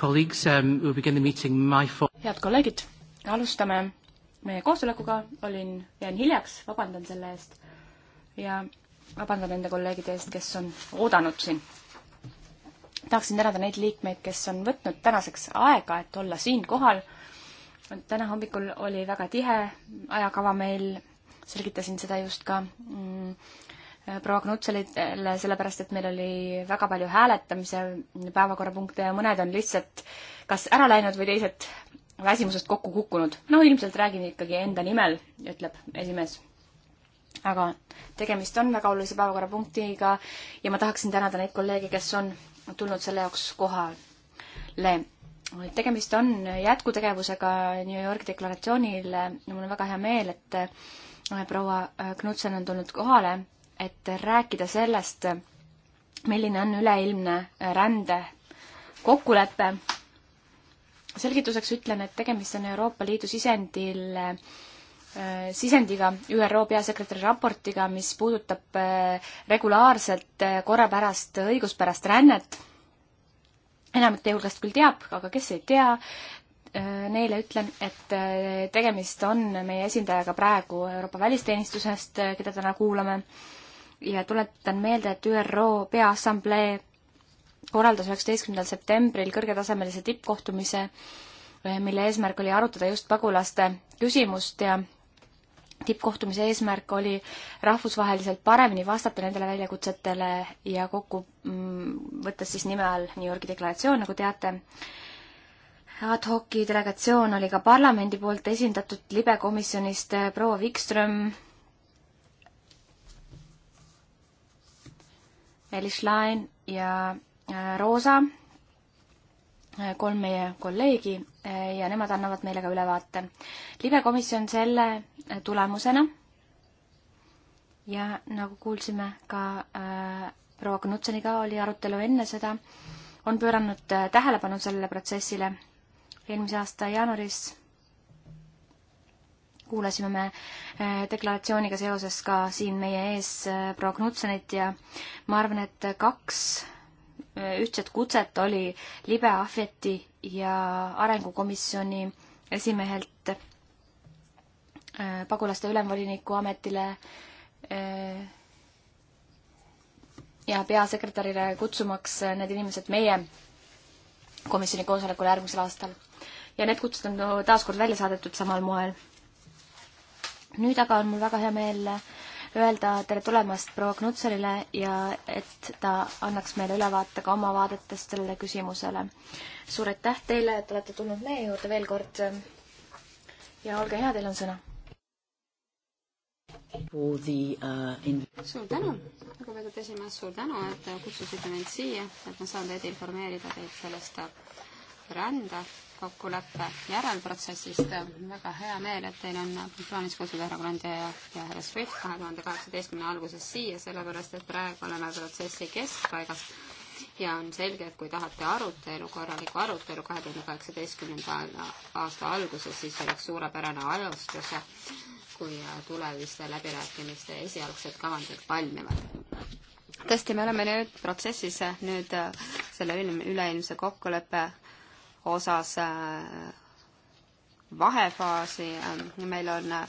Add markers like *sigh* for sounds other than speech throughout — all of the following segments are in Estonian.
colleagues, um, we'll begin the meeting my fault. head kolleegid, alustame meie koosolekuga, olin, jäin hiljaks, vabandan selle eest ja vabandan nende kolleegide eest, kes on oodanud siin. tahaksin tänada neid liikmeid, kes on võtnud tänaseks aega, et olla siin kohal. täna hommikul oli väga tihe ajakava meil, selgitasin seda just ka mm, Äh, proua Knutselile, sellepärast et meil oli väga palju hääletamise päevakorrapunkte ja mõned on lihtsalt kas ära läinud või teised väsimusest kokku kukkunud. no ilmselt räägin ikkagi enda nimel, ütleb esimees. aga tegemist on väga olulise päevakorrapunktiga ja ma tahaksin tänada neid kolleege, kes on tulnud selle jaoks kohale tegemist on jätkutegevusega New Yorgi deklaratsioonile ja mul on väga hea meel, et äh, proua äh, Knutsen on tulnud kohale et rääkida sellest, milline on üleilmne rände kokkulepe. selgituseks ütlen, et tegemist on Euroopa Liidu sisendil äh, sisendiga, ÜRO peasekretäri raportiga, mis puudutab äh, regulaarselt äh, korrapärast õiguspärast rännet. enamik teie hulgast küll teab, aga kes ei tea, neile ütlen, et tegemist on meie esindajaga praegu Euroopa välisteenistusest, keda täna kuulame ja tuletan meelde, et ÜRO Peaassamblee korraldas üheksateistkümnendal septembril kõrgetasemelise tippkohtumise, eh, mille eesmärk oli arutada just pagulaste küsimust ja tippkohtumise eesmärk oli rahvusvaheliselt paremini vastata nendele väljakutsetele ja kokku mm, võttes siis nime all New Yorgi deklaratsioon, nagu teate. Ad hoc'i delegatsioon oli ka parlamendi poolt esindatud libekomisjonist eh, proua Wikström, Meelis Laen ja äh, Roosa, äh, kolm meie kolleegi äh, ja nemad annavad meile ka ülevaate. libekomisjon selle tulemusena ja nagu kuulsime ka äh, proua Knutseniga oli arutelu enne seda, on pööranud tähelepanu sellele protsessile. eelmise aasta jaanuaris kuulasime me äh, deklaratsiooniga seoses ka siin meie ees äh, proua Knutsenit ja ma arvan, et kaks äh, ühtset kutset oli libe ahveti ja arengukomisjoni esimehelt pagulaste ülemvoliniku ametile ja peasekretärile kutsumaks need inimesed meie komisjoni koosolekule järgmisel aastal. ja need kutsed on taas kord välja saadetud samal moel nüüd aga on mul väga hea meel öelda tere tulemast proua Knutselile ja et ta annaks meile ülevaate ka oma vaadetest sellele küsimusele. suur aitäh teile, et olete tulnud meie juurde veel kord. ja olge hea, teil on sõna. Uh, suur tänu, lugupeetud esimees, suur tänu, et kutsusite mind siia, et ma saan teid informeerida teid sellest äh, rände kokkuleppe järelprotsessist. väga hea meel, et teil on plaanis kutsuda härra Grande ja, ja härra Swift kahe tuhande kaheksateistkümne alguses siia, sellepärast et praegu oleme protsessi keskpaigas ja on selge, et kui tahate arutelu, korralikku arutelu kahe tuhande kaheksateistkümnenda aasta alguses, siis oleks suurepärane alustus, kui tuleviste läbirääkimiste esialgsed kavandid valmivad tõesti, me oleme nüüd protsessis nüüd selle üleilmse kokkuleppe osas äh, vahefaasi, äh, meil on äh,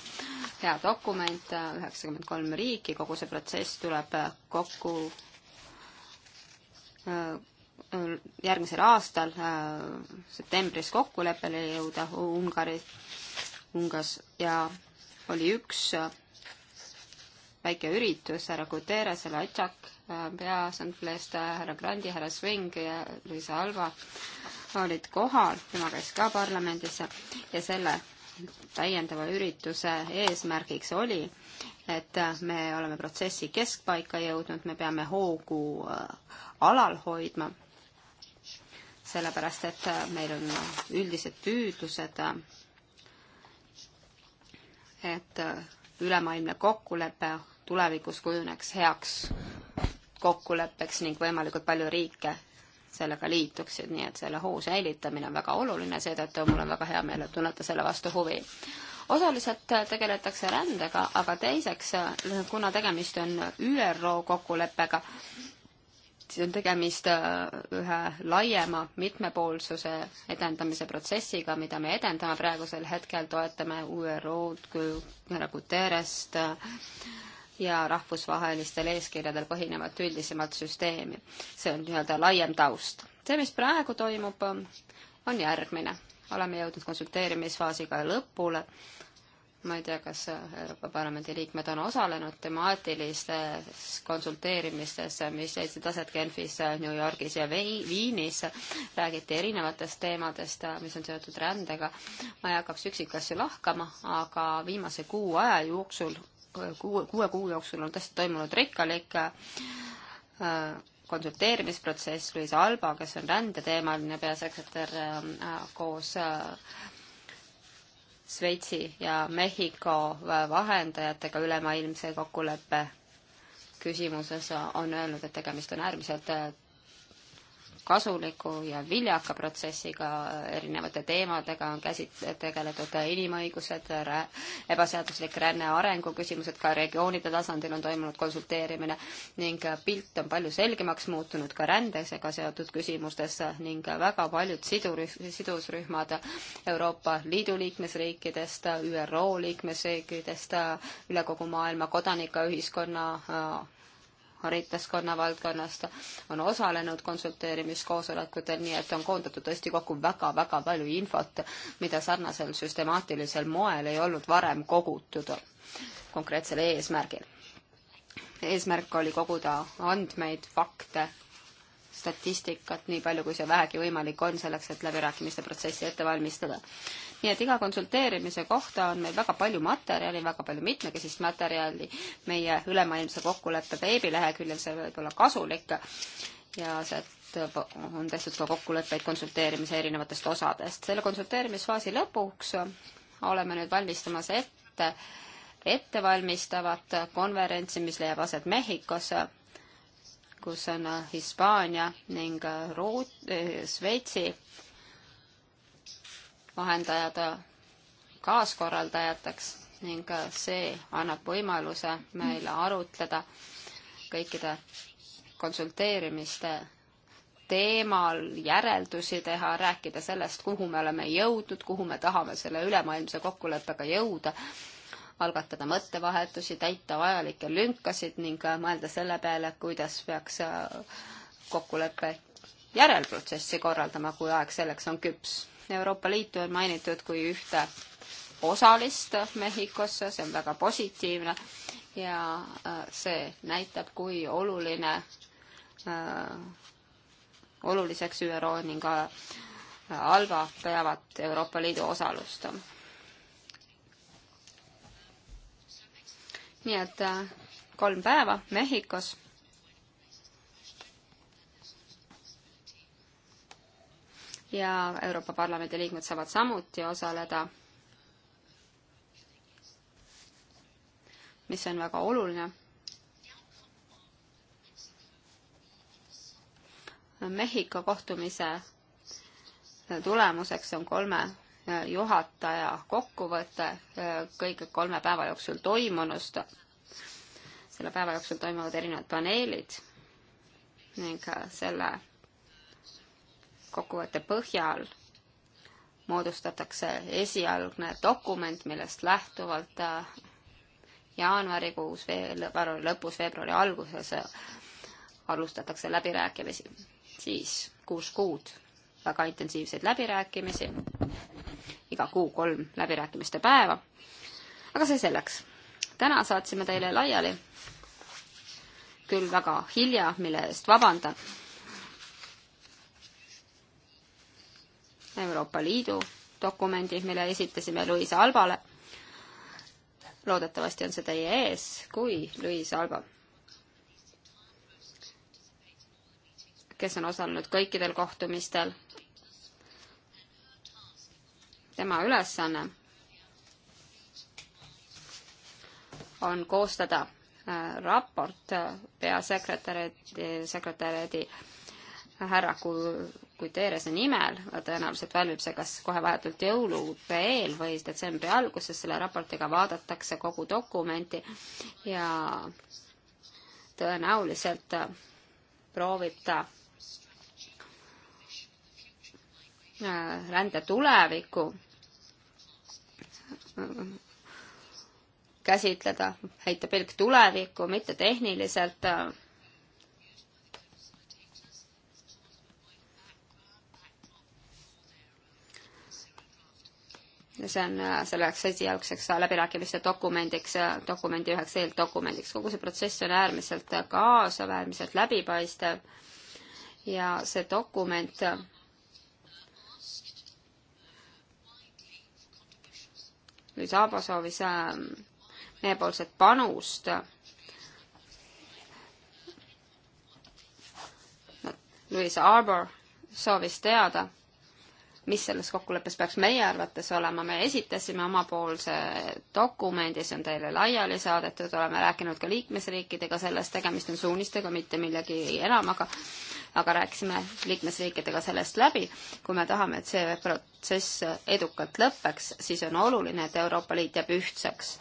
hea dokument, üheksakümmend kolm riiki, kogu see protsess tuleb kokku järgmisel aastal septembris kokkuleppele jõuda Ungari, Ungas ja oli üks väike üritus härra Guterres, härra Atšak, peaassambleest härra Grandi, härra Swing ja Luisa Alva olid kohal, tema käis ka parlamendis ja selle täiendava ürituse eesmärgiks oli, et me oleme protsessi keskpaika jõudnud, me peame hoogu äh, alal hoidma, sellepärast et äh, meil on üldised püüdlused, äh, et ülemaailmne kokkulepe tulevikus kujuneks heaks kokkuleppeks ning võimalikult palju riike sellega liituksid, nii et selle hoo säilitamine on väga oluline, seetõttu mul on väga hea meel, et tunnete selle vastu huvi. osaliselt tegeletakse rändega, aga teiseks, kuna tegemist on ÜRO kokkuleppega, siis on tegemist äh, ühe laiema mitmepoolsuse edendamise protsessiga, mida me edendame praegusel hetkel, toetame ÜRO-d, Guterrest, äh, ja rahvusvahelistel eeskirjadel põhinevat üldisemat süsteemi. see on nii-öelda laiem taust. see, mis praegu toimub, on järgmine. oleme jõudnud konsulteerimisfaasiga lõpule. ma ei tea, kas Euroopa Parlamendi liikmed on osalenud temaatilistes konsulteerimistes, mis leidsid aset Genfis, New Yorgis ja Viinis. räägiti erinevatest teemadest, mis on seotud rändega. ma ei hakkaks üksikasju lahkama, aga viimase kuu aja jooksul kuue, kuue kuu jooksul on tõesti toimunud rikkalik äh, konsulteerimisprotsess Luisa Alba, kes on rändeteemaline peasekretär äh, koos äh, Šveitsi ja Mehhiko vahendajatega ülemaailmse kokkuleppe küsimuses on öelnud, et tegemist on äärmiselt kasuliku ja viljaka protsessiga, erinevate teemadega on käsit-, tegeletud inimõigused, ebaseaduslik ränne, arenguküsimused, ka regioonide tasandil on toimunud konsulteerimine ning pilt on palju selgemaks muutunud ka rändesega seotud küsimustes ning väga paljud sidurühm, sidusrühmad Euroopa Liidu liikmesriikidest, ÜRO liikmesriikidest, üle kogu maailma kodanikuühiskonna riitaskonna valdkonnast, on osalenud konsulteerimiskoosolekutel, nii et on koondatud tõesti kokku väga-väga palju infot, mida sarnasel süstemaatilisel moel ei olnud varem kogutud konkreetsel eesmärgil. eesmärk oli koguda andmeid, fakte, statistikat, nii palju kui see vähegi võimalik on, selleks et läbirääkimiste protsessi ette valmistada nii et iga konsulteerimise kohta on meil väga palju materjali, väga palju mitmekesist materjali meie ülemaailmse kokkuleppe veebileheküljel, see võib olla kasulik ja sealt on tehtud ka kokkuleppeid konsulteerimise erinevatest osadest. selle konsulteerimisfaasi lõpuks oleme nüüd valmistamas ette ettevalmistavat konverentsi, mis leiab aset Mehhikos kus on Hispaania ning Root-, Šveitsi vahendajad kaaskorraldajateks ning äh, see annab võimaluse meil arutleda kõikide konsulteerimiste teemal järeldusi teha, rääkida sellest, kuhu me oleme jõudnud, kuhu me tahame selle ülemaailmse kokkuleppega jõuda, algatada mõttevahetusi, täita vajalikke lünkasid ning äh, mõelda selle peale, kuidas peaks äh, kokkuleppe järelprotsessi korraldama, kui aeg selleks on küps Euroopa Liitu on mainitud kui ühte osalist Mehhikosse, see on väga positiivne ja äh, see näitab, kui oluline äh,, oluliseks ÜRO ning äh, ALBA peavad Euroopa Liidu osalust. nii et äh, kolm päeva Mehhikos ja Euroopa Parlamendi liikmed saavad samuti osaleda, mis on väga oluline. Mehhiko kohtumise tulemuseks on kolme juhataja kokkuvõte kõige kolme päeva jooksul toimunust. selle päeva jooksul toimuvad erinevad paneelid ning selle kokkuvõtte põhjal moodustatakse esialgne dokument, millest lähtuvalt äh, jaanuarikuus, veebruari lõpus, veebruari alguses äh, alustatakse läbirääkimisi. siis kuus kuud väga intensiivseid läbirääkimisi, iga kuu kolm läbirääkimiste päeva. aga see selleks. täna saatsime teile laiali, küll väga hilja, mille eest vabandan Euroopa Liidu dokumendi, mille esitasime Luise Albale. loodetavasti on see teie ees, kui Luise Alba, kes on osalenud kõikidel kohtumistel, tema ülesanne on koostada äh, raport äh, peasekretäri, sekretäri härra Guterrese nimel, tõenäoliselt valmib see kas kohe vahetult jõulude eel või detsembri alguses, selle raportiga vaadatakse kogu dokumenti ja tõenäoliselt proovib ta äh, rände tulevikku äh, käsitleda, heita pilk tulevikku, mitte tehniliselt äh, see on äh, selleks esialgseks läbirääkimiste dokumendiks, äh, dokumendi üheks eeldokumendiks. kogu see protsess on äärmiselt kaasav, äärmiselt läbipaistev ja see dokument äh, nüüd Aabo soovis meiepoolset panust Louis Arbor soovis teada mis selles kokkuleppes peaks meie arvates olema, me esitasime omapoolse dokumendi, see on teile laiali saadetud, oleme rääkinud ka liikmesriikidega sellest, tegemist on suunistega, mitte millegi enamaga, aga rääkisime liikmesriikidega sellest läbi. kui me tahame, et see protsess edukalt lõpeks, siis on oluline, et Euroopa Liit jääb ühtseks.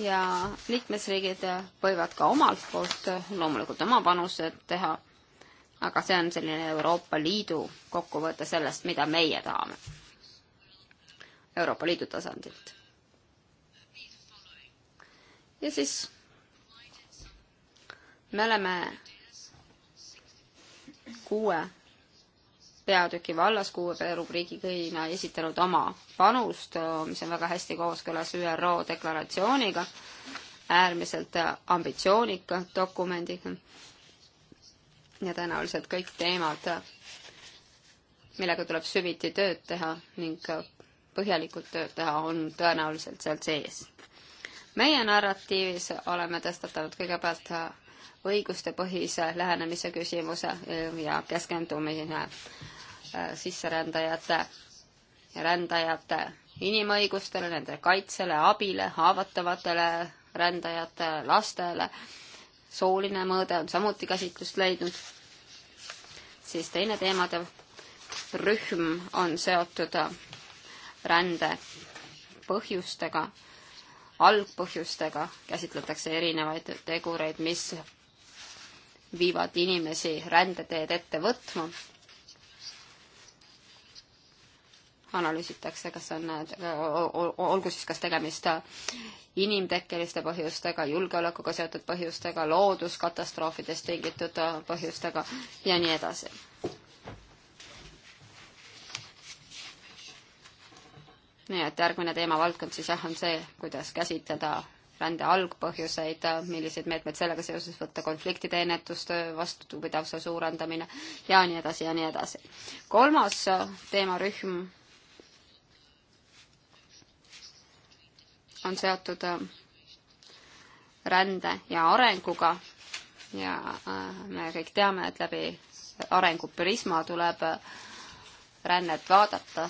ja liikmesriigid võivad ka omalt poolt loomulikult oma panused teha aga see on selline Euroopa Liidu kokkuvõte sellest, mida meie tahame Euroopa Liidu tasandilt. ja siis me oleme kuue peatüki vallas kuue rubriigikõina esitanud oma panust, mis on väga hästi kooskõlas ÜRO deklaratsiooniga, äärmiselt ambitsioonika dokumendiga ja tõenäoliselt kõik teemad, millega tuleb süviti tööd teha ning põhjalikult tööd teha, on tõenäoliselt seal sees. meie narratiivis oleme tõstatanud kõigepealt õigustepõhise lähenemise küsimuse ja keskendumine äh, sisserändajate ja rändajate inimõigustele, nende kaitsele, abile, haavatavatele rändajate lastele sooline mõõde on samuti käsitlust leidnud. siis teine teemade rühm on seotud rände põhjustega, algpõhjustega, käsitletakse erinevaid tegureid, mis viivad inimesi rändeteed ette võtma analüüsitakse, kas on, olgu siis kas tegemist inimtekkeliste põhjustega, julgeolekuga seotud põhjustega, looduskatastroofidest tingitud põhjustega ja nii edasi. nii et järgmine teemavaldkond siis jah, on see, kuidas käsitleda rände algpõhjuseid, milliseid meetmeid sellega seoses võtta, konfliktide ennetustöö, vastupidavuse suurendamine ja nii edasi ja nii edasi. kolmas teemarühm on seotud äh, rände ja arenguga ja äh, me kõik teame, et läbi arenguprisma tuleb äh, rännet vaadata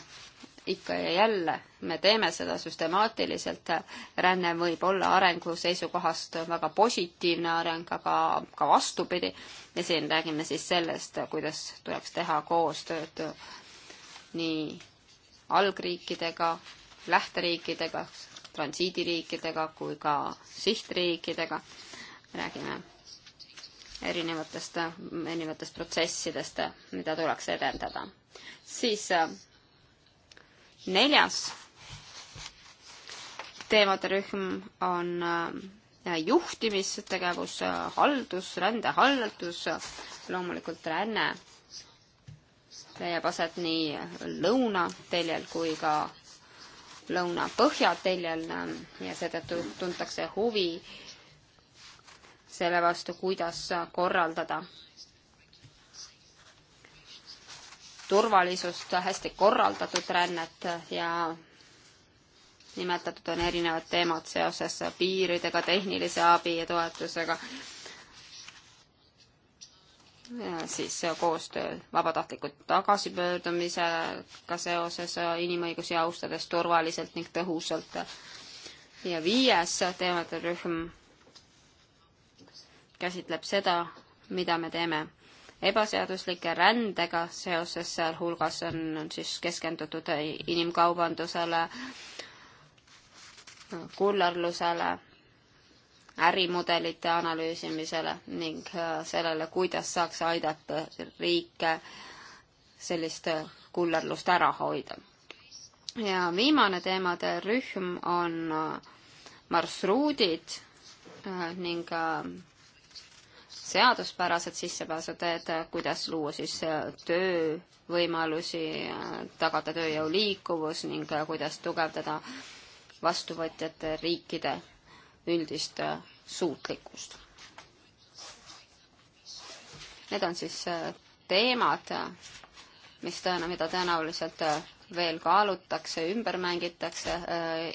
ikka ja jälle. me teeme seda süstemaatiliselt. ränne võib olla arengu seisukohast väga positiivne areng, aga ka vastupidi. ja siin räägime siis sellest, kuidas tuleks teha koostööd nii algriikidega, lähteriikidega, transiidiriikidega kui ka sihtriikidega. räägime erinevatest, erinevatest protsessidest, mida tuleks edendada. siis äh, neljas teemade rühm on äh, juhtimistegevus, haldus, rändehaldus, loomulikult ränne leiab aset nii lõunateljel kui ka lõuna-põhjateljel ähm, ja seetõttu tuntakse huvi selle vastu, kuidas korraldada turvalisust, hästi korraldatud rännet ja nimetatud on erinevad teemad seoses piiridega, tehnilise abi ja toetusega siis koostöö vabatahtlikult tagasipöördumisega seoses inimõigusi austades turvaliselt ning tõhusalt. ja viies teemade rühm käsitleb seda, mida me teeme ebaseaduslike rändega seoses, sealhulgas on, on siis keskendutud inimkaubandusele, kullerlusele ärimudelite analüüsimisele ning äh, sellele, kuidas saaks aidata riike sellist äh, kullerlust ära hoida. ja viimane teemade rühm on äh, marsruudid ning seaduspärased sissepääsuteed, kuidas luua siis töövõimalusi, tagada tööjõu liikuvus ning kuidas tugevdada vastuvõtjate riikide üldist äh, suutlikkust. Need on siis äh, teemad, mis tõena, mida tõenäoliselt äh, veel kaalutakse, ümber mängitakse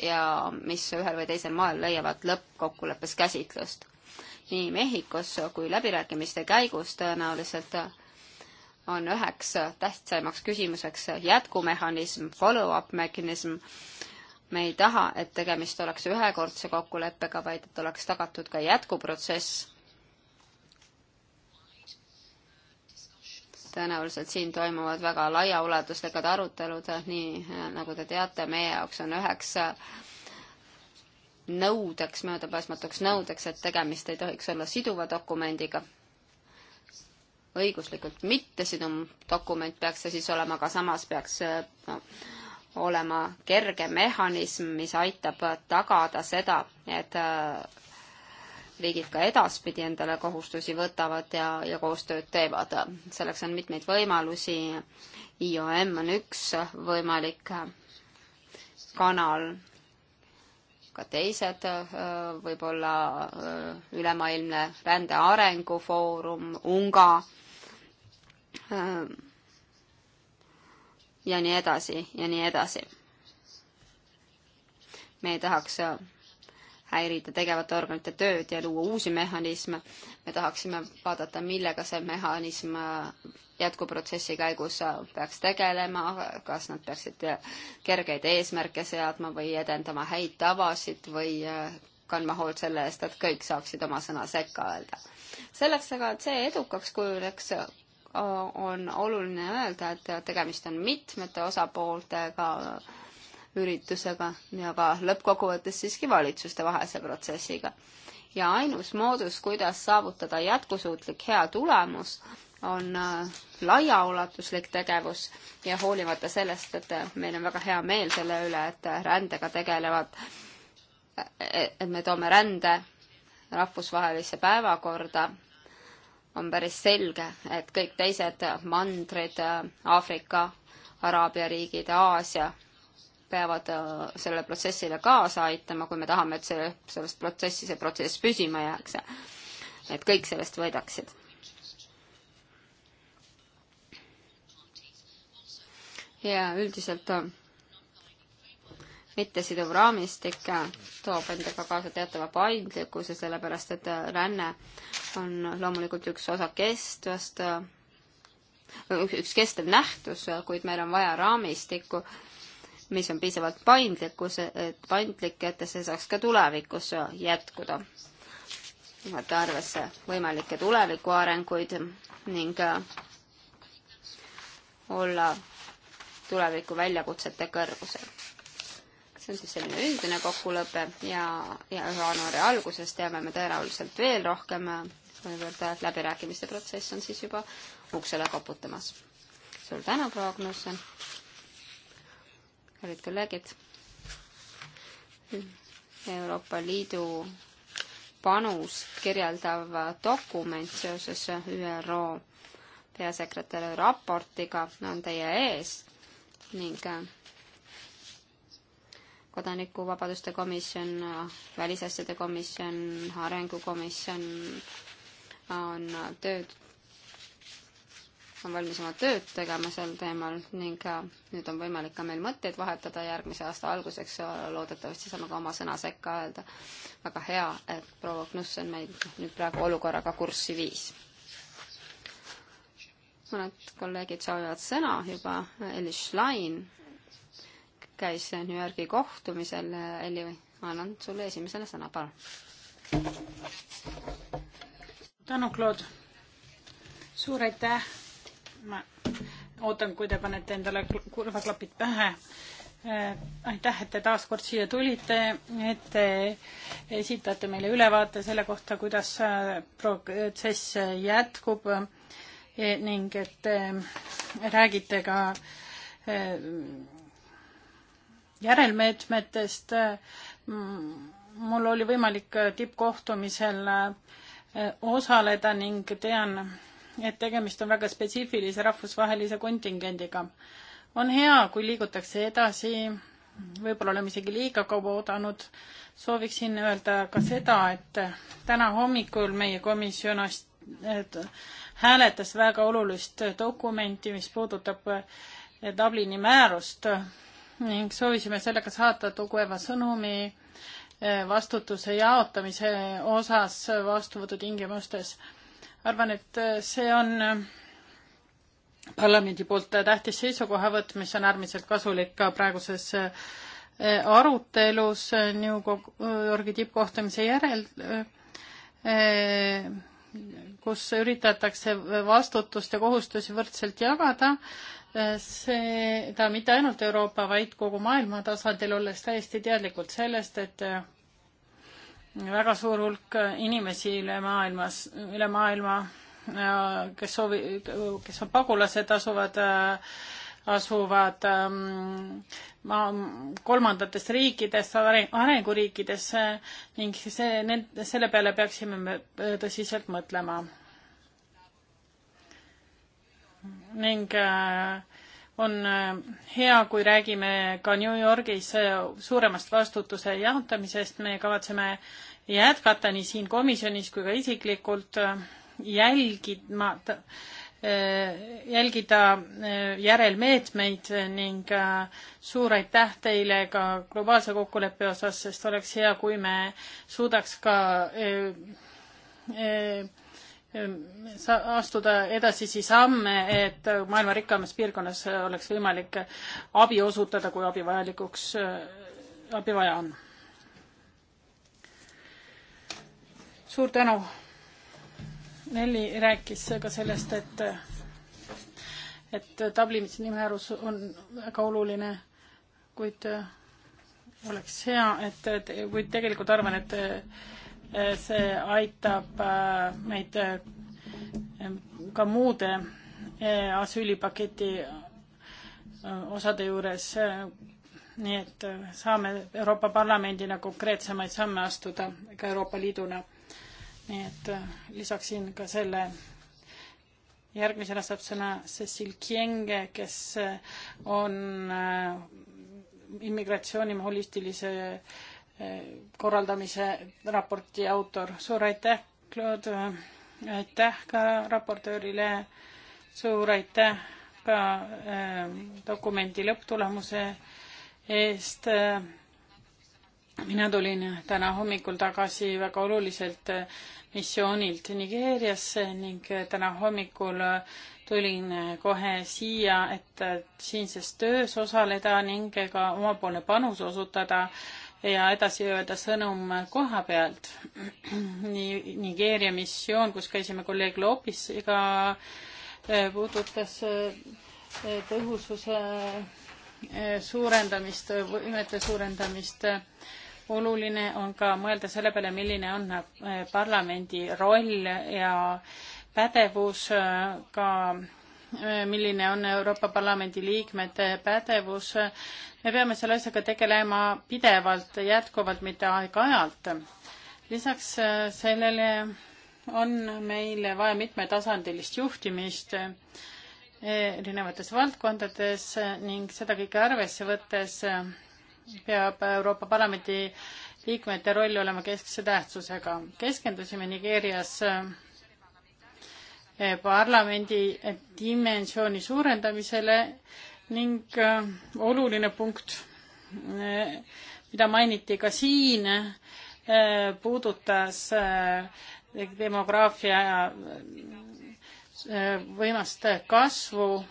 ja mis ühel või teisel moel leiavad lõppkokkuleppes käsitlust. nii Mehhikos kui läbirääkimiste käigus tõenäoliselt on üheks tähtsaimaks küsimuseks jätkumehhanism, follow-up mehhanism, me ei taha, et tegemist oleks ühekordse kokkuleppega, vaid et oleks tagatud ka jätkuprotsess. tõenäoliselt siin toimuvad väga laiaulatuslikud arutelud, nii äh, nagu te teate, meie jaoks on üheks äh, nõudeks, möödapääsmatuks nõudeks, et tegemist ei tohiks olla siduva dokumendiga õiguslikult mittesiduv dokument peaks see siis olema, aga samas peaks äh, no, olema kerge mehhanism, mis aitab tagada seda, et äh, riigid ka edaspidi endale kohustusi võtavad ja, ja koostööd teevad. selleks on mitmeid võimalusi. IOM on üks võimalik kanal, ka teised, äh, võib-olla äh, ülemaailmne rände arengufoorum, UNGA ja nii edasi ja nii edasi. me ei tahaks äh, häirida tegevate organite tööd ja luua uusi mehhanisme. me tahaksime vaadata, millega see mehhanism äh, jätkuprotsessi käigus äh, peaks tegelema, kas nad peaksid kergeid eesmärke seadma või edendama häid tavasid või kandma hoolt selle eest, et kõik saaksid oma sõna sekka öelda. selleks aga, et see edukaks kujuneks, on oluline öelda, et tegemist on mitmete osapooltega üritusega ja ka lõppkokkuvõttes siiski valitsuste vahelise protsessiga. ja ainus moodus, kuidas saavutada jätkusuutlik hea tulemus, on äh, laiaulatuslik tegevus ja hoolimata sellest, et äh, meil on väga hea meel selle üle, et äh, rändega tegelevad, et me toome rände rahvusvahelisse päevakorda on päris selge, et kõik teised mandrid, Aafrika, Araabia riigid, Aasia peavad äh, sellele protsessile kaasa aitama, kui me tahame, et see, sellest protsessi, see protsess püsima jääks. et kõik sellest võidaksid. ja üldiselt äh, mittesiduv raamistik toob endaga kaasa teatava paindlikkuse, sellepärast et äh, ränne on loomulikult üks osa kestvast, äh, üks kestev nähtus, äh, kuid meil on vaja raamistikku, mis on piisavalt paindlikkus, et paindlik, et see saaks ka tulevikus jätkuda. võtta arvesse võimalikke tuleviku arenguid ning olla tuleviku väljakutsete kõrgusel see on siis selline üldine kokkulepe ja, ja jaanuari alguses teame me tõenäoliselt veel rohkem, kuivõrd läbirääkimiste protsess on siis juba uksele koputamas. suur tänu, proua Agnussen! kallid kolleegid! Euroopa Liidu panust kirjeldav dokument seoses ÜRO peasekretäri raportiga on teie ees ning kodanikuvabaduste komisjon, välisasjade komisjon, arengukomisjon on tööd, on valmis oma tööd tegema sel teemal ning äh, nüüd on võimalik ka meil mõtteid vahetada järgmise aasta alguseks, loodetavasti saame ka oma sõna sekka öelda. väga hea, et proua Knusson meid nüüd praegu olukorraga kurssi viis. mõned kolleegid soovivad sõna juba, Elis Schlein käis New Yorgi kohtumisel, Elli, annan sulle esimesena sõna, palun. tänu, Claude. suur aitäh. ma ootan, kui te panete endale kõrvaklapid pähe. Äh, aitäh, et te taas kord siia tulite, et te esitate meile ülevaate selle kohta, kuidas protsess jätkub eh, ning et eh, räägite ka eh, järelmeetmetest. mul oli võimalik tippkohtumisel eh, osaleda ning tean, et tegemist on väga spetsiifilise rahvusvahelise kontingendiga. on hea, kui liigutakse edasi, võib-olla oleme isegi liiga kaua oodanud, sooviksin öelda ka seda, et täna hommikul meie komisjon hääletas väga olulist dokumenti, mis puudutab eh, Dublini määrust ning soovisime sellega saata tugeva sõnumi eh, vastutuse jaotamise osas vastuvõtutingimustes. arvan, et eh, see on eh, parlamendi poolt tähtis seisukohavõtt, mis on äärmiselt kasulik ka praeguses arutelus New Yorgi tippkohtumise järel, kus üritatakse vastutust ja kohustusi võrdselt jagada seda mitte ainult Euroopa, vaid kogu maailma tasandil, olles täiesti teadlikud sellest, et eh, väga suur hulk inimesi üle maailmas, üle maailma, eh, kes soovi, kes on pagulased, asuvad, eh, asuvad mm, maa, kolmandatest riikidest arenguriikidesse ning see, selle peale peaksime me tõsiselt mõtlema ning äh, on äh, hea, kui räägime ka New Yorgis äh, suuremast vastutuse jaotamisest, me kavatseme jätkata nii siin komisjonis kui ka isiklikult jälgima, jälgida järelmeetmeid ning suur aitäh teile ka globaalse kokkuleppe osas, sest oleks hea, kui me suudaks ka astuda edasisi samme, et maailma rikkamas piirkonnas oleks võimalik abi osutada, kui abi vajalikuks, abi vaja on. suur tänu. Nelli rääkis ka sellest, et, et Dublinis nimeärus on väga oluline, kuid oleks hea, et, et kuid tegelikult arvan, et Eh, see aitab eh, meid eh, ka muude asüülipaketi osade juures, nii et saame Euroopa Parlamendina konkreetsemaid samme astuda ka Euroopa Liiduna. nii et lisaksin ka selle järgmisena saab sõna Cecil Kienge, kes on immigratsiooni holistilise korraldamise raporti autor. suur aitäh, Claude, aitäh ka raportöörile, suur aitäh ka ähm, dokumendi lõpptulemuse eest. mina tulin täna hommikul tagasi väga oluliselt äh, missioonilt Nigeeriasse ning äh, täna hommikul äh, tulin kohe siia, et siinses töös osaleda ning ka omapoolne panus osutada äh, ja edasi öelda sõnum koha pealt. *clears throat* nii Nigeeria missioon, kus käisime kolleeg Loopisiga, eh, puudutas eh, tõhususe eh, suurendamist, võimete suurendamist. oluline on ka mõelda selle peale, milline on parlamendi roll ja pädevus ka Äh, milline on Euroopa Parlamendi liikmete pädevus. me peame selle asjaga tegelema pidevalt, jätkuvalt, mitte aeg-ajalt. lisaks äh, sellele on meil vaja mitmetasandilist juhtimist äh, erinevates valdkondades ning seda kõike arvesse võttes peab Euroopa Parlamendi liikmete roll olema keskse tähtsusega. keskendusime Nigeerias Eh, parlamendi dimensiooni suurendamisele ning eh, oluline punkt, eh, mida mainiti ka siin, puudutas demograafia võimast kasvu.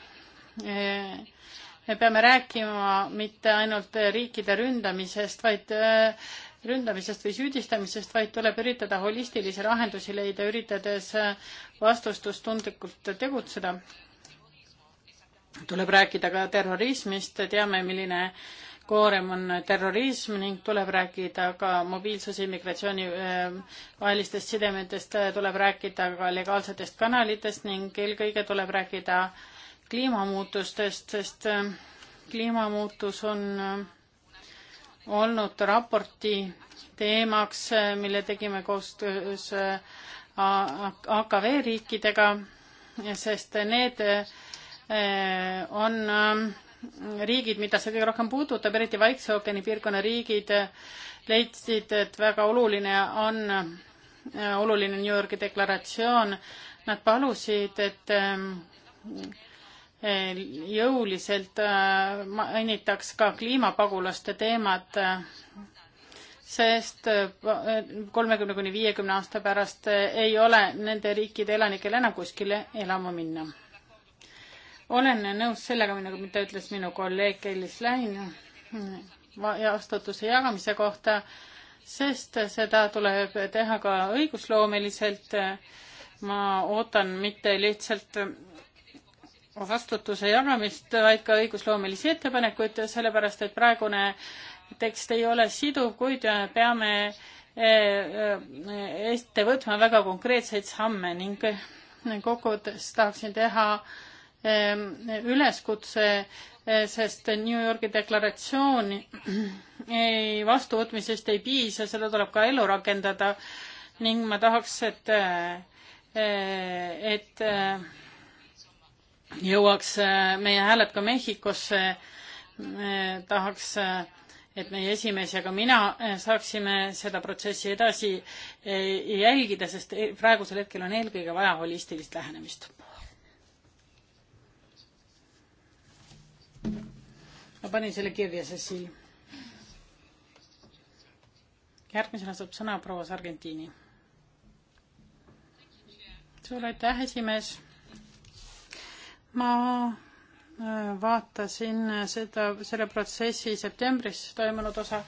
me peame rääkima mitte ainult riikide ründamisest, vaid ründamisest või süüdistamisest, vaid tuleb üritada holistilisi lahendusi leida, üritades vastutustundlikult tegutseda. tuleb rääkida ka terrorismist, teame, milline koorem on terrorism ning tuleb rääkida ka mobiilsuse immigratsiooni äh, vahelistest sidemetest, tuleb rääkida ka legaalsetest kanalitest ning eelkõige tuleb rääkida kliimamuutustest, sest äh, kliimamuutus on äh, olnud raporti teemaks, mille tegime koostöös AKV riikidega, sest need eh, on mm, riigid, mida see kõige rohkem puudutab, eriti Vaikse ookeani piirkonna riigid, leidsid, et väga oluline on, eh, oluline New Yorgi deklaratsioon. Nad palusid, et mm, Eh, jõuliselt eh, mainitaks ka kliimapagulaste teemat, eh, sest kolmekümne kuni viiekümne aasta pärast ei ole nende riikide elanikel enam kuskile elama minna. olen nõus sellega, mida ütles minu kolleeg Elis Läin mm, vastutuse jagamise kohta, sest seda tuleb teha ka õigusloomeliselt. ma ootan mitte lihtsalt vastutuse jagamist, vaid ka õigusloomelisi ettepanekuid, sellepärast et praegune tekst ei ole siduv, kuid peame eh, eh, ette võtma väga konkreetseid samme ning kokkuvõttes tahaksin teha eh, üleskutse, sest New Yorgi deklaratsiooni *clears throat* ei, vastuvõtmisest ei piisa, seda tuleb ka ellu rakendada ning ma tahaks, et, et, et jõuaks äh, meie hääled ka Mehhikosse, äh, tahaks, äh, et meie esimees ja ka mina saaksime seda protsessi edasi jälgida, sest praegusel hetkel on eelkõige vaja holistilist lähenemist. ma panin selle kirja, Cecil. järgmisena saab sõna proua Sargentini. suur aitäh, esimees ma äh, vaatasin seda, selle protsessi septembris toimunud osa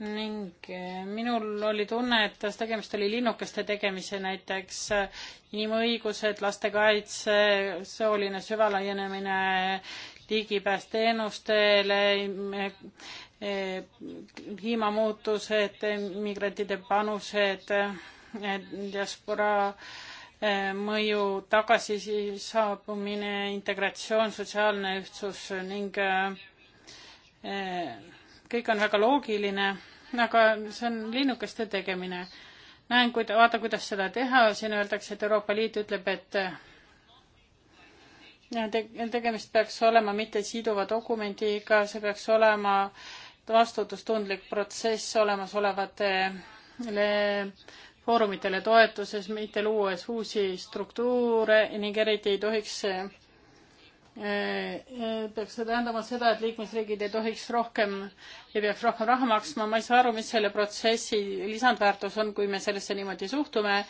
ning äh, minul oli tunne, et tegemist oli linnukeste tegemise, näiteks äh, inimõigused, lastekaitse, sooline süvalaienemine, ligipääs teenustele, e, kliimamuutused, migrantide panused, e, diasporaa mõju, tagasi saabumine, integratsioon, sotsiaalne ühtsus ning eh, kõik on väga loogiline, aga see on linnukeste tegemine. näen, kuid vaata, kuidas seda teha, siin öeldakse, et Euroopa Liit ütleb, et tegemist peaks olema mitte siduva dokumendiga, see peaks olema vastutustundlik protsess olemasolevate foorumitele toetuses, mitte luues uusi struktuure ning eriti ei tohiks eh, eh, peaks see tähendama seda, et liikmesriigid ei tohiks rohkem, ei peaks rohkem raha maksma, ma ei saa aru, mis selle protsessi lisandväärtus on, kui me sellesse niimoodi suhtume.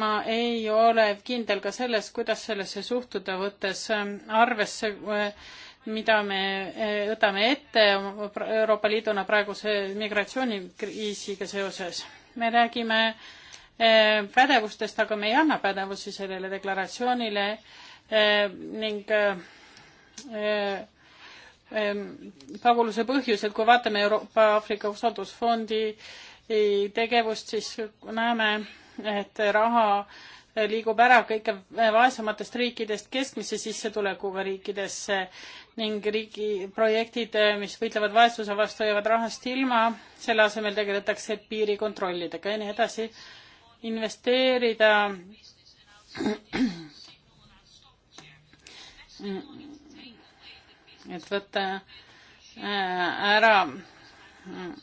ma ei ole kindel ka selles, kuidas sellesse suhtuda, võttes ähm, arvesse, äh, mida me äh, võtame ette Euroopa Liiduna praeguse migratsioonikriisiga seoses. me räägime äh, Eh, pädevustest, aga me ei anna pädevusi sellele deklaratsioonile eh, ning eh, paguluse põhjused, kui vaatame Euroopa Aafrika usaldusfondi tegevust, siis näeme, et raha liigub ära kõige vaesematest riikidest keskmise sissetulekuga riikidesse ning riigi projektid, mis võitlevad vaesuse vastu, jäävad rahast ilma, selle asemel tegeletakse piirikontrollidega ja nii edasi investeerida et võtta äh, ära äh,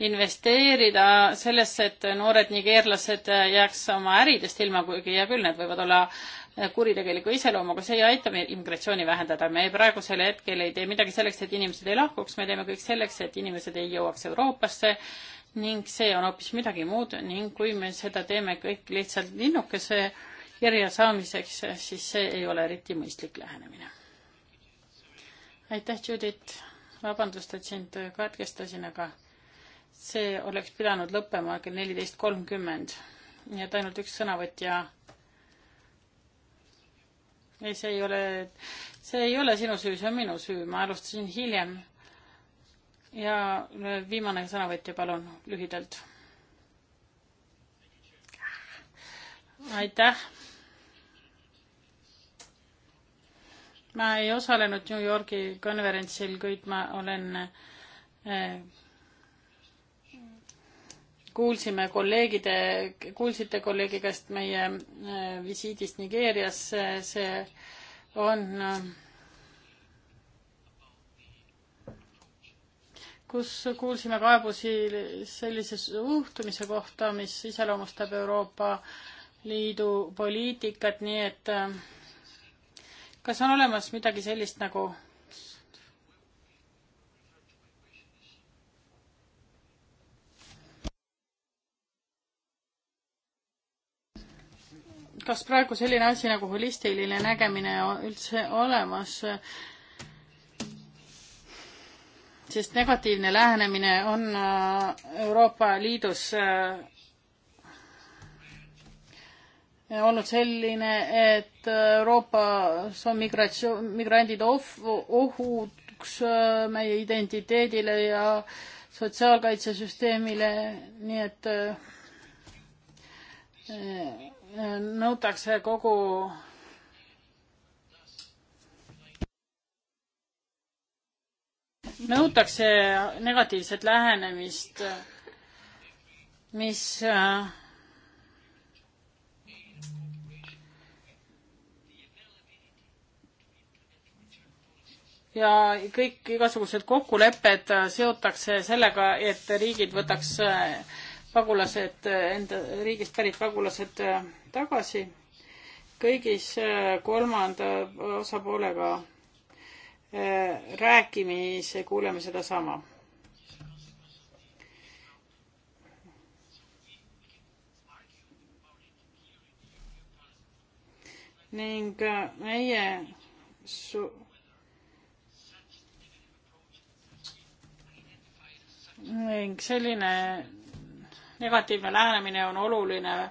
investeerida sellesse, et noored nigeerlased jääks oma äridest ilma, kuigi hea küll, need võivad olla kuritegeliku iseloomuga, see ei aita meil immigratsiooni vähendada. me praegusel hetkel ei tee midagi selleks, et inimesed ei lahkuks, me teeme kõik selleks, et inimesed ei jõuaks Euroopasse ning see on hoopis midagi muud ning kui me seda teeme kõik lihtsalt linnukese kirja saamiseks, siis see ei ole eriti mõistlik lähenemine. aitäh, Judith. vabandust, et sind katkestasin, aga see oleks pidanud lõppema kell neliteist kolmkümmend. nii et ainult üks sõnavõtja. ei, see ei ole, see ei ole sinu süü, see on minu süü, ma alustasin hiljem ja äh, viimane sõnavõtja, palun, lühidalt. aitäh. ma ei osalenud New Yorgi konverentsil, kuid ma olen äh, kuulsime kolleegide, kuulsite kolleegi käest meie äh, visiidist Nigeerias, see on kus kuulsime kaebusi sellise suhtumise kohta, mis iseloomustab Euroopa Liidu poliitikat, nii et äh, kas on olemas midagi sellist nagu kas praegu selline asi nagu holistiline nägemine on üldse olemas sest negatiivne lähenemine on äh, Euroopa Liidus äh, olnud selline, et Euroopas on migratsioon, migrandid ohv, ohuks äh, meie identiteedile ja sotsiaalkaitsesüsteemile, nii et nõutakse kogu nõutakse negatiivset lähenemist, mis äh, ja kõik igasugused kokkulepped seotakse sellega, et riigid võtaks äh, pagulased, enda riigist pärit pagulased äh, tagasi kõigis kolmanda osapoolega Äh, rääkimise kuuleme sedasama. ning äh, meie su- ning selline negatiivne lähenemine on oluline äh,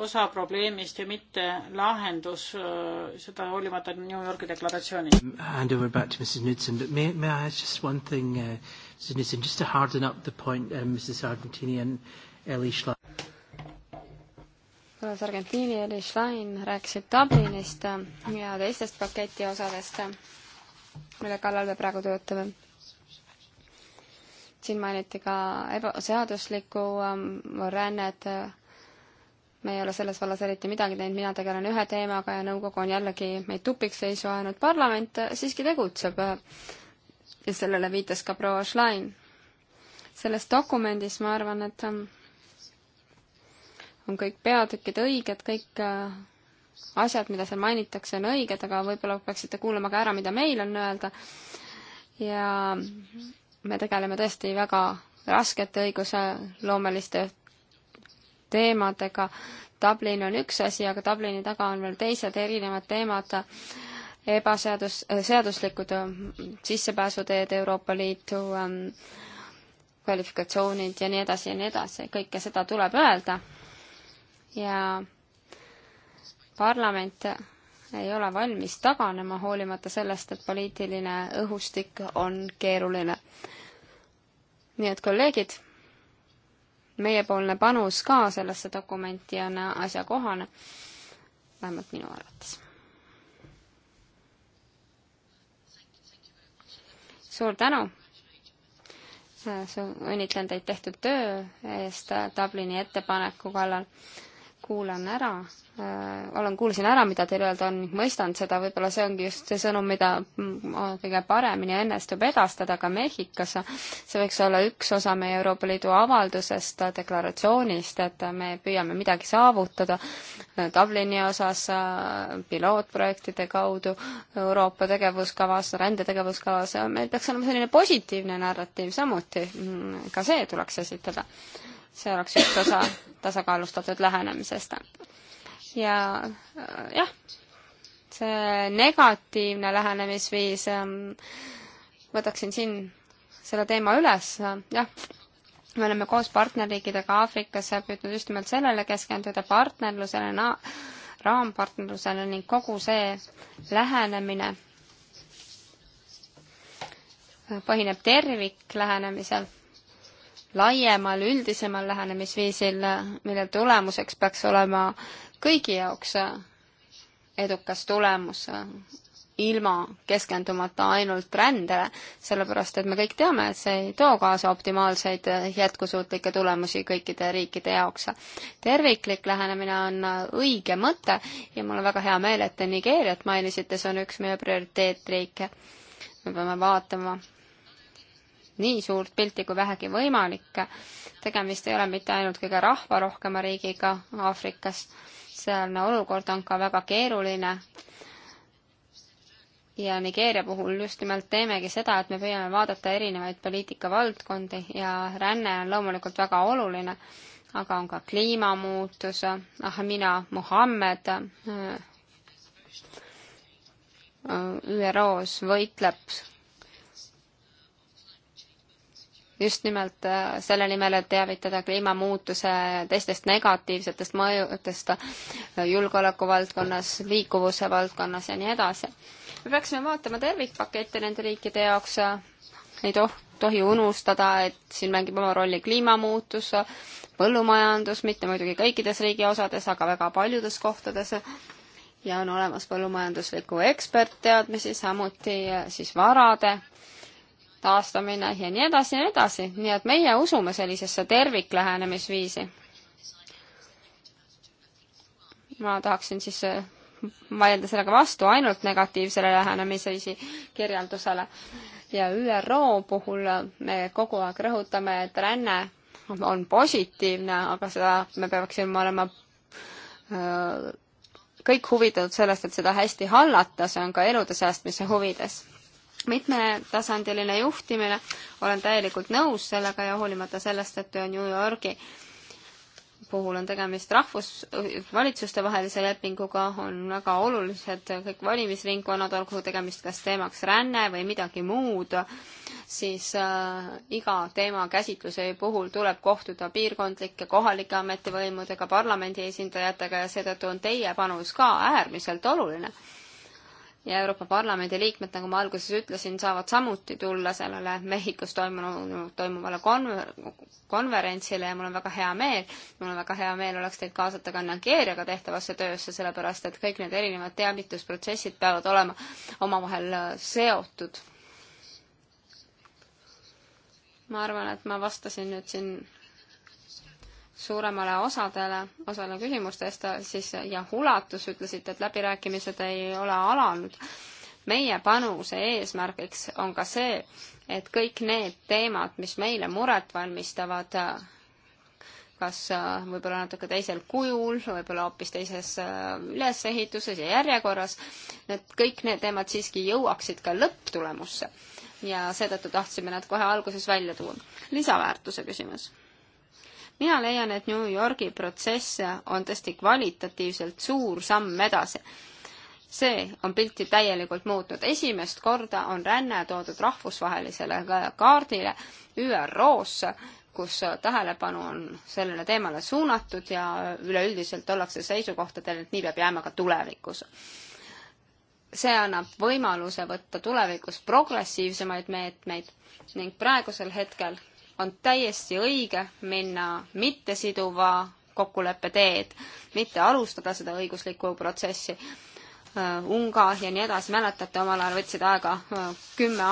osa probleemist ja mitte lahendus, seda hoolimata New Yorgi deklaratsioonist. Um, hand over back to Mrs Knudsen, but may, may I ask just one thing uh,, Mrs Knudsen, just to harden up the point uh, Mrs Argentini and Ellie Schlein. Kõlas Argentiini ja Ellie Schlein rääkisid Dublinist äh, ja teistest paketi osadest, äh, mille kallal me praegu töötame siin mainiti ka ebaseaduslikku ähm, rännet äh, me ei ole selles vallas eriti midagi teinud, mina tegelen ühe teemaga ja nõukogu on jällegi meid tupikseisu ajanud, parlament äh, siiski tegutseb. Äh, ja sellele viitas ka proua Schlein. selles dokumendis ma arvan, et ähm, on kõik peatükid õiged, kõik äh, asjad, mida seal mainitakse, on õiged, aga võib-olla peaksite kuulama ka ära, mida meil on öelda. ja me tegeleme tõesti väga raskete õigusloomeliste teemadega. Dublin on üks asi, aga Dublini taga on veel teised erinevad teemad, ebaseadus, seaduslikud ähm, sissepääsuteed Euroopa Liitu ähm,, kvalifikatsioonid ja nii edasi ja nii edasi, kõike seda tuleb öelda. ja parlament ei ole valmis taganema, hoolimata sellest, et poliitiline õhustik on keeruline. nii et kolleegid meiepoolne panus ka sellesse dokumenti on asjakohane, vähemalt minu arvates. suur tänu! õnnitlen teid tehtud töö eest Dublini ettepaneku kallal. kuulan ära Äh, olen, kuulsin ära, mida teil öelda on ning mõistan seda, võib-olla see ongi just see sõnum, mida mm, kõige paremini õnnestub edastada ka Mehhikos. see võiks olla üks osa meie Euroopa Liidu avaldusest, deklaratsioonist, et me püüame midagi saavutada Dublini osas, pilootprojektide kaudu, Euroopa tegevuskavas, rändetegevuskavas, meil peaks olema selline positiivne narratiiv samuti, mm, ka see tuleks esitada see oleks üks osa tasakaalustatud lähenemisest ja äh, jah, see negatiivne lähenemisviis, ähm, võtaksin siin selle teema üles, äh, jah, me oleme koos partnerriikidega Aafrikas püüdnud just nimelt sellele keskenduda, partnerlusele, raampartnerlusele ning kogu see lähenemine põhineb terviklähenemisel laiemal, üldisemal lähenemisviisil, mille tulemuseks peaks olema kõigi jaoks edukas tulemus, ilma keskendumata ainult rändele, sellepärast et me kõik teame, et see ei too kaasa optimaalseid jätkusuutlikke tulemusi kõikide riikide jaoks. terviklik lähenemine on õige mõte ja mul on väga hea meel, et te Nigeeriat mainisite, see on üks meie prioriteetriike. me peame vaatama, nii suurt pilti kui vähegi võimalik. tegemist ei ole mitte ainult kõige rahvarohkema riigiga Aafrikas, sealne olukord on ka väga keeruline. ja Nigeeria puhul just nimelt teemegi seda, et me püüame vaadata erinevaid poliitikavaldkondi ja ränne on loomulikult väga oluline, aga on ka kliimamuutus, Ahmina Muhammed äh, ÜRO-s võitleb just nimelt äh, selle nimel, et teavitada kliimamuutuse teistest negatiivsetest mõjudest äh, julgeoleku valdkonnas, liikuvuse valdkonnas ja nii edasi. me peaksime vaatama tervikpakette nende riikide jaoks, ei toh-, tohi unustada, et siin mängib oma rolli kliimamuutus, põllumajandus, mitte muidugi kõikides riigi osades, aga väga paljudes kohtades, ja on olemas põllumajandusliku ekspertteadmisi, samuti äh, siis varade taastamine ja nii edasi ja nii edasi, nii et meie usume sellisesse terviklähenemisviisi. ma tahaksin siis äh, vaielda sellega vastu ainult negatiivsele lähenemisviisi kirjeldusele. ja ÜRO puhul äh, me kogu aeg rõhutame, et ränne on positiivne, aga seda me peaksime olema äh, kõik huvitatud sellest, et seda hästi hallata, see on ka elude säästmise huvides mitmetasandiline juhtimine, olen täielikult nõus sellega ja hoolimata sellest, et New Yorgi puhul on tegemist rahvus, valitsustevahelise lepinguga, on väga olulised kõik valimisringkonnad, olgu tegemist kas teemaks ränne või midagi muud, siis äh, iga teema käsitluse puhul tuleb kohtuda piirkondlike, kohalike ametivõimudega, parlamendi esindajatega ja seetõttu on teie panus ka äärmiselt oluline ja Euroopa Parlamendi liikmed, nagu ma alguses ütlesin, saavad samuti tulla sellele Mehhikos toimunud, toimuvale konver-, konverentsile ja mul on väga hea meel, mul on väga hea meel oleks teid kaasata ka Nigeeriaga tehtavasse töösse, sellepärast et kõik need erinevad teavitusprotsessid peavad olema omavahel äh, seotud. ma arvan, et ma vastasin nüüd siin suuremale osadele, osale küsimustest siis ja ulatus, ütlesite, et läbirääkimised ei ole alanud. meie panuse eesmärgiks on ka see, et kõik need teemad, mis meile muret valmistavad, kas äh, võib-olla natuke teisel kujul, võib-olla hoopis teises äh, ülesehituses ja järjekorras, et kõik need teemad siiski jõuaksid ka lõpptulemusse. ja seetõttu tahtsime nad kohe alguses välja tuua. lisaväärtuse küsimus mina leian, et New Yorgi protsess on tõesti kvalitatiivselt suur samm edasi see on pilti täielikult muutnud. esimest korda on ränne toodud rahvusvahelisele kaardile ÜRO-sse, kus tähelepanu on sellele teemale suunatud ja üleüldiselt ollakse seisukohtadel, et nii peab jääma ka tulevikus. see annab võimaluse võtta tulevikus progressiivsemaid meetmeid ning praegusel hetkel on täiesti õige minna mittesiduva kokkuleppe teed, mitte alustada seda õiguslikku protsessi. Äh, Unga ja nii edasi, mäletate, omal ajal võtsid aega äh, kümme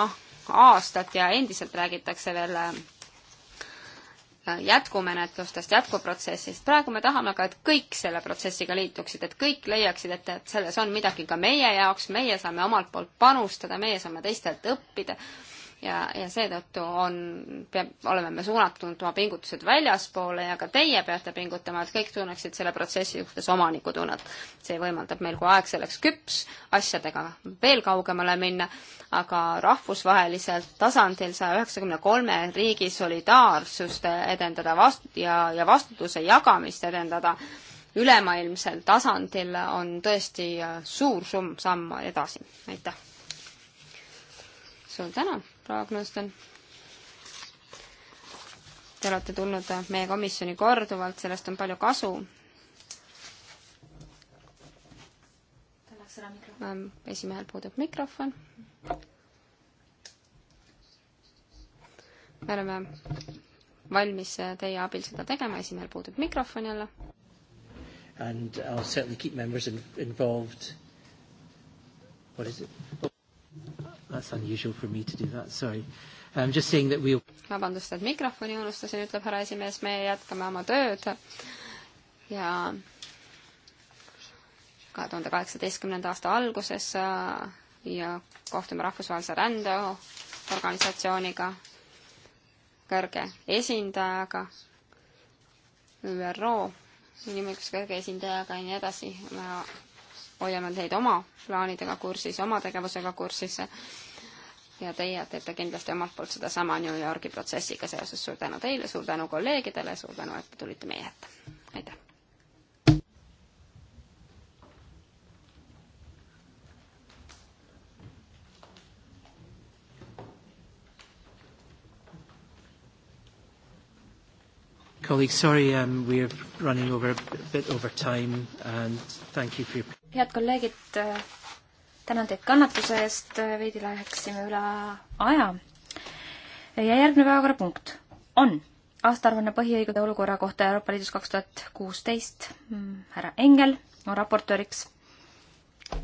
aastat ja endiselt räägitakse veel äh, jätkumenetlustest, jätkuprotsessist. praegu me tahame aga, et kõik selle protsessiga liituksid, et kõik leiaksid, et, et selles on midagi ka meie jaoks, meie saame omalt poolt panustada, meie saame teistelt õppida ja, ja seetõttu on, peab, oleme me suunatud oma pingutused väljaspoole ja ka teie peate pingutama, et kõik tunneksid selle protsessi suhtes omanikutunnet. see võimaldab meil, kui aeg selleks küps, asjadega veel kaugemale minna, aga rahvusvahelisel tasandil saja üheksakümne kolme riigi solidaarsust edendada vast- ja, ja vastutuse jagamist edendada, ülemaailmsel tasandil on tõesti äh, suur summ samm edasi. aitäh! suur tänu! proua Knuston. Te olete tulnud meie komisjoni korduvalt, sellest on palju kasu. Ähm, esimehel puudub mikrofon. me oleme valmis teie abil seda tegema, esimehel puudub mikrofon jälle. And I will certainly keep members in involved. What is it? That's unusual for me to do that, sorry. Um, just saying that we'll... vabandust, et mikrofoni unustasin, ütleb härra esimees, me jätkame oma tööd ja kahe tuhande kaheksateistkümnenda aasta alguses äh, ja kohtume Rahvusvahelise Rändeorganisatsiooniga, kõrge esindajaga, ÜRO inimõiguste kõrge esindajaga ja nii edasi. ma hoiame teid oma plaanidega kursis, oma tegevusega kursis ja teie teete kindlasti omalt poolt sedasama New Yorgi protsessiga seoses. suur tänu teile, suur tänu kolleegidele, suur tänu, et tulite meie ette. aitäh! Colleagues, sorry, um, we are running over a bit over time and thank you for your... head kolleegid, äh, tänan teid kannatuse eest, äh, veidi läheksime üle aja. ja järgmine päevakorrapunkt on aastaaruanne põhiõigude olukorra kohta Euroopa Liidus kaks tuhat kuusteist. Mm, härra Engel on raportööriks.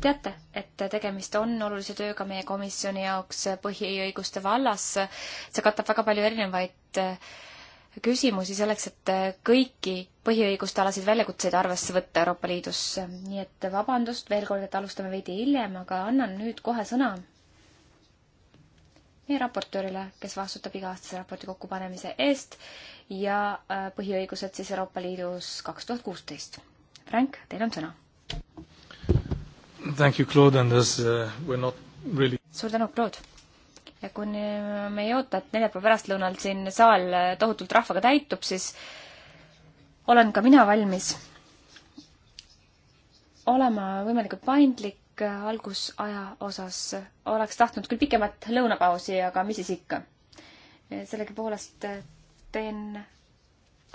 teate, et tegemist on olulise tööga meie komisjoni jaoks põhiõiguste vallas. see katab väga palju erinevaid äh, küsimusi selleks, et äh, kõiki põhiõiguste alaseid väljakutseid arvesse võtta Euroopa Liidus. nii et vabandust veel kord, et alustame veidi hiljem, aga annan nüüd kohe sõna meie raportöörile, kes vastutab iga-aastase raporti kokkupanemise eest ja äh, põhiõigused siis Euroopa Liidus kaks tuhat kuusteist. Frank, teil on sõna. Thank you, Claude, and as uh, we are not really suur tänu, Claude! ja kuni me ei oota, et neljapäeva pärastlõunal siin saal tohutult rahvaga täitub, siis olen ka mina valmis olema võimalikult paindlik algusaja osas. oleks tahtnud küll pikemat lõunapausi, aga mis siis ikka. sellegipoolest teen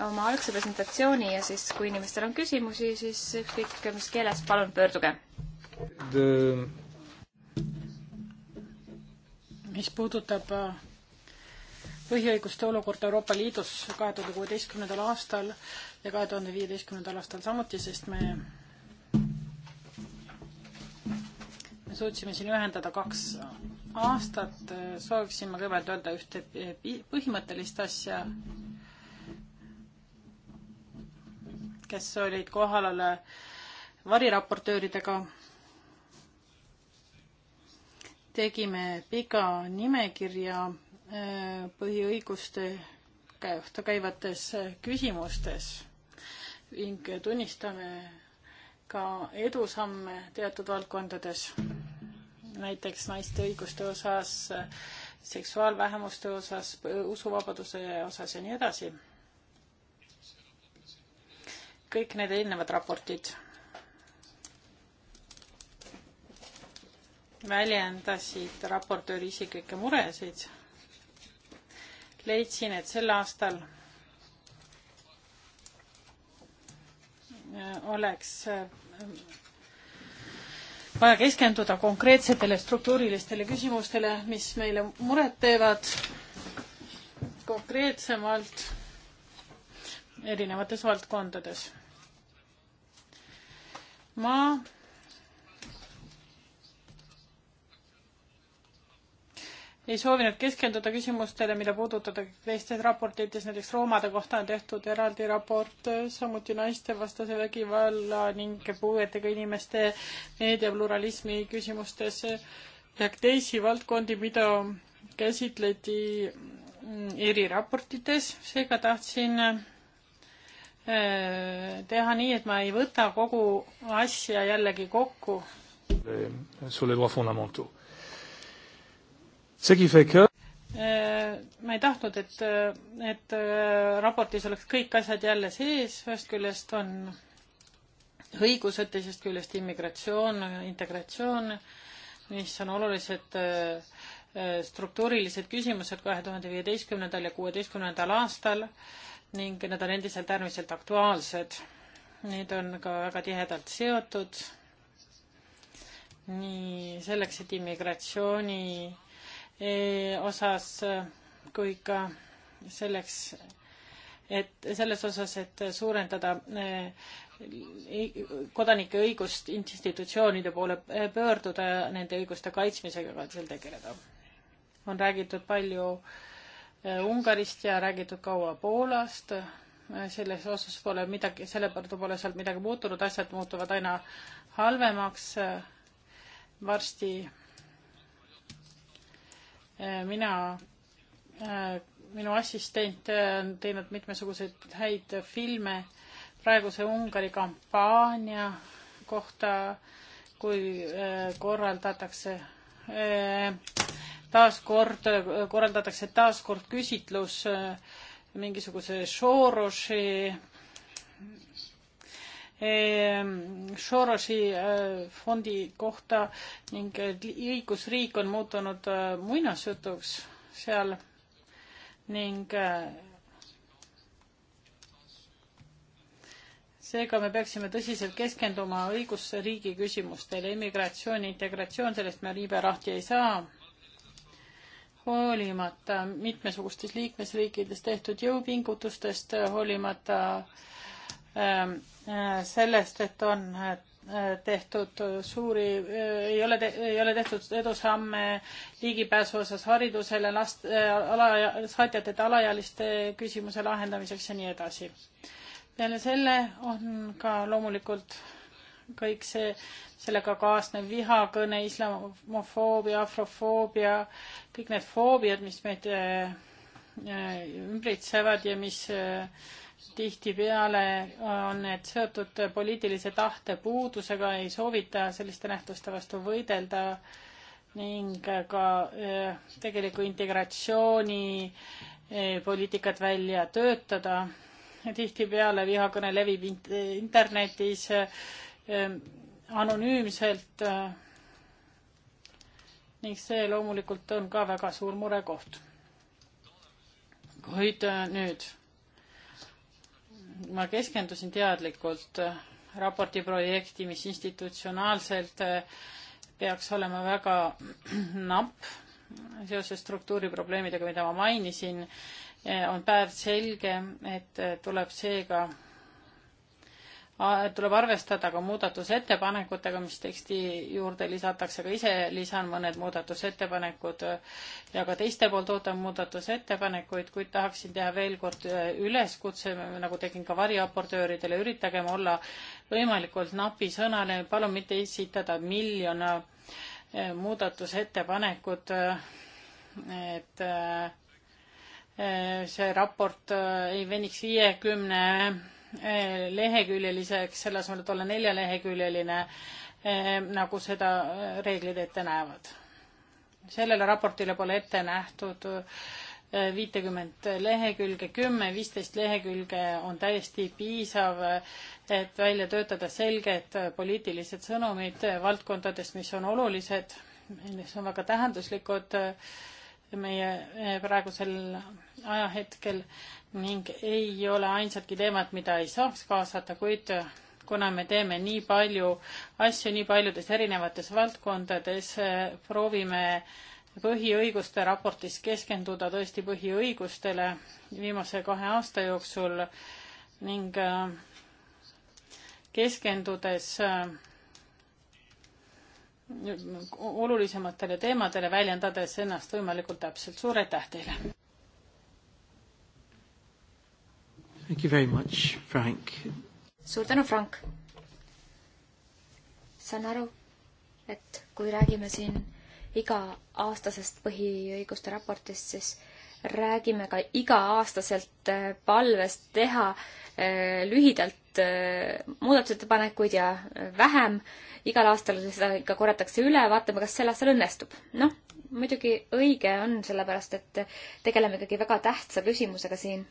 oma algse presentatsiooni ja siis, kui inimestel on küsimusi, siis ükskõik mis keeles, palun pöörduge The mis puudutab äh, põhiõiguste olukorda Euroopa Liidus kahe tuhande kuueteistkümnendal aastal ja kahe tuhande viieteistkümnendal aastal samuti, sest me, me suutsime siin ühendada kaks aastat, sooviksin ma kõigepealt öelda ühte põhimõttelist asja, kes olid kohal äh, variraportööridega tegime pika nimekirja äh, põhiõiguste kohta käivates äh, küsimustes ning tunnistame ka edusamme teatud valdkondades, näiteks naiste õiguste osas, seksuaalvähemuste osas, usuvabaduse osas ja nii edasi. kõik need eelnevad raportid väljendasid raportööri isiklikke muresid. leidsin, et sel aastal oleks vaja keskenduda konkreetsetele struktuurilistele küsimustele, mis meile muret teevad konkreetsemalt erinevates valdkondades. ma ei soovinud keskenduda küsimustele, mida puudutatakse teistes raportites, näiteks roomade kohta on tehtud eraldi raport, samuti naistevastase vägivalla ning puuetega inimeste meediapluralismi küsimustes ja teisi valdkondi, mida käsitleti mm, eriraportites, seega tahtsin äh, teha nii, et ma ei võta kogu asja jällegi kokku. sulle kohe fundamentaalne Äh, ma ei tahtnud, et, et äh, raportis oleks kõik asjad jälle sees, ühest küljest on õigused, teisest küljest immigratsioon, integratsioon, mis on olulised äh, struktuurilised küsimused kahe tuhande viieteistkümnendal ja kuueteistkümnendal aastal ning need on endiselt äärmiselt aktuaalsed. Need on ka väga tihedalt seotud nii selleks, et immigratsiooni Eh, osas eh, kui ka selleks, et selles osas, et suurendada eh, kodanike õigust institutsioonide poole pöörduda ja nende õiguste kaitsmisega ka seal tegeleda. on räägitud palju Ungarist ja räägitud kaua Poolast, selles osas pole midagi, selle tõttu pole sealt midagi muutunud, asjad muutuvad aina halvemaks. varsti Äh, mina, äh, minu assistent äh, on teinud mitmesuguseid häid filme praeguse Ungari kampaania kohta, kui korraldatakse taaskord, korraldatakse taaskord küsitlus mingisuguse Soroši Ehm, Sorosi äh, fondi kohta ning äh, õigusriik on muutunud äh, muinasjutuks seal ning seega me peaksime tõsiselt keskenduma õigusriigi küsimustele, immigratsioon, integratsioon, sellest me liiberahti ei saa. hoolimata mitmesugustes liikmesriikides tehtud jõupingutustest, hoolimata äh, Ähm, äh, sellest, et on äh, tehtud suuri, äh, ei ole, ei ole tehtud edusamme ligipääsu osas haridusele, last, ala, saatjate, alaealiste küsimuse lahendamiseks ja nii edasi. peale selle on ka loomulikult kõik see, sellega kaasnev vihakõne, islamofoobia, afrofoobia, kõik need foobiad, mis meid ümbritsevad ja mis tihtipeale äh, on need seotud poliitilise tahte puudusega, ei soovita selliste nähtuste vastu võidelda ning ka äh, tegeliku integratsiooni äh, poliitikat välja töötada. tihtipeale vihakõne levib internetis anonüümselt ning see loomulikult on ka väga suur murekoht. kuid nüüd ma keskendusin teadlikult raporti projekti, mis institutsionaalselt eh, peaks olema väga *clears throat* napp seoses struktuuriprobleemidega, mida ma mainisin, eh, on päevselge, et eh, tuleb seega tuleb arvestada ka muudatusettepanekutega, mis teksti juurde lisatakse, ka ise lisan mõned muudatusettepanekud ja ka teiste poolt ootan muudatusettepanekuid, kuid tahaksin teha veel kord e, üleskutse, nagu tegin ka variraportööridele, üritagem olla võimalikult napisõnaline, palun mitte esitada miljon e, muudatusettepanekut, e, et see raport ei veniks viiekümne 50 Eh, leheküljeliseks, selle asemel, et olla neljaleheküljeline, eh, nagu seda eh, reeglid ette näevad. sellele raportile pole ette nähtud viitekümmet lehekülge, kümme, viisteist lehekülge on täiesti piisav, et välja töötada selged poliitilised sõnumid valdkondadest, mis on olulised, mis on väga tähenduslikud meie praegusel ajahetkel ning ei ole ainsatki teemat, mida ei saaks kaasata, kuid kuna me teeme nii palju asju nii paljudes erinevates valdkondades, proovime põhiõiguste raportis keskenduda tõesti põhiõigustele viimase kahe aasta jooksul ning keskendudes olulisematele teemadele, väljendades ennast võimalikult täpselt. suur aitäh teile! Thank you very much, Frank. suur tänu, Frank. saan aru, et kui räägime siin iga-aastasest põhiõiguste raportist, siis räägime ka iga-aastaselt äh, palvest teha äh, lühidalt äh, muudatusettepanekuid ja vähem. igal aastal seda ikka korratakse üle, vaatame, kas sel aastal õnnestub. noh, muidugi õige on, sellepärast et tegeleme ikkagi väga tähtsa küsimusega siin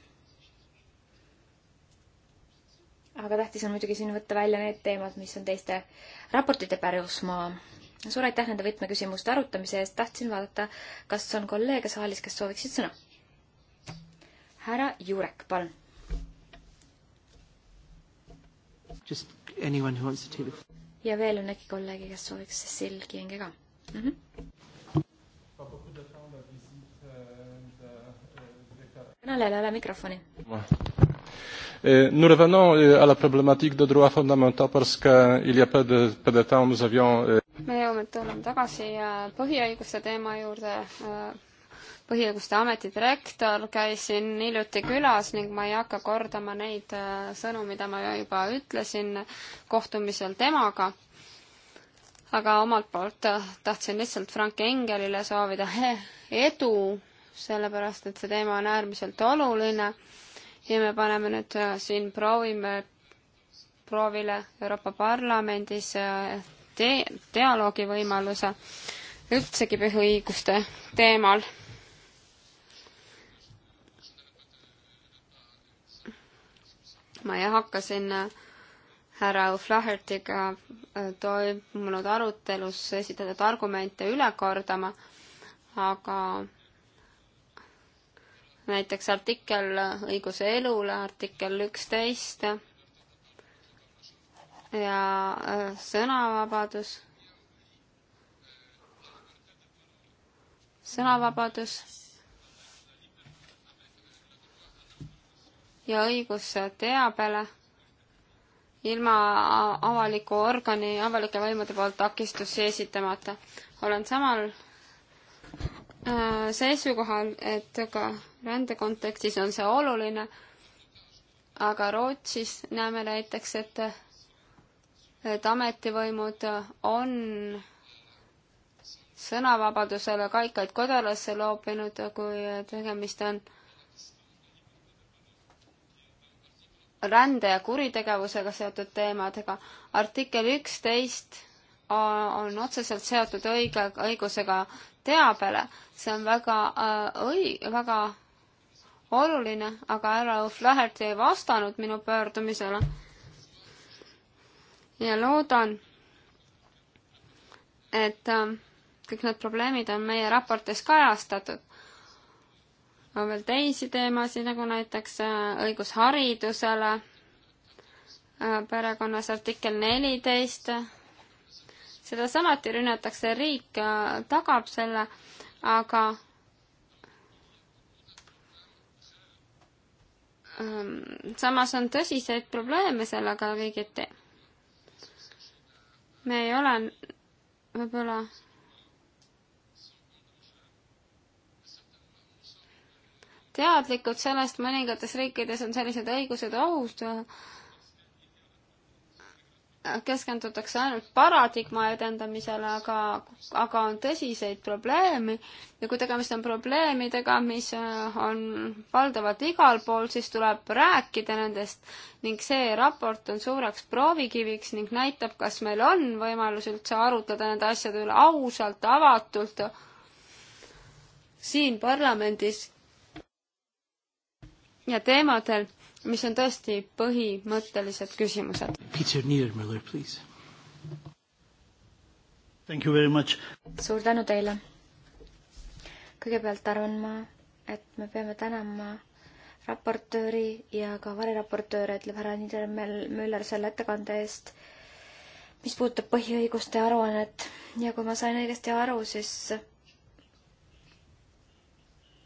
aga tähtis on muidugi siin võtta välja need teemad, mis on teiste raportite pärusmaa. suur aitäh nende võtmeküsimuste arutamise eest, tahtsin vaadata, kas on kolleege saalis, kes sooviksid sõna. härra Jurek, palun. ja veel on äkki kolleege, kes sooviks, Cecil Kienge ka mm. -hmm. kõnelejal ei ole mikrofoni. Nous revenons à la problématique des droits fondamentaux parce qu'il y a peu de, peu de temps nous avions me jõuame, tuleme tagasi äh, põhiõiguste teema juurde. Äh, põhiõiguste ameti direktor käis siin hiljuti külas ning ma ei hakka kordama neid äh, sõnu, mida ma juba ütlesin kohtumisel temaga. aga omalt poolt tahtsin lihtsalt Frank Engelile soovida *laughs* edu, sellepärast et see teema on äärmiselt oluline ja me paneme nüüd äh, siin proovime, proovile Euroopa Parlamendis äh, te dialoogi võimaluse üldsegi põhiõiguste teemal. ma ei hakka siin äh, härra O'Flahertiga toimunud arutelus esitatud argumente üle kordama, aga näiteks artikkel õiguse elule, artikkel üksteist ja äh, sõnavabadus, sõnavabadus ja õigus teabele ilma avaliku organi, avalike võimude poolt takistusi esitamata. olen samal Äh, seisukohal, et ka rände kontekstis on see oluline, aga Rootsis näeme näiteks, et, et ametivõimud on sõnavabadusele kaikaid kodarasse loopinud, kui tegemist on rände ja kuritegevusega seotud teemadega. artikkel üksteist on otseselt seotud õige, õigusega teabele, see on väga äh, õi-, väga oluline, aga härra Flaherty ei vastanud minu pöördumisele. ja loodan, et äh, kõik need probleemid on meie raportis kajastatud. on veel teisi teemasid, nagu näiteks äh, õigus haridusele, äh, perekonnas artikkel neliteist seda samuti rünnatakse, riik äh, tagab selle, aga ähm, samas on tõsiseid probleeme sellega kõigi ette. me ei ole võib-olla teadlikud sellest, mõningates riikides on sellised õigused ohus keskendutakse ainult paradigma edendamisele, aga, aga on tõsiseid probleeme ja kui tegemist on probleemidega, mis äh, on valdavalt igal pool, siis tuleb rääkida nendest ning see raport on suureks proovikiviks ning näitab, kas meil on võimalus üldse arutleda nende asjade üle ausalt, avatult siin parlamendis ja teemadel mis on tõesti põhimõttelised küsimused. Peter Niedermüller, please. Thank you very much. suur tänu teile. kõigepealt arvan ma, et me peame tänama raportööri ja ka variraportööre, ütleb härra Niedermüller selle ettekande eest, mis puudutab põhiõiguste aruannet ja kui ma sain õigesti aru, siis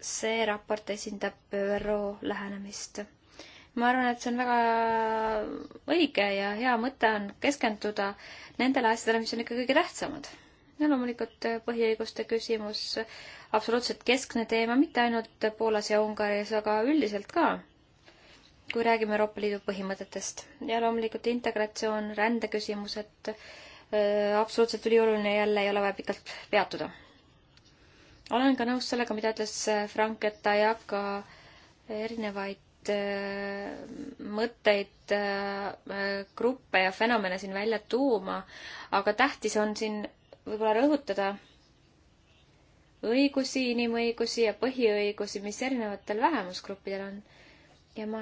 see raport esindab ÜRO lähenemist ma arvan, et see on väga õige ja hea mõte on keskenduda nendele asjadele, mis on ikka kõige tähtsamad. ja loomulikult põhiõiguste küsimus, absoluutselt keskne teema, mitte ainult Poolas ja Ungaris, aga üldiselt ka, kui räägime Euroopa Liidu põhimõtetest. ja loomulikult integratsioon, rändeküsimused, äh, absoluutselt ülioluline, jälle ei ole vaja pikalt peatuda. olen ka nõus sellega, mida ütles Frank, et ta ei hakka erinevaid Äh, mõtteid, äh, gruppe ja fenomene siin välja tuuma, aga tähtis on siin võib-olla rõhutada õigusi, inimõigusi ja põhiõigusi, mis erinevatel vähemusgruppidel on. ja ma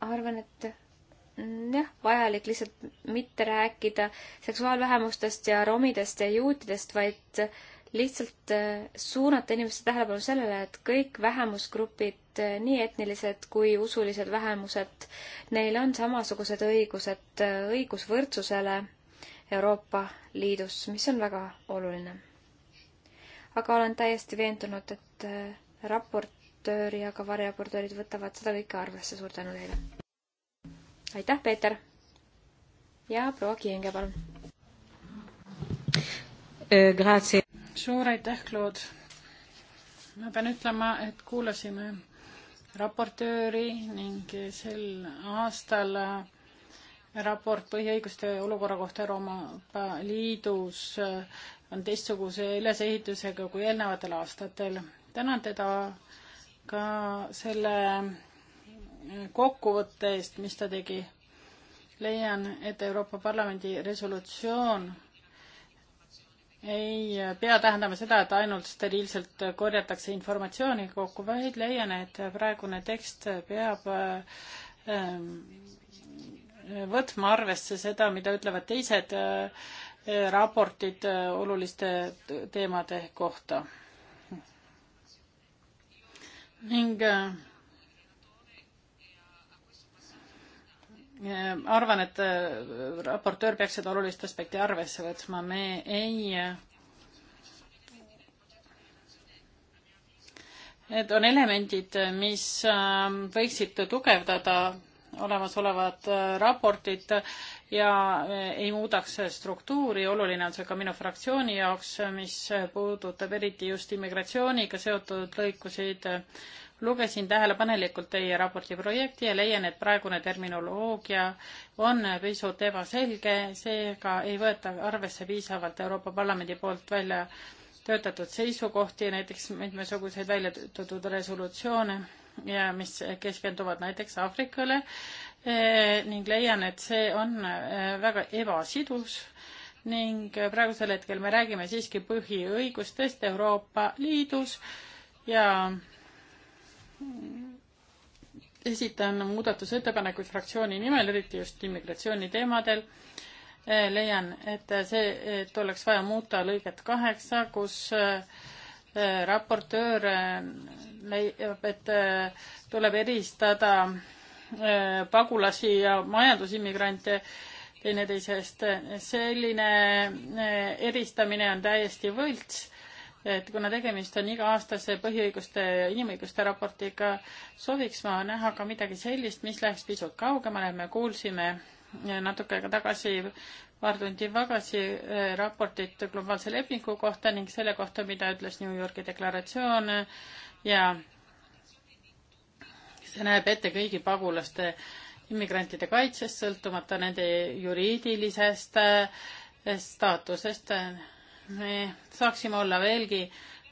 arvan, et jah, vajalik lihtsalt mitte rääkida seksuaalvähemustest ja romidest ja juutidest, vaid lihtsalt äh, suunata inimeste tähelepanu sellele, et kõik vähemusgrupid et eh, nii etnilised kui usulised vähemused, neil on samasugused õigused eh, õigus võrdsusele Euroopa Liidus, mis on väga oluline. aga olen täiesti veendunud, et eh, raportöör ja ka varjaportöörid võtavad seda kõike arvesse, suur tänu teile! aitäh, Peeter! ja proua Kiiringe, palun! suur aitäh, Claude! ma pean ütlema, et kuulasime raportööri ning sel aastal raport põhiõiguste olukorra kohta Euroopa Liidus on teistsuguse ülesehitusega kui eelnevatel aastatel. tänan teda ka selle kokkuvõtte eest, mis ta tegi. leian, et Euroopa Parlamendi resolutsioon ei pea tähendama seda, et ainult steriilselt korjatakse informatsiooni kokku, vaid leian, et praegune tekst peab ähm, võtma arvesse seda, mida ütlevad teised äh, raportid äh, oluliste teemade kohta. ning äh, arvan, et äh, raportöör peaks seda olulist aspekti arvesse võtma, me ei Need äh, on elemendid, mis äh, võiksid tugevdada olemasolevad raportid ja ei muudaks struktuuri, oluline on see ka minu fraktsiooni jaoks, mis puudutab eriti just immigratsiooniga seotud lõikusid lugesin tähelepanelikult teie raporti projekti ja leian, et praegune terminoloogia on pisut ebaselge, seega ei võeta arvesse piisavalt Euroopa Parlamendi poolt välja töötatud seisukohti, näiteks mitmesuguseid välja töötatud resolutsioone ja mis keskenduvad näiteks Aafrikale eh, ning leian, et see on eh, väga ebasidus ning praegusel hetkel me räägime siiski põhiõigustest Euroopa Liidus ja esitan muudatusettepanekuid fraktsiooni nimel, eriti just immigratsiooni teemadel. Eh, leian, et see, et oleks vaja muuta lõiget kaheksa, kus eh, raportöör eh, leiab, et tuleb eristada pagulasi ja majandusimmigrante teineteisest. selline eristamine on täiesti võlts et kuna tegemist on iga-aastase põhiõiguste ja inimõiguste raportiga, sooviks ma näha ka midagi sellist, mis läheks pisut kaugemale, me kuulsime natuke aega tagasi paar tundi tagasi eh, raportit globaalse lepingu kohta ning selle kohta, mida ütles New Yorgi deklaratsioon ja see näeb ette kõigi pagulaste immigrantide kaitsest, sõltumata nende juriidilisest eh, staatusest me saaksime olla veelgi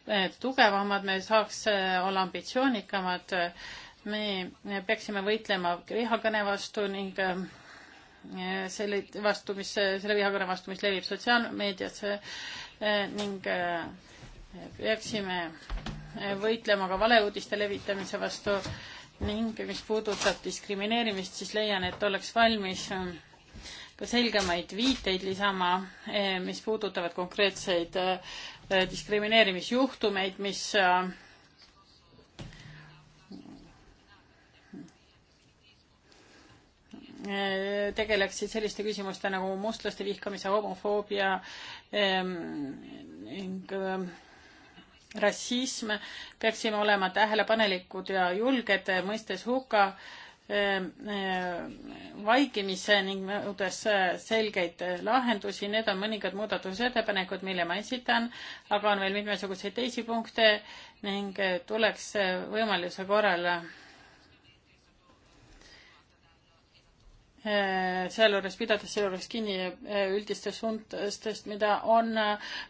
eh, tugevamad, me saaks eh, olla ambitsioonikamad, me peaksime võitlema vihakõne vastu ning eh, selle vastu, mis, selle vihakõne vastu, mis levib sotsiaalmeedias ning peaksime võitlema ka valeuudiste levitamise vastu ning mis puudutab diskrimineerimist, siis leian, et oleks valmis ka selgemaid viiteid lisama, eh, mis puudutavad konkreetseid eh, diskrimineerimisjuhtumeid, mis eh, tegeleksid selliste küsimuste nagu mustlaste vihkamise, homofoobia ehm, ning rassism, peaksime olema tähelepanelikud ja julged, mõistes hukka äh, Ähm, äh, vaikimise ning nõudes äh, selgeid äh, lahendusi, need on mõningad muudatusettepanekud, mille ma esitan, aga on veel mitmesuguseid teisi punkte ning tuleks võimaluse korral sealjuures pidades sealjuures kinni üldistest suundadest, mida on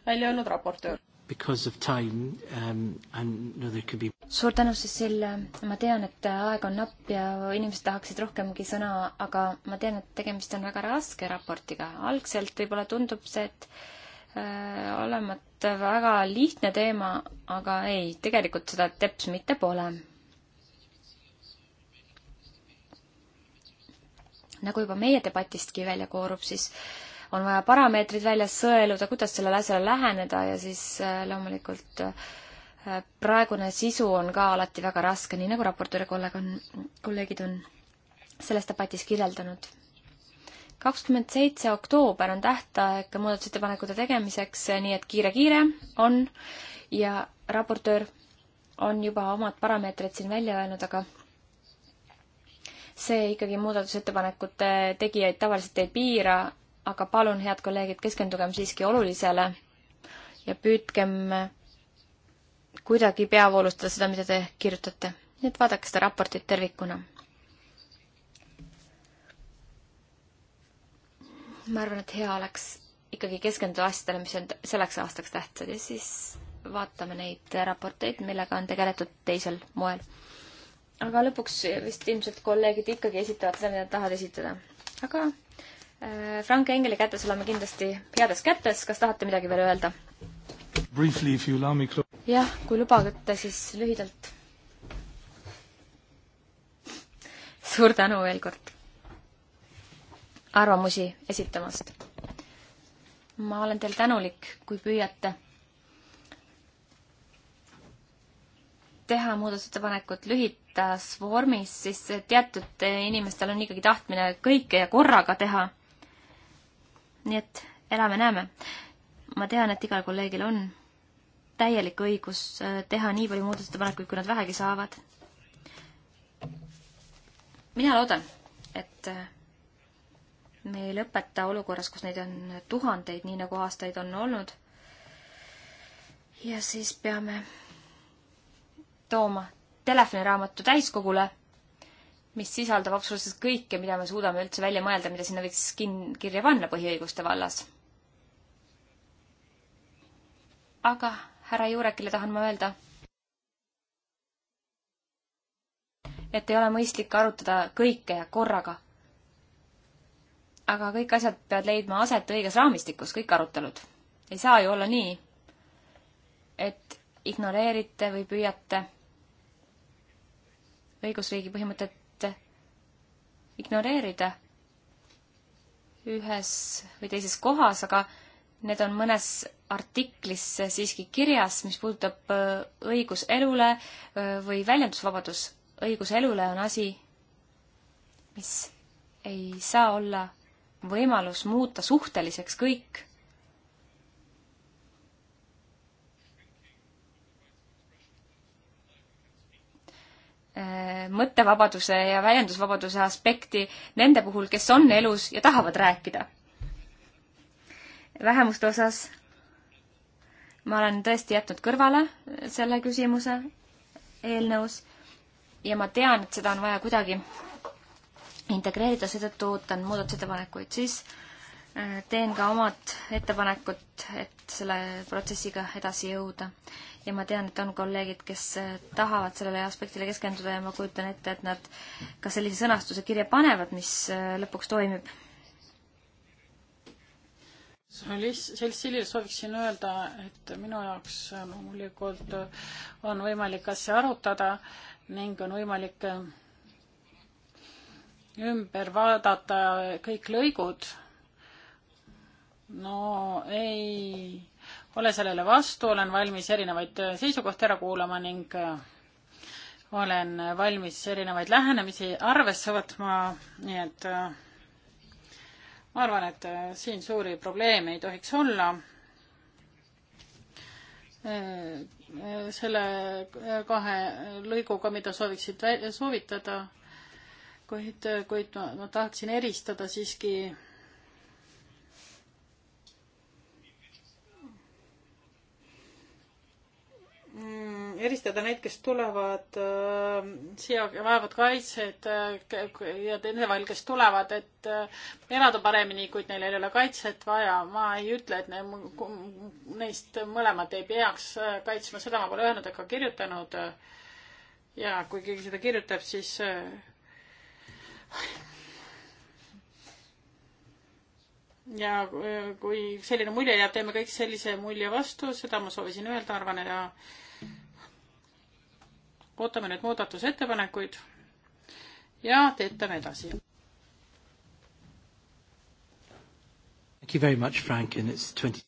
välja öelnud raportöör because of time um, and no there could be suur tänu, Cecil, ma tean, et aeg on napp ja inimesed tahaksid rohkemgi sõna, aga ma tean, et tegemist on väga raske raportiga. algselt võib-olla tundub see, et äh, olevat väga lihtne teema, aga ei, tegelikult seda teps mitte pole. nagu juba meie debatistki välja koorub, siis äh, on vaja parameetrid välja sõeluda, kuidas sellele asjale läheneda ja siis äh, loomulikult äh, praegune sisu on ka alati väga raske, nii nagu raportööri kolleeg on, kolleegid on selles debatis kirjeldanud. kakskümmend seitse oktoober on tähtaeg muudatusettepanekute tegemiseks, nii et kiire-kiire on ja raportöör on juba omad parameetrid siin välja öelnud, aga see ikkagi muudatusettepanekute tegijaid tavaliselt ei piira aga palun, head kolleegid, keskendugem siiski olulisele ja püüdkem kuidagi peavoolustada seda, mida te kirjutate. nii et vaadake seda raportit tervikuna. ma arvan, et hea oleks ikkagi keskenduda asjadele, mis on selleks aastaks tähtsad ja siis vaatame neid raporteid, millega on tegeletud teisel moel. aga lõpuks vist ilmselt kolleegid ikkagi esitavad seda, mida nad tahavad esitada. aga Äh, Frank Engeli kätes oleme kindlasti heades kätes, kas tahate midagi veel öelda? jah, kui lubate, siis lühidalt. suur tänu veel kord arvamusi esitamast. ma olen teil tänulik, kui püüate teha muudatusettepanekut lühitas vormis, siis teatud inimestel on ikkagi tahtmine kõike ja korraga teha nii et elame-näeme. ma tean, et igal kolleegil on täielik õigus äh, teha nii palju muudatusettepanekuid, kui nad vähegi saavad. mina loodan, et äh, me ei lõpeta olukorras, kus neid on tuhandeid, nii nagu aastaid on olnud. ja siis peame tooma telefoniraamatu täiskogule mis sisaldab absoluutselt kõike, mida me suudame üldse välja mõelda, mida sinna võiks kin-, kirja panna põhiõiguste vallas. aga härra Juurekile tahan ma öelda, et ei ole mõistlik arutada kõike korraga. aga kõik asjad peavad leidma aset õiges raamistikus, kõik arutelud. ei saa ju olla nii, et ignoreerite või püüate õigusriigi põhimõtet ignoreerida ühes või teises kohas, aga need on mõnes artiklis siiski kirjas, mis puudutab äh, õigus elule äh, või väljendusvabadus. õigus elule on asi, mis ei saa olla võimalus muuta suhteliseks kõik Äh, mõttevabaduse ja väljendusvabaduse aspekti nende puhul, kes on elus ja tahavad rääkida. vähemuste osas ma olen tõesti jätnud kõrvale selle küsimuse eelnõus ja ma tean, et seda on vaja kuidagi integreerida, seetõttu ootan muudatusettepanekuid siis. Äh, teen ka omad ettepanekud, et selle protsessiga edasi jõuda ja ma tean, et on kolleegid, kes äh, tahavad sellele aspektile keskenduda ja ma kujutan ette, et nad ka sellise sõnastuse kirja panevad, mis äh, lõpuks toimib. Seltsile sooviksin öelda, et minu jaoks äh, loomulikult on võimalik asja arutada ning on võimalik ümber vaadata kõik lõigud. no ei ole sellele vastu, olen valmis erinevaid äh, seisukohti ära kuulama ning äh, olen valmis erinevaid lähenemisi arvesse võtma, nii et äh, ma arvan, et siin suuri probleeme ei tohiks olla. selle kahe lõiguga, mida sooviksid soovitada, kuid, kuid ma, ma tahaksin eristada siiski eristada neid, kes tulevad äh, siia, vajavad kaitset äh, ja nende vahel, kes tulevad, et äh, elada paremini, kuid neil ei ole kaitset vaja. ma ei ütle, et ne, neist mõlemat ei peaks äh, kaitsma, seda ma pole öelnud ega kirjutanud. ja kui keegi seda kirjutab, siis äh, ja äh, kui selline mulje jääb, teeme kõik sellise mulje vastu, seda ma soovisin öelda, arvan, ja et ootame nüüd muudatusettepanekuid ja töötame edasi.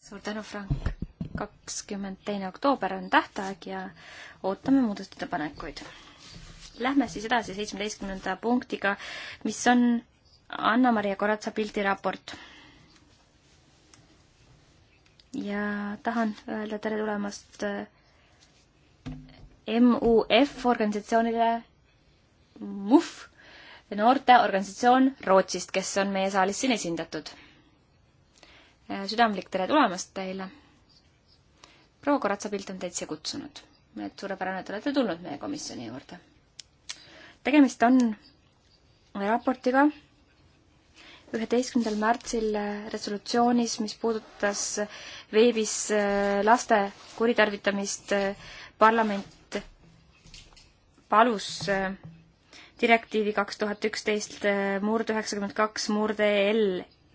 suur tänu, Frank. kakskümmend teine oktoober on tähtaeg ja ootame muudatusettepanekuid. Lähme siis edasi seitsmeteistkümnenda punktiga, mis on Anna-Maria Koratsa pildi raport ja tahan öelda tere tulemast äh, MUF organisatsioonile MUF, noorteorganisatsioon Rootsist, kes on meie saalis siin esindatud. südamlik tere tulemast teile! proua Koratsapilt on teid siia kutsunud. et suurepärane, et olete tulnud meie komisjoni juurde. tegemist on raportiga üheteistkümnendal märtsil resolutsioonis, mis puudutas veebis äh, laste kuritarvitamist äh, parlament palus äh, direktiivi kaks tuhat üksteist äh, murd üheksakümmend kaks murde L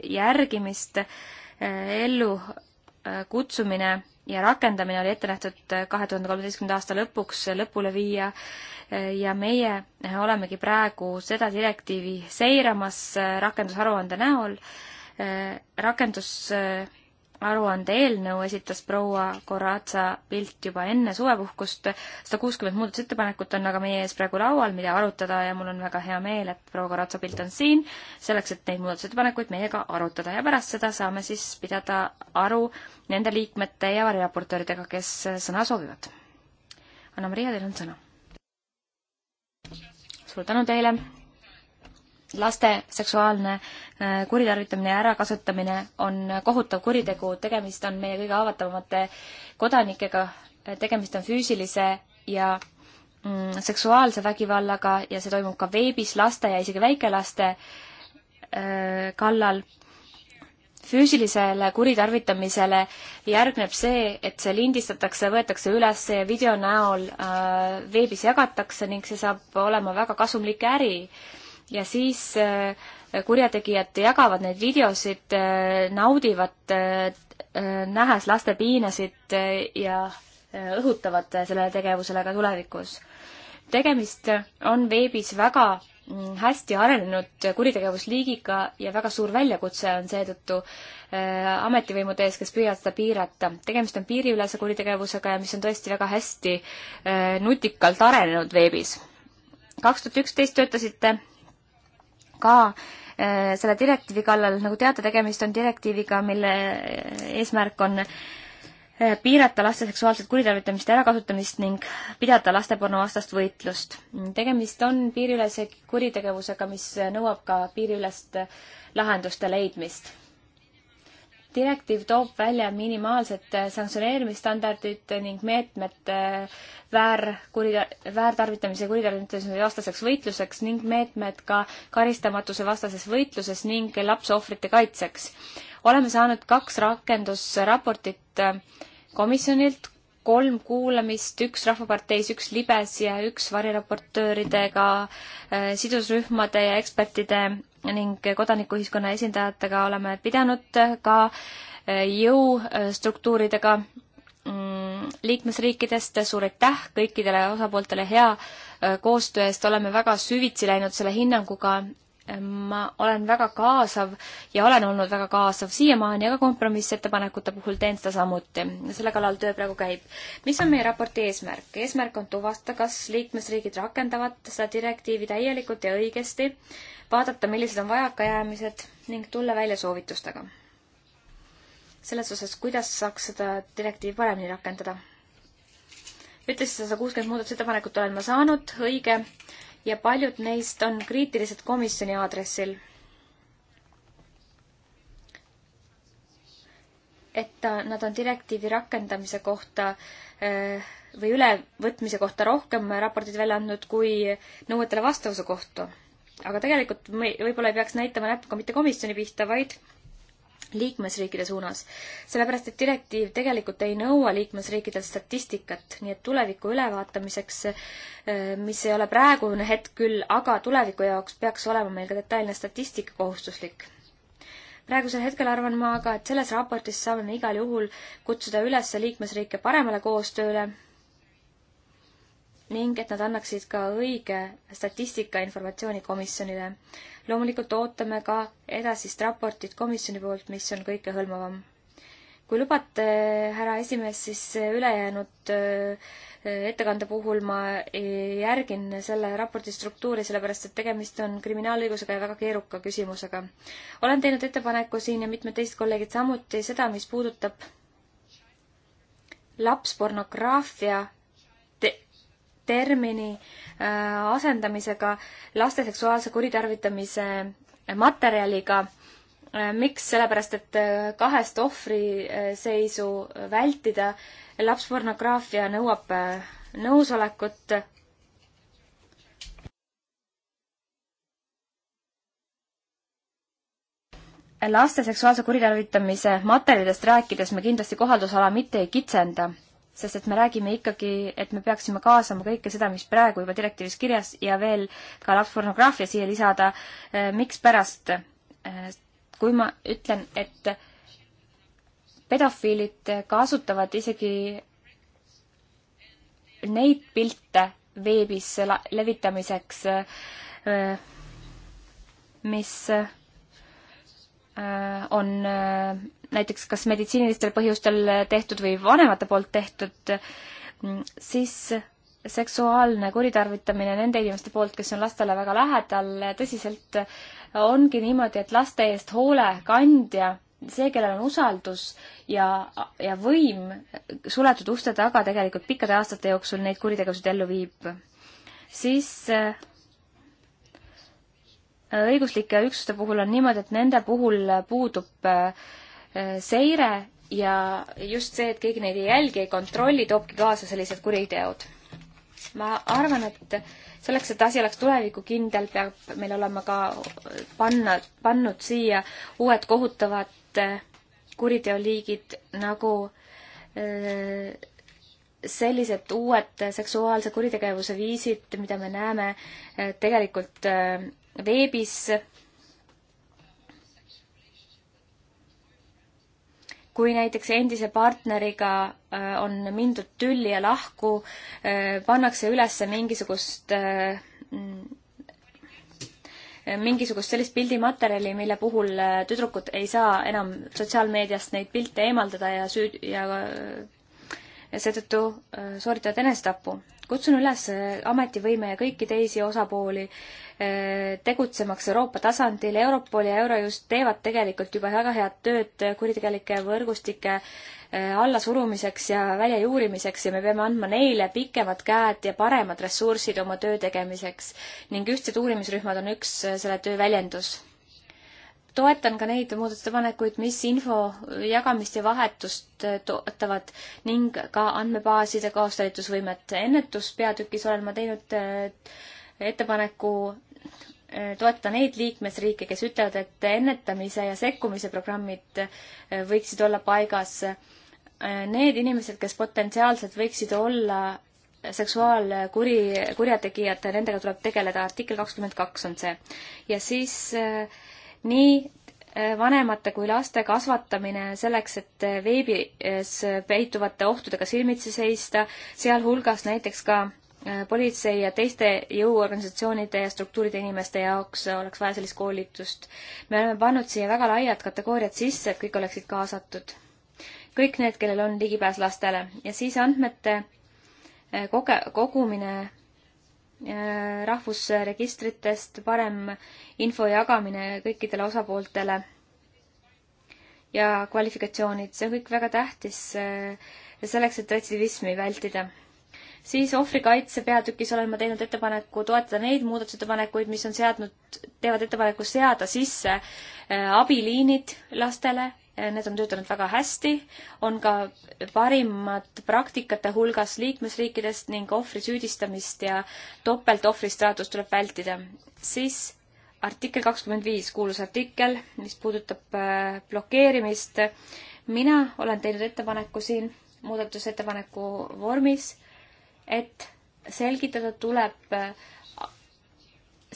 järgimist äh, ellu kutsumine ja rakendamine oli ette nähtud kahe tuhande kolmeteistkümnenda aasta lõpuks lõpule viia ja meie olemegi praegu seda direktiivi seiramas rakendusaruande näol. rakendus aruande eelnõu esitas proua Koratsa pilt juba enne suvepuhkust. sada kuuskümmend muudatusettepanekut on aga meie ees praegu laual, mida arutada ja mul on väga hea meel, et proua Koratsa pilt on siin, selleks et neid muudatusettepanekuid meiega arutada ja pärast seda saame siis pidada aru nende liikmete ja variraportööridega, kes sõna soovivad. Anna-Maria, teil on sõna. suur tänu teile laste seksuaalne äh, kuritarvitamine ja ärakasutamine on kohutav kuritegu, tegemist on meie kõige haavatavamate kodanikega, äh, tegemist on füüsilise ja mm, seksuaalse vägivallaga ja see toimub ka veebis laste ja isegi väikelaste äh, kallal. füüsilisele kuritarvitamisele järgneb see, et see lindistatakse, võetakse üles ja video näol veebis jagatakse ning see saab olema väga kasumlik äri ja siis äh, kurjategijad jagavad neid videosid, äh, naudivad, äh, nähes laste piinasid ja õhutavad sellele tegevusele ka tulevikus. tegemist on veebis väga mm, hästi arenenud kuritegevusliigiga ja väga suur väljakutse on seetõttu ametivõimude ees, kes püüavad seda piirata. tegemist on piiriülese kuritegevusega ja mis on tõesti väga hästi nutikalt arenenud veebis. kaks tuhat üksteist töötasite ka äh, selle direktiivi kallal, nagu teate, tegemist on direktiiviga, mille äh, eesmärk on äh, piirata laste seksuaalset kuritarvitamist ja ärakasutamist ning pidada lasteporno vastast võitlust. tegemist on piiriülese kuritegevusega, mis nõuab ka piiriülest lahenduste leidmist direktiiv toob välja minimaalsed sanktsioneerimisstandardid ning meetmed äh, väärkurida-, väärtarvitamise ja kuritarvitamise vastaseks võitluseks ning meetmed ka karistamatuse vastases võitluses ning lapseohvrite kaitseks. oleme saanud kaks rakendusraportit äh, komisjonilt, kolm kuulamist, üks Rahvaparteis, üks libes ja üks variraportööridega, äh, sidusrühmade ja ekspertide ning kodanikuühiskonna esindajatega oleme pidanud ka eh, jõustruktuuridega mm, liikmesriikidest, suur aitäh kõikidele osapooltele hea eh, koostöö eest, oleme väga süvitsi läinud selle hinnanguga ma olen väga kaasav ja olen olnud väga kaasav siiamaani, aga kompromissettepanekute puhul teen seda samuti. selle kallal töö praegu käib. mis on meie raporti eesmärk? eesmärk on tuvastada, kas liikmesriigid rakendavad seda direktiivi täielikult ja õigesti, vaadata, millised on vajakajäämised ning tulla välja soovitustega. selles osas, kuidas saaks seda direktiivi paremini rakendada. ütlesid, sada kuuskümmend muudatusettepanekut olen ma saanud, õige ja paljud neist on kriitilised komisjoni aadressil. et nad on direktiivi rakendamise kohta eh, või ülevõtmise kohta rohkem raporteid välja andnud kui nõuetele vastavuse kohta. aga tegelikult me võib-olla ei peaks näitama näpuga mitte komisjoni pihta, vaid liikmesriikide suunas, sellepärast et direktiiv tegelikult ei nõua liikmesriikidelt statistikat, nii et tuleviku ülevaatamiseks, äh, mis ei ole praegune hetk küll, aga tuleviku jaoks peaks olema meil ka detailne statistika kohustuslik. praegusel hetkel arvan ma aga, et selles raportis saame me igal juhul kutsuda üles liikmesriike paremale koostööle ning et nad annaksid ka õige statistika informatsiooni komisjonile. loomulikult ootame ka edasist raportit komisjoni poolt, mis on kõikehõlmavam. kui lubate, härra esimees, siis ülejäänud äh, ettekande puhul ma äh, järgin selle raporti struktuuri, sellepärast et tegemist on kriminaalõigusega ja väga keeruka küsimusega. olen teinud ettepaneku siin ja mitmed teised kolleegid samuti seda, mis puudutab lapspornograafia termini äh, asendamisega laste seksuaalse kuritarvitamise äh, materjaliga. Äh, miks? sellepärast, et kahest ohvriseisu vältida. lapspornograafia nõuab nõusolekut. laste seksuaalse kuritarvitamise materjalidest rääkides me kindlasti kohaldusala mitte ei kitsenda sest et me räägime ikkagi, et me peaksime kaasama kõike seda, mis praegu juba direktiivis kirjas ja veel ka lapspornograafia siia lisada. Äh, mikspärast? Äh, kui ma ütlen, et pedofiilid kasutavad isegi neid pilte veebis levitamiseks, äh, mis on näiteks kas meditsiinilistel põhjustel tehtud või vanemate poolt tehtud, mm, siis seksuaalne kuritarvitamine nende inimeste poolt, kes on lastele väga lähedal, tõsiselt ongi niimoodi, et laste eest hoolekandja, see, kellel on usaldus ja, ja võim suletud uste taga tegelikult pikkade aastate jooksul neid kuritegevusid ellu viib, siis õiguslike üksuste puhul on niimoodi, et nende puhul puudub äh, seire ja just see, et keegi neid ei jälgi, ei kontrolli, toobki kaasa sellised kuriteod. ma arvan, et selleks, et asi oleks tulevikukindel, peab meil olema ka panna, pannud siia uued kohutavad äh, kuriteoliigid nagu äh, sellised uued seksuaalse kuritegevuse viisid, mida me näeme äh, tegelikult veebis kui näiteks endise partneriga äh, on mindud tülli ja lahku, äh, pannakse üles mingisugust äh, mm, mingisugust sellist pildimaterjali, mille puhul tüdrukud ei saa enam sotsiaalmeediast neid pilte eemaldada ja süüd- ja, ja seetõttu sooritavad enesetapu kutsun üles äh, ametivõime ja kõiki teisi osapooli äh, tegutsemaks Euroopa tasandil, Europol ja Eurojust teevad tegelikult juba väga head tööd äh, kuritegelike võrgustike allasurumiseks ja väljajuurimiseks ja me peame andma neile pikemad käed ja paremad ressursid oma töö tegemiseks ning ühtsed uurimisrühmad on üks selle töö väljendus toetan ka neid muudatusettepanekuid, mis info jagamist ja vahetust äh, toetavad ning ka andmebaaside kaastalitusvõimet. ennetuspeatükis olen ma teinud äh, ettepaneku äh, toetada neid liikmesriike, kes ütlevad, et ennetamise ja sekkumise programmid võiksid olla paigas. Need inimesed, kes potentsiaalselt võiksid olla seksuaalkuri, kurjategijad, nendega tuleb tegeleda. artikkel kakskümmend kaks on see. ja siis äh, nii äh, vanemate kui laste kasvatamine selleks, et äh, veebis äh, peituvate ohtudega silmitsi seista, sealhulgas näiteks ka politsei ja teiste jõuorganisatsioonide ja struktuuride inimeste jaoks oleks vaja sellist koolitust. me oleme pannud siia väga laiad kategooriad sisse, et kõik oleksid kaasatud. kõik need, kellel on ligipääs lastele ja siis andmete koge-, kogumine Äh, rahvusregistritest, parem info jagamine kõikidele osapooltele ja kvalifikatsioonid, see on kõik väga tähtis äh, selleks, et retsidivismi vältida. siis ohvrikaitse peatükis olen ma teinud ettepaneku toetada neid muudatusettepanekuid, mis on seadnud, teevad ettepaneku seada sisse äh, abiliinid lastele Eh, need on töötanud väga hästi, on ka parimad praktikate hulgas liikmesriikidest ning ohvri süüdistamist ja topeltohvri staatust tuleb vältida. siis artikkel kakskümmend viis, kuulus artikkel, mis puudutab eh, blokeerimist. mina olen teinud ettepaneku siin muudatusettepaneku vormis, et selgitada tuleb eh,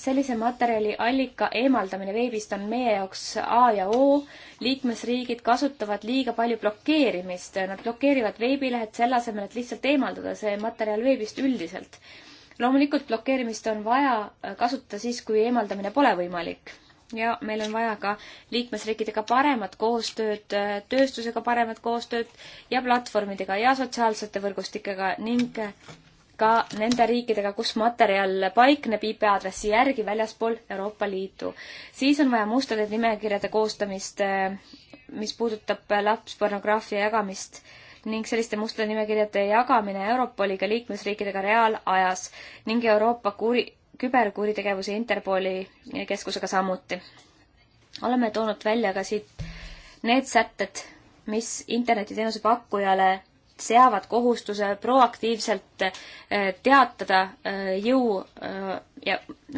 sellise materjali allika eemaldamine veebist on meie jaoks A ja O. liikmesriigid kasutavad liiga palju blokeerimist, nad blokeerivad veebilehed selle asemel, et lihtsalt eemaldada see materjal veebist üldiselt. loomulikult blokeerimist on vaja kasutada siis, kui eemaldamine pole võimalik ja meil on vaja ka liikmesriikidega paremat koostööd, tööstusega paremat koostööd ja platvormidega ja sotsiaalsete võrgustikega ning ka nende riikidega, kus materjal paikneb IP-aadressi järgi väljaspool Euroopa Liitu. siis on vaja mustade nimekirjade koostamist, eh, mis puudutab lapspornograafia jagamist ning selliste mustade nimekirjade jagamine Europoliga liikmesriikidega reaalajas ning Euroopa kuri-, küberkuritegevuse Interpoli keskusega samuti. oleme toonud välja ka siit need sätted, mis internetiteenuse pakkujale seavad kohustuse proaktiivselt äh, teatada äh, jõu äh, ja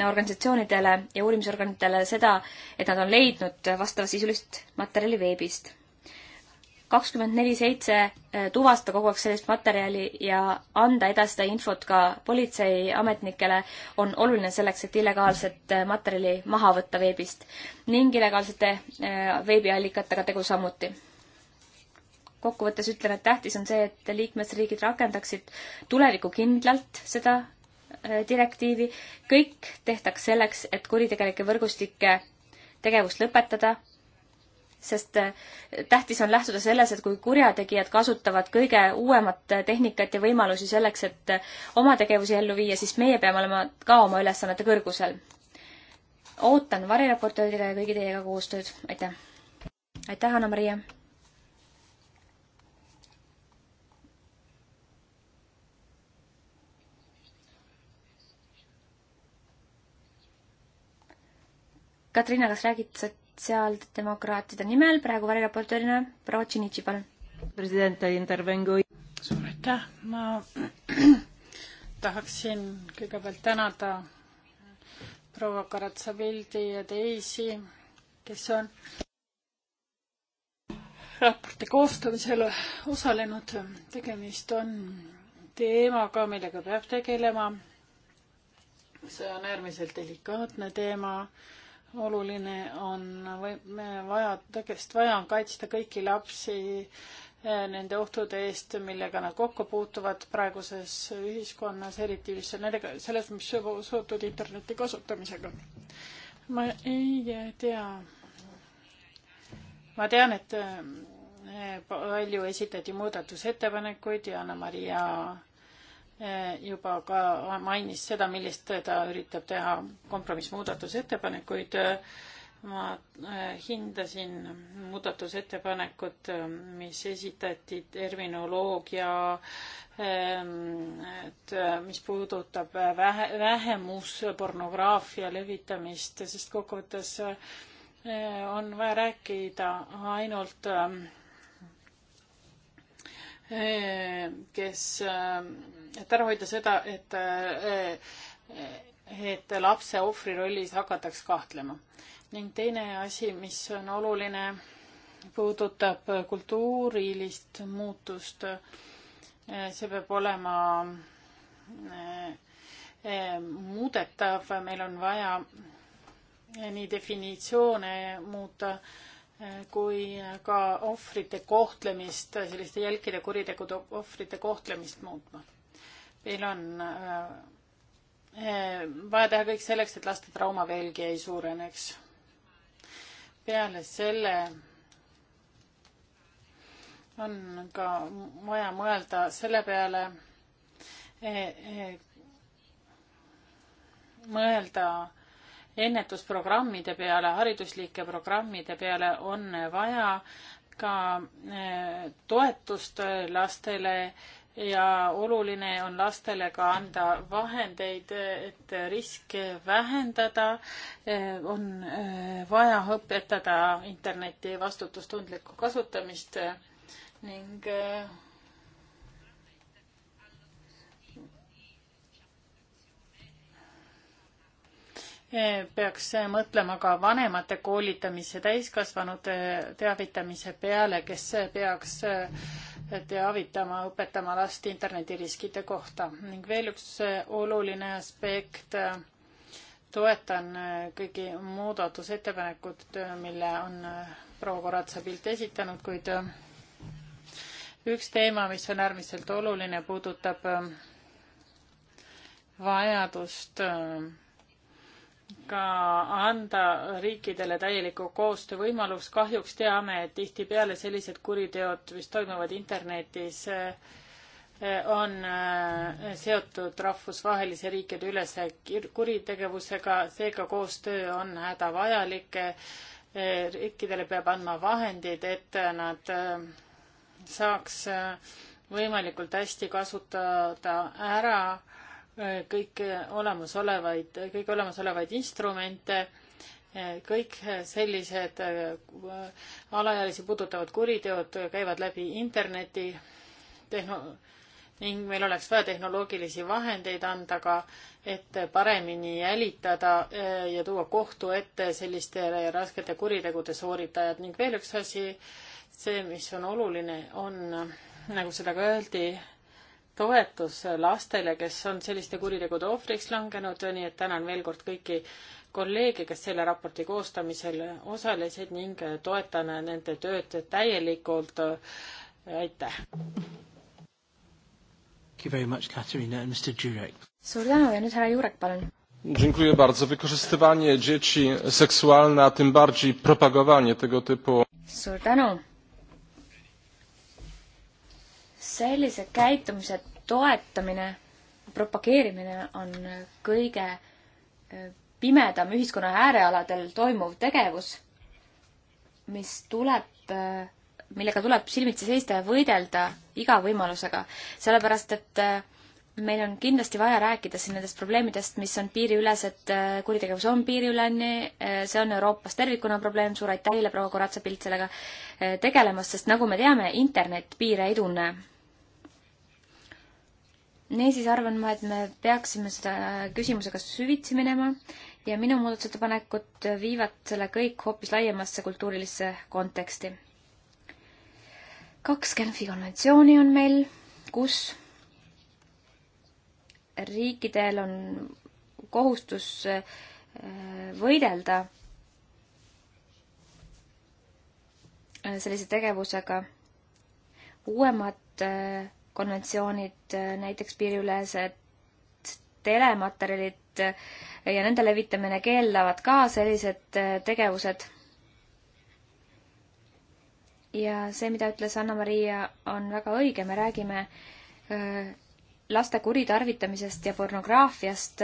organisatsioonidele ja uurimisorganitele seda, et nad on leidnud vastavasisulist materjali veebist. kakskümmend neli seitse tuvasta kogu aeg sellist materjali ja anda edasi seda infot ka politseiametnikele on oluline selleks, et illegaalset materjali maha võtta veebist ning illegaalsete veebiallikatega tegu samuti kokkuvõttes ütlen, et tähtis on see, et liikmesriigid rakendaksid tulevikukindlalt seda äh, direktiivi. kõik tehtaks selleks, et kuritegelike võrgustike tegevust lõpetada, sest äh, tähtis on lähtuda selles, et kui kurjategijad kasutavad kõige uuemat äh, tehnikat ja võimalusi selleks, et oma tegevusi ellu viia, siis meie peame olema ka oma ülesannete kõrgusel. ootan variraportööridele ja kõigi teiega koostööd, aitäh! aitäh, Anna-Maria! Katriina, kas räägid sotsiaaldemokraatide nimel praegu variraportöörina? proua Tšinitši, palun. president, intervengu. suur aitäh, ma *clears throat* tahaksin kõigepealt tänada proua Karatsa-Pildi ja teisi, kes on raporti koostamisel osalenud. tegemist on teemaga, millega peab tegelema. see on äärmiselt delikaatne teema oluline on või me vaja, tegelikult vaja on kaitsta kõiki lapsi eh, nende ohtude eest, millega nad kokku puutuvad praeguses ühiskonnas, eriti just nendega, selles, mis seotud interneti kasutamisega. ma ei tea. ma tean, et eh, palju esitati muudatusettepanekuid ja Anna-Maria juba ka mainis seda, millist ta üritab teha kompromissmuudatusettepanekuid. ma äh, hindasin muudatusettepanekut, äh, mis esitati terminoloogia, ähm, et äh, mis puudutab vähe, vähemuspornograafia levitamist, sest kokkuvõttes on vaja rääkida ainult ähm, kes ähm, et ära hoida seda, et, äh, et lapse ohvri rollis hakataks kahtlema. ning teine asi, mis on oluline, puudutab kultuurilist muutust. see peab olema äh, äh, muudetav, meil on vaja nii definitsioone muuta kui ka ohvrite kohtlemist, selliste jälkide kuritegude ohvrite kohtlemist muutma Teil on äh, äh, vaja teha kõik selleks, et laste trauma veelgi ei suureneks. peale selle on ka vaja mõelda selle peale, e, e, mõelda ennetusprogrammide peale, hariduslike programmide peale on vaja ka e, toetust lastele ja oluline on lastele ka anda vahendeid, et riske vähendada. Eh, on eh, vaja õpetada interneti vastutustundlikku kasutamist ning eh, peaks mõtlema ka vanemate koolitamise, täiskasvanute teavitamise peale, kes peaks äh, teavitama, õpetama last internetiriskide kohta ning veel üks oluline aspekt. toetan äh, kõigi muudatusettepanekut, äh, mille on äh, proua Koratsa pilt esitanud, kuid üks teema, mis on äärmiselt oluline, puudutab vajadust äh, ka anda riikidele täieliku koostöövõimalus. kahjuks teame, et tihtipeale sellised kuriteod, mis toimuvad internetis, eh, on eh, seotud rahvusvahelise riikide ülese kuritegevusega, seega koostöö on hädavajalik. Eh, riikidele peab andma vahendid, et nad saaks võimalikult hästi kasutada ära kõik olemasolevaid, kõiki olemasolevaid instrumente, kõik sellised äh, alaealisi puudutavad kuriteod käivad läbi interneti tehno- ning meil oleks vaja tehnoloogilisi vahendeid anda ka, et paremini jälitada äh, ja tuua kohtu ette sellistele raskete kuritegude sooritajad ning veel üks asi, see, mis on oluline, on nagu seda ka öeldi, toetus lastele, kes on selliste kuritegude ohvriks langenud, nii et tänan veel kord kõiki kolleege, kes selle raporti koostamisel osalesid ning toetan nende tööd täielikult. aitäh! suur tänu ja nüüd härra Jurek, palun! Dziękuję bardzo. Wykorzystywanie dzieci seksualne, a tym bardziej propagowanie tego typu. Suur tänu! sellise käitumise toetamine, propageerimine on kõige eh, pimedam ühiskonna äärealadel toimuv tegevus, mis tuleb, eh, millega tuleb silmitsi seista ja võidelda iga võimalusega, sellepärast et äh, meil on kindlasti vaja rääkida siin nendest probleemidest, mis on piiriülesed, äh, kuritegevus on piiriüleni, äh, see on Euroopas tervikuna probleem, suur aitäh teile, proua Koratsa-Pilt, sellega äh, tegelemast, sest nagu me teame, internet piire ei tunne. niisiis arvan ma, et me peaksime seda küsimusega süvitsi minema ja minu muudatusettepanekud viivad selle kõik hoopis laiemasse kultuurilisse konteksti. kaks Genfi konventsiooni on meil, kus riikidel on kohustus äh, võidelda äh, sellise tegevusega. uuemad äh, konventsioonid, näiteks piiriülesed telematerjalid ja nende levitamine keelavad ka sellised tegevused. ja see, mida ütles Anna-Maria, on väga õige, me räägime laste kuritarvitamisest ja pornograafiast.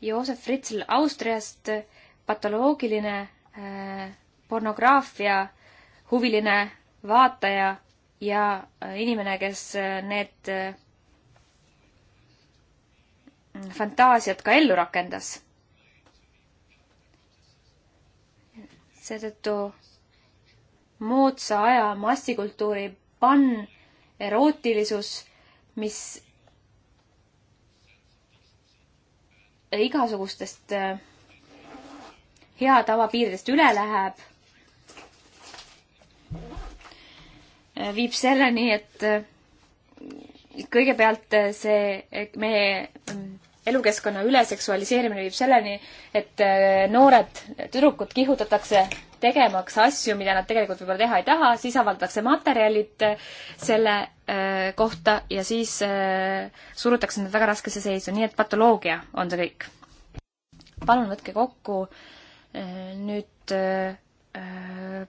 Joosef Fritzl Austriast, patoloogiline äh, pornograafia huviline vaataja ja äh, inimene, kes äh, need fantaasiad ka ellu rakendas. seetõttu moodsa aja massikultuuri panerootilisus, mis igasugustest äh, hea tava piiridest üle läheb, äh, viib selleni, et äh, kõigepealt see meie mm, elukeskkonna üleseksualiseerimine viib selleni, et äh, noored tüdrukud kihutatakse tegemaks asju, mida nad tegelikult võib-olla teha ei taha, siis avaldatakse materjalid äh, selle äh, kohta ja siis surutakse nad väga raskesse seisu, nii et patoloogia on see kõik. palun võtke kokku nüüd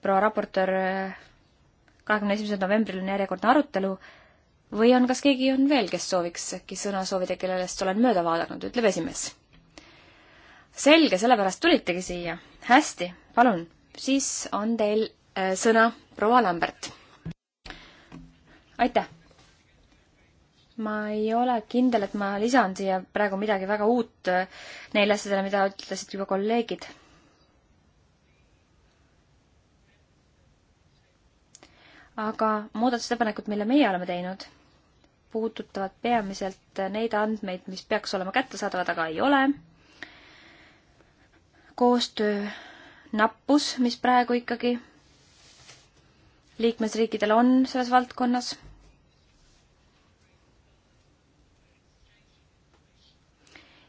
proua raportöör, kahekümne esimesel novembril on järjekordne arutelu või on, kas keegi on veel, kes sooviks äkki sõna soovida, kellest olen mööda vaadanud, ütleb esimees. selge, sellepärast tulitegi siia. hästi, palun, siis on teil äh, sõna, proua Lambert. aitäh! ma ei ole kindel, et ma lisan siia praegu midagi väga uut äh, neile asjadele, mida ütlesid juba kolleegid aga muudatusettepanekud, mille meie oleme teinud, puudutavad peamiselt neid andmeid, mis peaks olema kättesaadavad, aga ei ole. koostöö nappus, mis praegu ikkagi liikmesriikidel on selles valdkonnas.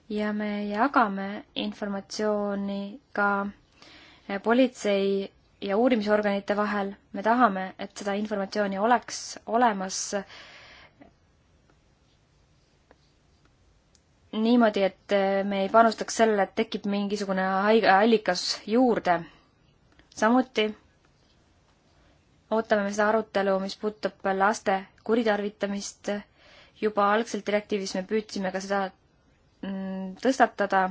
ja me jagame informatsiooni ka politsei ja uurimisorganite vahel, me tahame, et seda informatsiooni oleks olemas niimoodi, et me ei panustaks sellele, et tekib mingisugune haige allikas juurde. samuti ootame me seda arutelu, mis puudutab laste kuritarvitamist. juba algselt direktiivis me püüdsime ka seda mm, tõstatada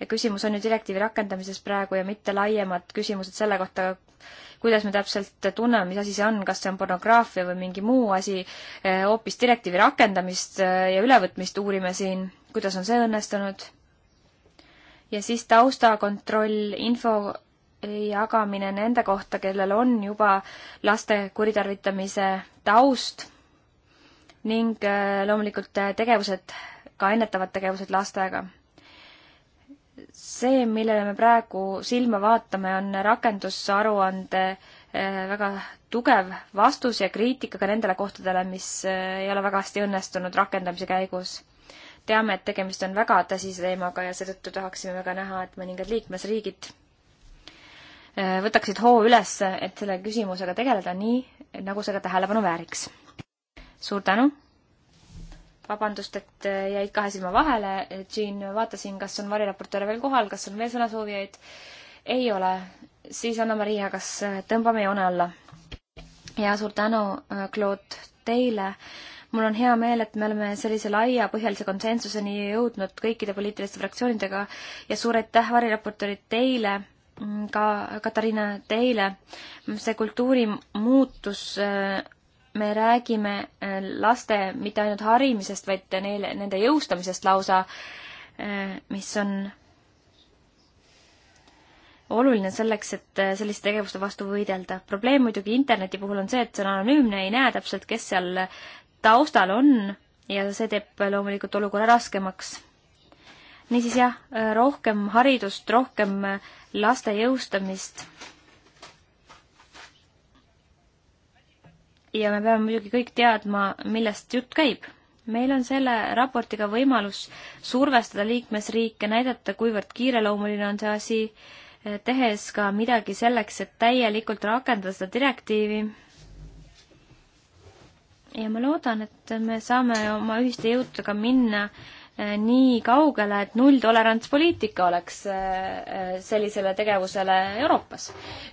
ja küsimus on ju direktiivi rakendamises praegu ja mitte laiemad küsimused selle kohta, kuidas me täpselt tunneme, mis asi see on, kas see on pornograafia või mingi muu asi, eh, hoopis direktiivi rakendamist eh, ja ülevõtmist uurime siin, kuidas on see õnnestunud. ja siis taustakontroll, info jagamine nende kohta, kellel on juba laste kuritarvitamise taust ning eh, loomulikult tegevused, ka ennetavad tegevused lastega see, millele me praegu silma vaatame, on rakendusaruande eh, väga tugev vastus ja kriitika ka nendele kohtadele, mis eh, ei ole väga hästi õnnestunud rakendamise käigus. teame, et tegemist on väga tõsise teemaga ja seetõttu tahaksime väga näha, et mõningad liikmesriigid eh, võtaksid hoo üles, et selle küsimusega tegeleda nii, nagu seda tähelepanu vääriks. suur tänu! vabandust, et äh, jäid kahe silma vahele, Jean, vaatasin, kas on variraportööre veel kohal, kas on veel sõnasoovijaid? ei ole. siis Anna-Maria, kas äh, tõmbame joone alla? ja suur tänu, äh, Claude, teile. mul on hea meel, et me oleme sellise laiapõhjalise konsensuseni jõudnud kõikide poliitiliste fraktsioonidega ja suur aitäh, variraportöörid, teile mm, ka Katariina teile, see kultuurimuutus me räägime äh, laste mitte ainult harimisest, vaid neile, nende jõustamisest lausa, äh, mis on oluline selleks, et äh, selliste tegevuste vastu võidelda. probleem muidugi interneti puhul on see, et see on anonüümne, ei näe täpselt, kes seal taustal on ja see teeb loomulikult olukorra raskemaks. niisiis jah, rohkem haridust, rohkem laste jõustamist ja me peame muidugi kõik teadma, millest jutt käib. meil on selle raportiga võimalus survestada liikmesriike, näidata, kuivõrd kiireloomuline on see asi, eh, tehes ka midagi selleks, et täielikult rakendada seda direktiivi. ja ma loodan, et me saame oma ühiste jõududega minna äh, Äh, nii kaugele, et nulltolerants poliitika oleks äh, äh, sellisele tegevusele Euroopas.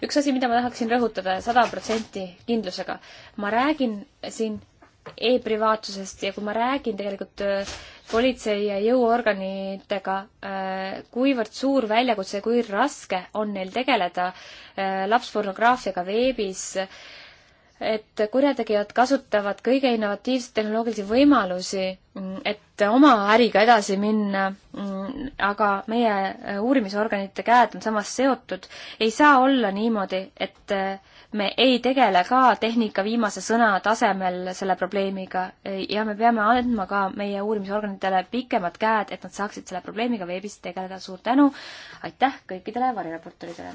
üks asi, mida ma tahaksin rõhutada sada protsenti kindlusega, ma räägin siin e-privaatsusest ja kui ma räägin tegelikult politsei ja jõuorganitega, kuivõrd suur väljakutse, kui raske on neil tegeleda lapspornograafiaga veebis, et kurjategijad kasutavad kõige innovatiivseid tehnoloogilisi võimalusi, et oma äriga edasi minna, aga meie äh, uurimisorganite käed on samas seotud. ei saa olla niimoodi, et äh, me ei tegele ka tehnika viimase sõna tasemel selle probleemiga ja me peame andma ka meie uurimisorganitele pikemad käed, et nad saaksid selle probleemiga veebis tegeleda. suur tänu, aitäh kõikidele varireporteridele!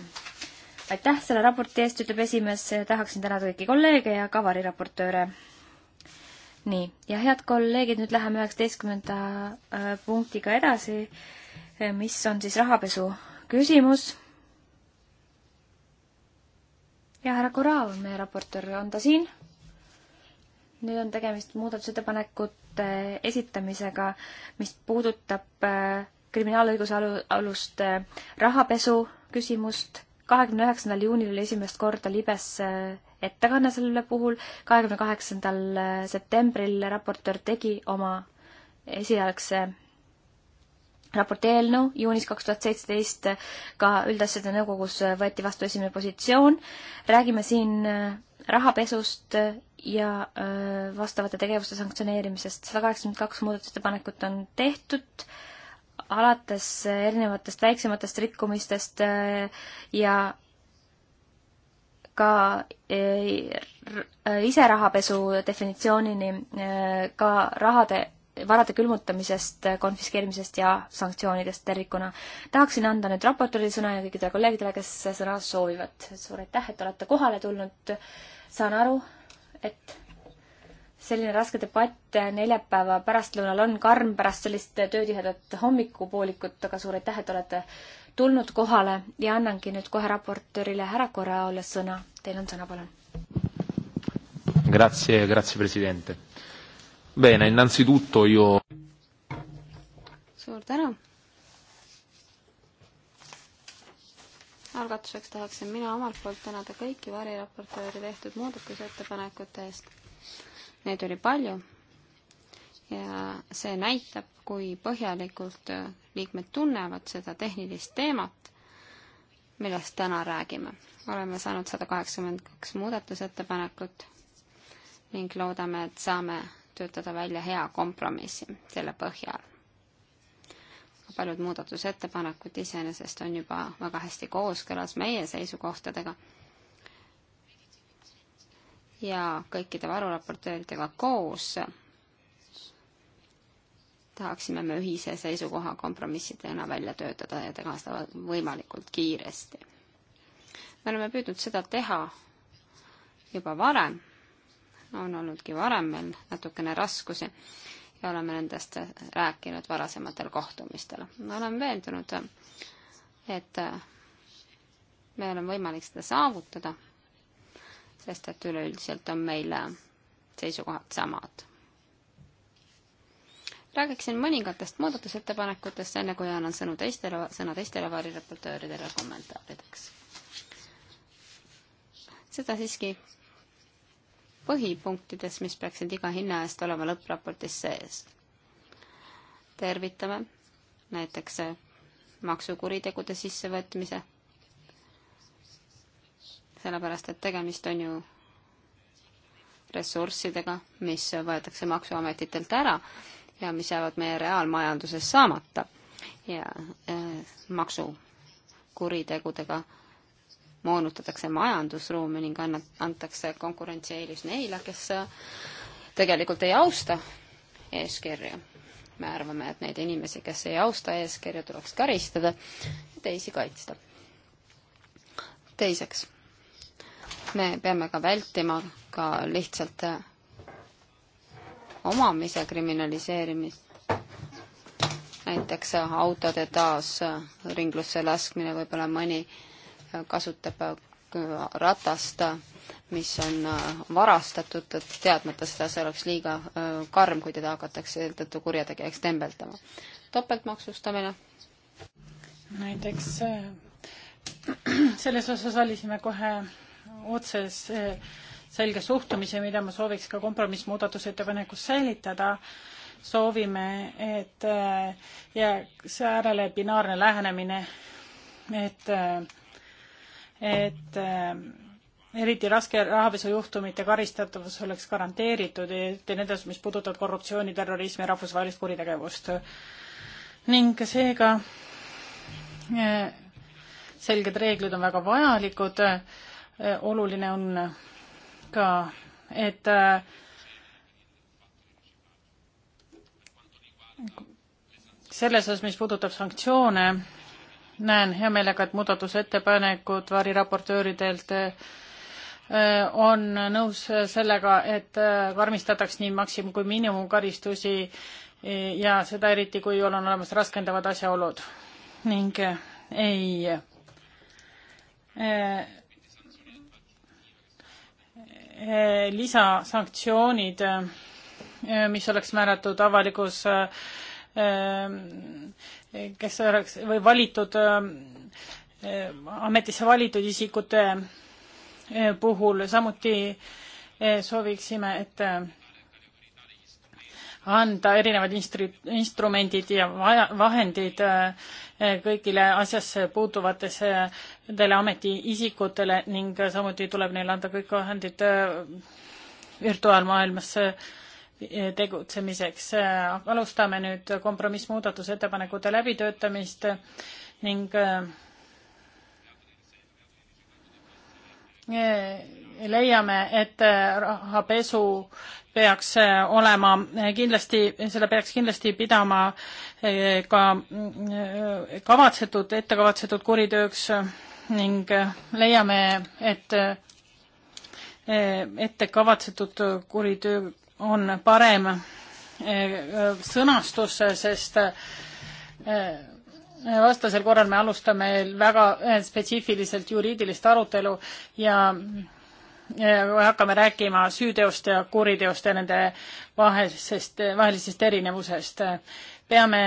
aitäh selle raporti eest, ütleb esimees, tahaksin tänada kõiki kolleege ja ka variraportööre. nii, ja head kolleegid, nüüd läheme üheksateistkümnenda äh, punktiga edasi, äh, mis on siis rahapesu küsimus. ja härra Kuraav on meie raportöör, on ta siin? nüüd on tegemist muudatusettepanekute esitamisega, mis puudutab äh, kriminaalõiguse alu-, alust rahapesu küsimust kahekümne üheksandal juunil oli esimest korda libes äh, ettekanne selle puhul, kahekümne kaheksandal äh, septembril raportöör tegi oma esialgse raporti eelnõu, juunis kaks tuhat seitseteist äh, ka üldasjade nõukogus võeti vastu esimene positsioon, räägime siin rahapesust ja vastavate tegevuste sanktsioneerimisest, sada kaheksakümmend kaks muudatusettepanekut on tehtud, alates erinevatest väiksematest rikkumistest äh, ja ka äh, äh, ise rahapesu definitsioonini, ka rahade, varade külmutamisest, konfiskeerimisest ja sanktsioonidest tervikuna. tahaksin anda nüüd raportööri sõna ja kõikidele kolleegidele, kes sõna soovivad. suur aitäh, et olete kohale tulnud. saan aru, et selline raske debatt neljapäeva pärastlõunal on karm pärast sellist töötihedat hommikupoolikut, aga suur aitäh, et olete tulnud kohale ja annangi nüüd kohe raportöörile härra Korraole sõna. Teil on sõna, palun. Grazie, grazie, presidente. Bene, innanzitutto io suur tänu. algatuseks tahaksin mina omalt poolt tänada kõiki variraportööri tehtud muudatusettepanekute eest Neid oli palju ja see näitab, kui põhjalikult liikmed tunnevad seda tehnilist teemat, millest täna räägime. oleme saanud sada kaheksakümmend kaks muudatusettepanekut ning loodame, et saame töötada välja hea kompromissi selle põhjal. paljud muudatusettepanekud iseenesest on juba väga hästi kooskõlas meie seisukohtadega ja kõikide varuraportööridega koos tahaksime me ühise seisukoha kompromissidena välja töötada ja teha seda võimalikult kiiresti. me oleme püüdnud seda teha juba varem, on olnudki varem meil natukene raskusi ja oleme nendest rääkinud varasematel kohtumistel. me oleme veendunud, et meil on võimalik seda saavutada sest et üleüldiselt on meil seisukohad samad. räägiksin mõningatest muudatusettepanekutest, enne kui annan sõnu teistele, sõna teistele variraportööridele kommentaarideks. seda siiski põhipunktides, mis peaksid iga hinna eest olema lõppraportis sees. tervitame näiteks maksukuritegude sissevõtmise sellepärast et tegemist on ju ressurssidega, mis võetakse Maksuametitelt ära ja mis jäävad meie reaalmajanduses saamata. ja äh, maksukuritegudega moonutatakse majandusruumi ning anna-, antakse konkurentsieelis neile, kes äh, tegelikult ei austa eeskirju. me arvame, et neid inimesi, kes ei austa eeskirju, tuleks karistada ja teisi kaitsta. teiseks me peame ka vältima ka lihtsalt äh, omamise kriminaliseerimist. näiteks äh, autode taas äh, ringlusse laskmine, võib-olla mõni kasutab ratast, mis on varastatud, teadmata seda, see oleks liiga karm, kui teda hakatakse seetõttu kurjategijaks tembeldama. topeltmaksustamine? näiteks *clears throat* selles osas valisime kohe otsese eh, selge suhtumise, mida ma sooviks ka kompromissmuudatusettepanekus säilitada. soovime, et eh, jääks äärele binaarne lähenemine, et, eh, et eriti raske rahapesujuhtumite karistatavus oleks garanteeritud, et need asjad, mis puudutavad korruptsiooni, terrorismi ja rahvusvahelist kuritegevust. ning seega selged reeglid on väga vajalikud Äh, oluline on ka, et äh, selles osas, mis puudutab sanktsioone, näen hea meelega, et muudatusettepanekud variraportööridelt äh, on nõus sellega, et karmistataks nii maksim- kui miinimumkaristusi ja seda eriti, kui on olemas raskendavad asjaolud ning ei Eh, lisasanktsioonid, eh, mis oleks määratud avalikus, eh, kes oleks või valitud, ametisse valitud isikute puhul, samuti sooviksime, et anda erinevad instru-, instrumendid ja vaja, vahendid kõigile asjasse puutuvatesse nendele ametiisikutele ning samuti tuleb neile anda kõik vahendid äh, virtuaalmaailmas äh, tegutsemiseks. Äh, alustame nüüd kompromissmuudatusettepanekute läbitöötamist ning leiame, et rahapesu peaks olema kindlasti, selle peaks kindlasti pidama ka kavatsetud, ettekavatsetud kuritööks ning äh, leiame, et äh, ette kavatsetud kuritöö on parem äh, sõnastus, sest vastasel korral me alustame väga spetsiifiliselt juriidilist arutelu ja hakkame rääkima süüteost ja kuriteost ja nende vahesest, vahelisest erinevusest. peame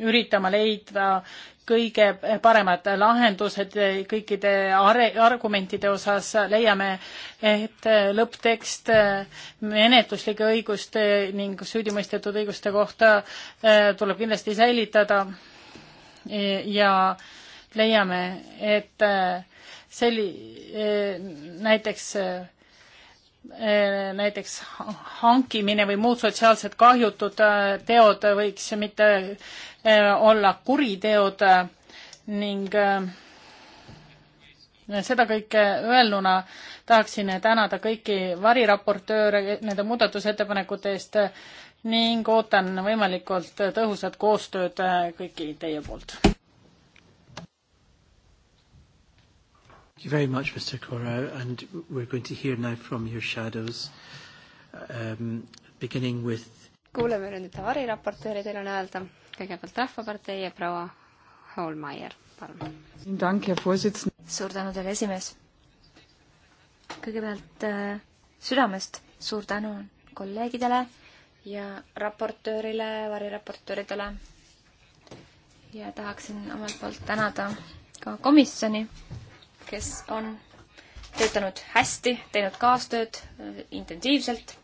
üritama leida kõige paremad lahendused kõikide are-, argumentide osas, leiame, et lõpptekst menetluslike õiguste ning süüdimõistetud õiguste kohta tuleb kindlasti säilitada ja leiame, et selli-, näiteks näiteks hankimine või muud sotsiaalselt kahjutud teod võiks mitte Äh, olla kuriteod äh, ning äh, seda kõike öelnuna tahaksin tänada kõiki variraportööre nende muudatusettepanekute eest ning ootan võimalikult tõhusat koostööd kõiki teie poolt. Thank you very much, Mr Corrao, and we're going to hear now from your shadows, um, beginning with kuuleme nüüd variraportööridel on öelda, kõigepealt Rahvapartei ja proua Holmeier, palun. suur tänu teile, esimees. kõigepealt äh, südamest suur tänu kolleegidele ja raportöörile, variraportööridele ja tahaksin omalt poolt tänada ka komisjoni, kes on töötanud hästi, teinud kaastööd äh, intensiivselt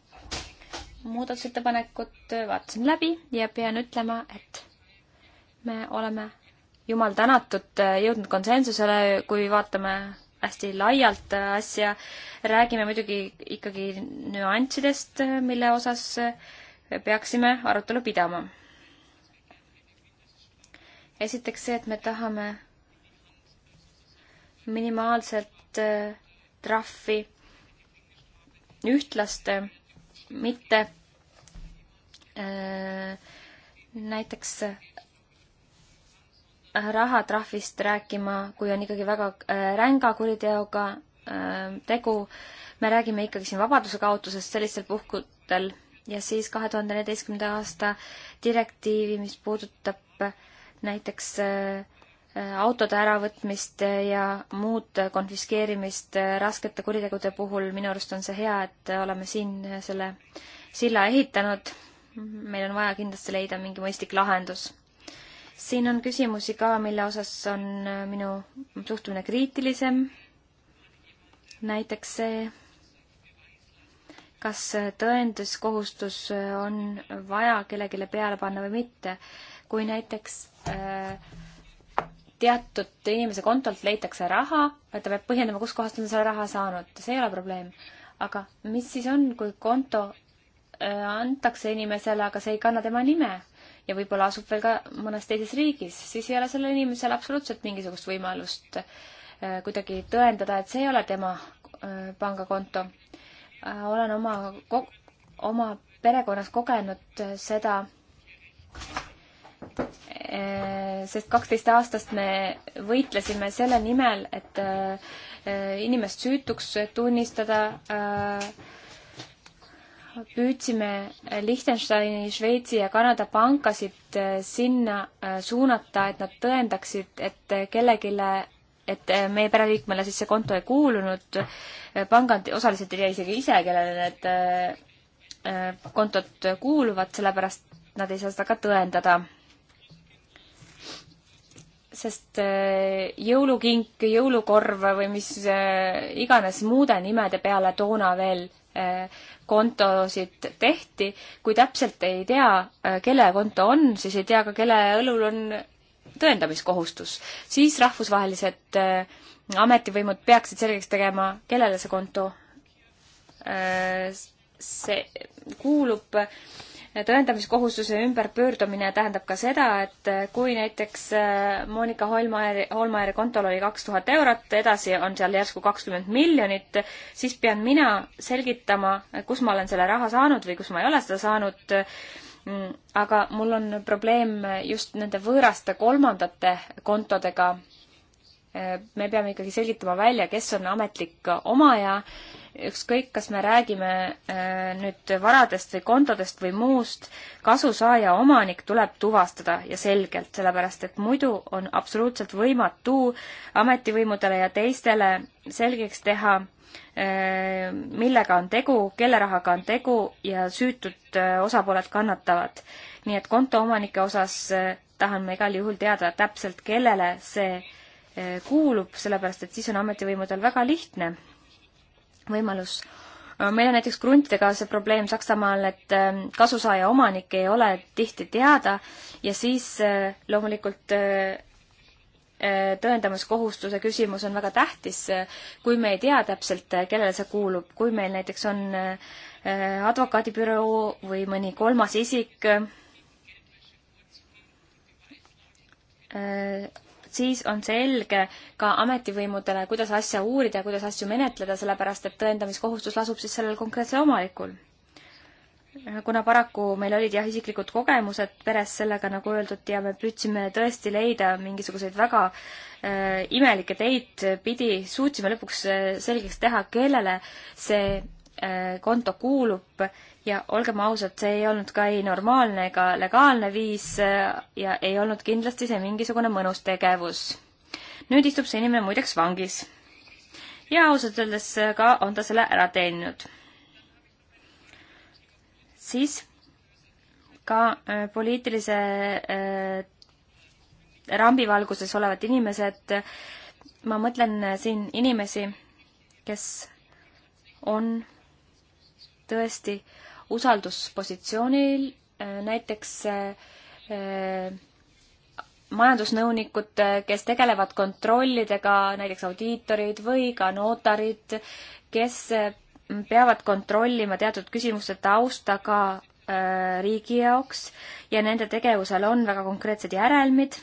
muudatusettepanekut vaatasin läbi ja pean ütlema, et me oleme jumal tänatud äh, jõudnud konsensusele, kui vaatame hästi laialt äh, asja. räägime muidugi ikkagi nüanssidest, äh, mille osas peaksime arutelu pidama. esiteks see, et me tahame minimaalselt trahvi ühtlaste mitte äh, näiteks äh, rahatrahvist rääkima, kui on ikkagi väga äh, ränga kuriteoga tegu, me räägime ikkagi siin vabaduse kaotusest sellistel puhkudel ja siis kahe tuhande neljateistkümnenda aasta direktiivi, mis puudutab näiteks äh, autode äravõtmist ja muud konfiskeerimist raskete kuritegude puhul, minu arust on see hea, et oleme siin selle silla ehitanud. meil on vaja kindlasti leida mingi mõistlik lahendus. siin on küsimusi ka, mille osas on minu suhtumine kriitilisem. näiteks see, kas tõenduskohustus on vaja kellelegi peale panna või mitte. kui näiteks äh, teatud inimese kontolt leitakse raha, ta peab põhjendama, kuskohast on selle raha saanud, see ei ole probleem. aga mis siis on, kui konto äh, antakse inimesele, aga see ei kanna tema nime ja võib-olla asub veel ka mõnes teises riigis, siis ei ole sellel inimesel absoluutselt mingisugust võimalust äh, kuidagi tõendada, et see ei ole tema äh, pangakonto. olen oma, oma perekonnas kogenud seda, Eh, sest kaksteist aastast me võitlesime selle nimel, et eh, inimest süütuks tunnistada. Eh, püüdsime Liechtensteini, Šveitsi ja Kanada pankasid sinna suunata, et nad tõendaksid, et kellelegi et meie pereliikmele siis see konto ei kuulunud, pangad osaliselt ei tea isegi ise, kellele need kontod kuuluvad, sellepärast nad ei saa seda ka tõendada sest äh, jõulukink, jõulukorv või mis äh, iganes muude nimede peale toona veel äh, kontosid tehti, kui täpselt ei tea, kelle konto on, siis ei tea ka, kelle õlul on tõendamiskohustus. siis rahvusvahelised ametivõimud peaksid selgeks tegema, kellele see konto see kuulub tõendamiskohustuse ümberpöördumine tähendab ka seda, et kui näiteks äh, Monika Holmaieri, Holmaieri kontol oli kaks tuhat eurot, edasi on seal järsku kakskümmend miljonit, siis pean mina selgitama, kus ma olen selle raha saanud või kus ma ei ole seda saanud. Mm, aga mul on probleem just nende võõraste kolmandate kontodega me peame ikkagi selgitama välja, kes on ametlik omaja, ükskõik, kas me räägime äh, nüüd varadest või kontodest või muust, kasusaaja omanik tuleb tuvastada ja selgelt, sellepärast et muidu on absoluutselt võimatu ametivõimudele ja teistele selgeks teha, äh, millega on tegu, kelle rahaga on tegu ja süütud äh, osapooled kannatavad. nii et kontoomanike osas tahan ma igal juhul teada täpselt, kellele see kuulub, sellepärast et siis on ametivõimudel väga lihtne võimalus. meil on näiteks kruntidega see probleem Saksamaal, et ähm, kasusaaja omanik ei ole tihti teada ja siis äh, loomulikult äh, äh, tõendamiskohustuse küsimus on väga tähtis, kui me ei tea täpselt, kellele see kuulub, kui meil näiteks on advokaadibüroo või mõni kolmas isik siis on selge ka ametivõimudele, kuidas asja uurida ja kuidas asju menetleda, sellepärast et tõendamiskohustus lasub siis sellel konkreetsel omanikul. kuna paraku meil olid jah, isiklikud kogemused peres sellega, nagu öeldud, ja me püüdsime tõesti leida mingisuguseid väga äh, imelikke teid pidi, suutsime lõpuks äh, selgeks teha, kellele see äh, konto kuulub äh, ja olgem ausad, see ei olnud ka ei normaalne ega legaalne viis äh, ja ei olnud kindlasti see mingisugune mõnus tegevus. nüüd istub see inimene muideks vangis. ja ausalt öeldes äh, ka on ta selle ära teeninud. siis ka äh, poliitilise äh, rambivalguses olevad inimesed, ma mõtlen siin inimesi, kes on tõesti äh, usalduspositsioonil, äh, näiteks äh, äh, majandusnõunikud, kes tegelevad kontrollidega, näiteks audiitorid või ka notarid, kes peavad kontrollima teatud küsimuste tausta ka riigi jaoks ja nende tegevusel on väga konkreetsed järelmid.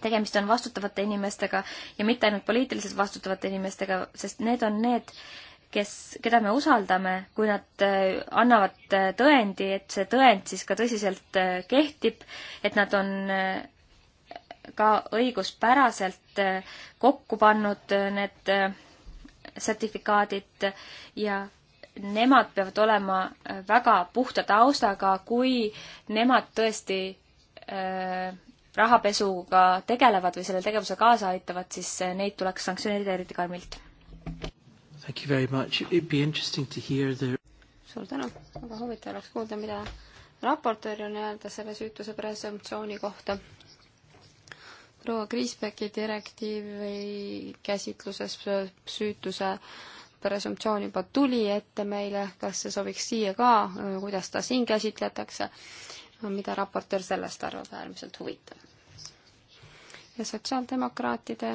tegemist on vastutavate inimestega ja mitte ainult poliitiliselt vastutavate inimestega, sest need on need äh, kes, keda me usaldame, kui nad äh, annavad äh, tõendi, et see tõend siis ka tõsiselt äh, kehtib, et nad on ka õiguspäraselt kokku pannud need sertifikaadid ja nemad peavad olema väga puhta taustaga, kui nemad tõesti rahapesuga tegelevad või selle tegevuse kaasa aitavad, siis neid tuleks sanktsioneerida eriti karmilt Thank you very much. It'd be interesting to hear the suur tänu, väga huvitav oleks kuulda, mida raportööril on öelda selle süütuse presumptsiooni kohta. proua Kriisbecki direktiivi käsitluses süütuse presumptsioon juba tuli ette meile, kas see sobiks siia ka, kuidas ta siin käsitletakse, mida raportöör sellest arvab, äärmiselt huvitav. ja sotsiaaldemokraatide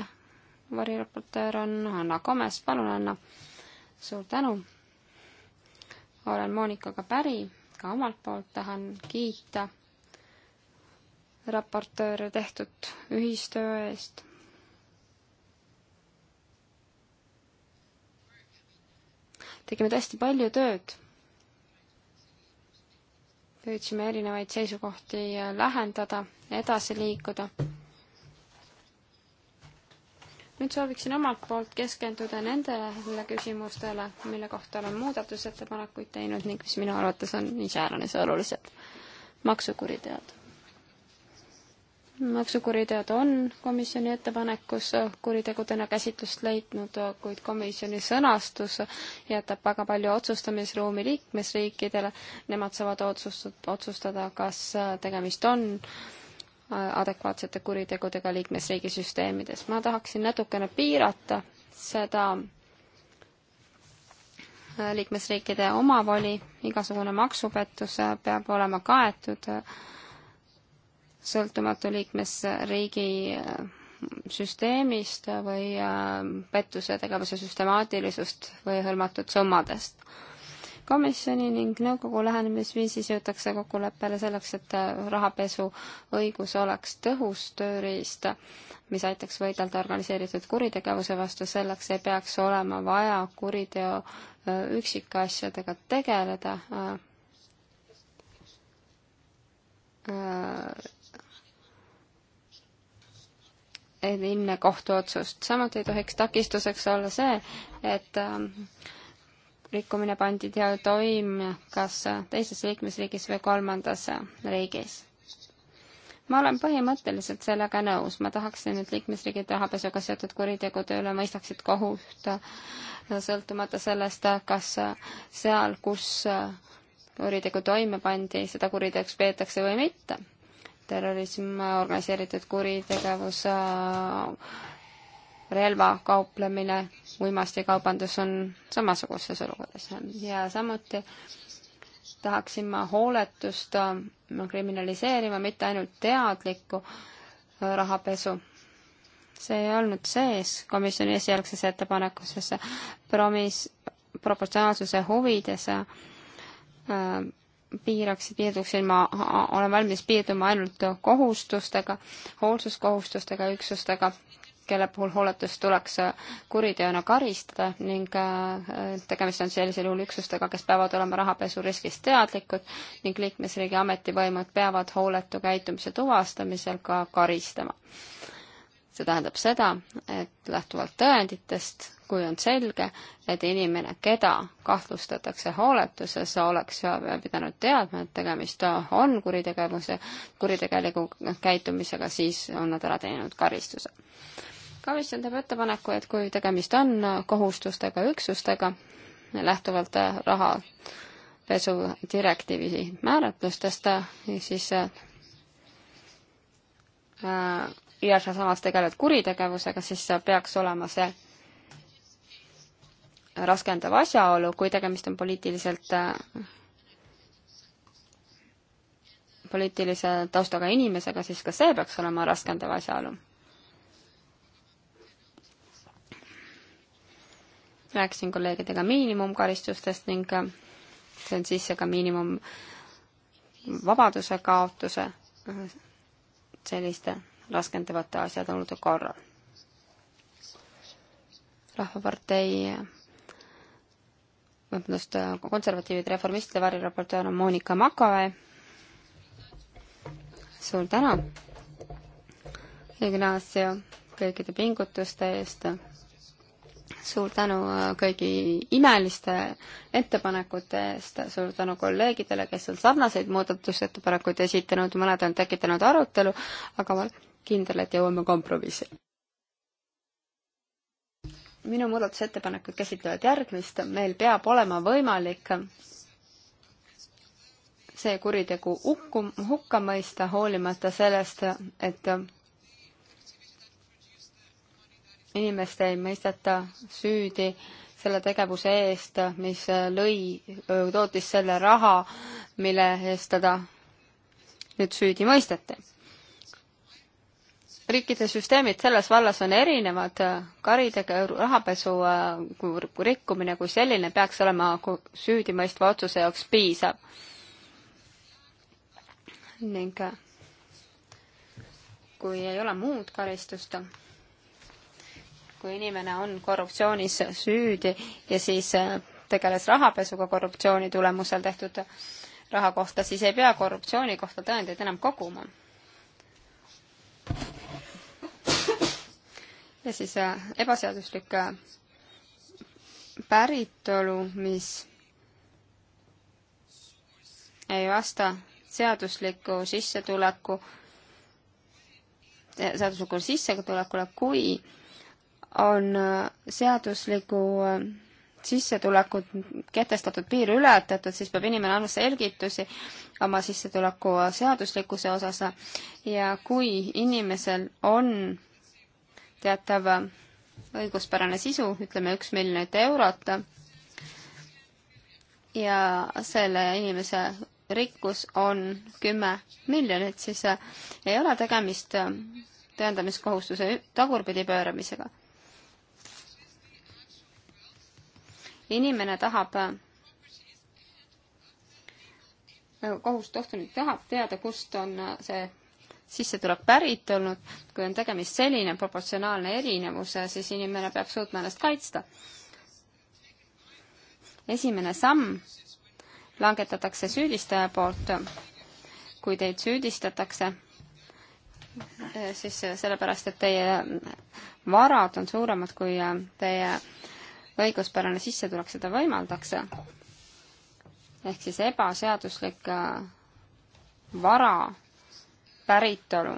variraportöör on Anna Komes, palun Anna. suur tänu. olen Monikaga päri, ka omalt poolt tahan kiita raportööre tehtud ühistöö eest. tegime tõesti palju tööd. püüdsime erinevaid seisukohti lähendada, edasi liikuda nüüd sooviksin omalt poolt keskenduda nendele küsimustele, mille kohta olen muudatusettepanekuid teinud ning mis minu arvates on iseäranis olulised. maksukuriteod. maksukuriteod on komisjoni ettepanekus kuritegudena käsitlust leidnud, kuid komisjoni sõnastus jätab väga palju otsustamisruumi liikmesriikidele. Nemad saavad otsust-, otsustada, kas tegemist on äh, Äh, adekvaatsete kuritegudega liikmesriigi süsteemides. ma tahaksin natukene piirata seda äh, liikmesriikide omavoli, igasugune maksupettus äh, peab olema kaetud sõltumatu liikmesriigi süsteemist või pettuse tegevuse süstemaatilisust või hõlmatud summadest komisjoni ning nõukogu lähenemisviisis jõutakse kokkuleppele selleks, et rahapesu õigus oleks tõhus tööriist, mis aitaks võidelda organiseeritud kuritegevuse vastu, selleks ei peaks olema vaja kuriteo üksikasjadega tegeleda enne kohtuotsust. samuti ei tohiks takistuseks olla see, et rikkumine pandi toime kas teises liikmesriigis või kolmandas riigis. ma olen põhimõtteliselt sellega nõus, ma tahaksin, et liikmesriigid rahapesuga seotud kuritegude üle mõistaksid kohut, sõltumata sellest, kas seal, kus kuritegu toime pandi, seda kuriteoks peetakse või mitte. terrorism, organiseeritud kuritegevus äh,, relvakauplemine, uimastikaubandus on samasuguses olukorras ja samuti tahaksin ma hooletust äh, kriminaliseerima, mitte ainult teadlikku äh, rahapesu. see ei olnud sees komisjoni esialgses ettepanekus, sest see promis-, proportsionaalsuse huvides äh, piiraks, piirduksin ma, olen valmis piirduma ainult kohustustega, hoolsuskohustustega, üksustega kelle puhul hooletus tuleks äh, kuriteona karistada ning äh, tegemist on sellisel juhul üksustega, kes peavad olema rahapesuriskist teadlikud ning liikmesriigi ametivõimud peavad hooletu käitumise tuvastamisel ka karistama. see tähendab seda, et lähtuvalt tõenditest, kui on selge, et inimene, keda kahtlustatakse hooletuses, oleks pidanud teadma, et tegemist on kuritegevuse, kuritegeliku käitumisega, siis on nad ära teeninud karistuse komisjon teeb ettepaneku, et kui tegemist on kohustustega üksustega, lähtuvalt rahapesu direktiivi määratlustest, siis ja äh, sa samas tegeled kuritegevusega, siis peaks olema see raskendav asjaolu, kui tegemist on poliitiliselt, poliitilise taustaga inimesega, siis ka see peaks olema raskendav asjaolu rääkisin kolleegidega miinimumkaristustest ning äh, see on sisse ka miinimum vabaduse kaotuse äh, selliste raskendavate asjaolude korral. rahvapartei, vabandust, konservatiivide reformistide variraportöör on Monika Makoväe. suur tänu, Ignacio, kõikide pingutuste eest suur tänu äh, kõigi imeliste ettepanekute eest, suur tänu kolleegidele, kes on sarnaseid muudatusettepanekuid esitanud, mõned on tekitanud arutelu, aga ma olen kindel, et jõuame kompromissi. minu muudatusettepanekud käsitlevad järgmist, meil peab olema võimalik see kuritegu hukku, hukka mõista, hoolimata sellest, et inimest ei mõisteta süüdi selle tegevuse eest, mis lõi, tootis selle raha, mille eest teda nüüd süüdi mõisteti. riikide süsteemid selles vallas on erinevad, karitega rahapesu kui äh, rikkumine kui selline peaks olema süüdimõistva otsuse jaoks piisav. ning äh, kui ei ole muud karistust, kui inimene on korruptsioonis süüdi ja siis äh, tegeles rahapesuga korruptsiooni tulemusel tehtud raha kohta, siis ei pea korruptsiooni kohta tõendeid enam koguma. ja siis äh, ebaseaduslik äh, päritolu, mis ei vasta seadusliku sissetuleku, seaduslikule sissetulekule, kui on äh, seadusliku äh, sissetulekut kehtestatud piir ületatud, siis peab inimene andma selgitusi oma sissetuleku äh, seaduslikkuse osas ja kui inimesel on teatav õiguspärane sisu, ütleme üks miljonit eurot, ja selle inimese rikkus on kümme miljonit, siis ei ole tegemist tõendamiskohustuse tagurpidi pööramisega inimene tahab kohus, kohtunik tahab teada, kust on see sissetulek pärit olnud, kui on tegemist selline proportsionaalne erinevus, siis inimene peab suutma ennast kaitsta. esimene samm langetatakse süüdistaja poolt. kui teid süüdistatakse, eh, siis sellepärast, et teie varad on suuremad kui eh, teie õiguspärane sissetulek seda võimaldaks. ehk siis ebaseaduslik äh, vara päritolu,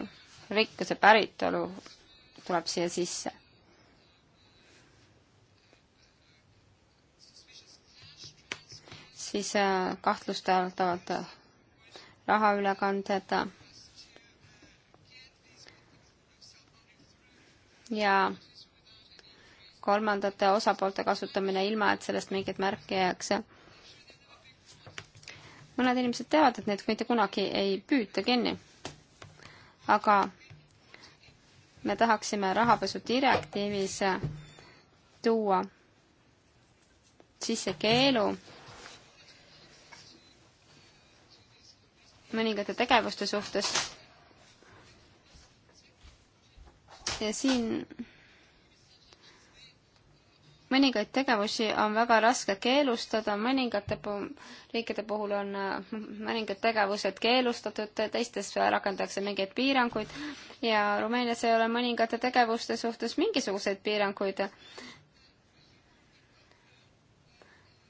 rikkuse päritolu tuleb siia sisse. siis äh, kahtlustatavad äh, rahaülekanded ja kolmandate osapoolte kasutamine, ilma et sellest mingit märki jääks. mõned inimesed teavad, et neid mitte kunagi ei püüta kinni. aga me tahaksime rahapesu direktiivis tuua sisse keelu mõningate tegevuste suhtes. ja siin mõningaid tegevusi on väga raske keelustada, mõningate puhul, riikide puhul on äh, mõningad tegevused keelustatud, teistes rakendatakse mingeid piiranguid ja Rumeenias ei ole mõningate tegevuste suhtes mingisuguseid piiranguid.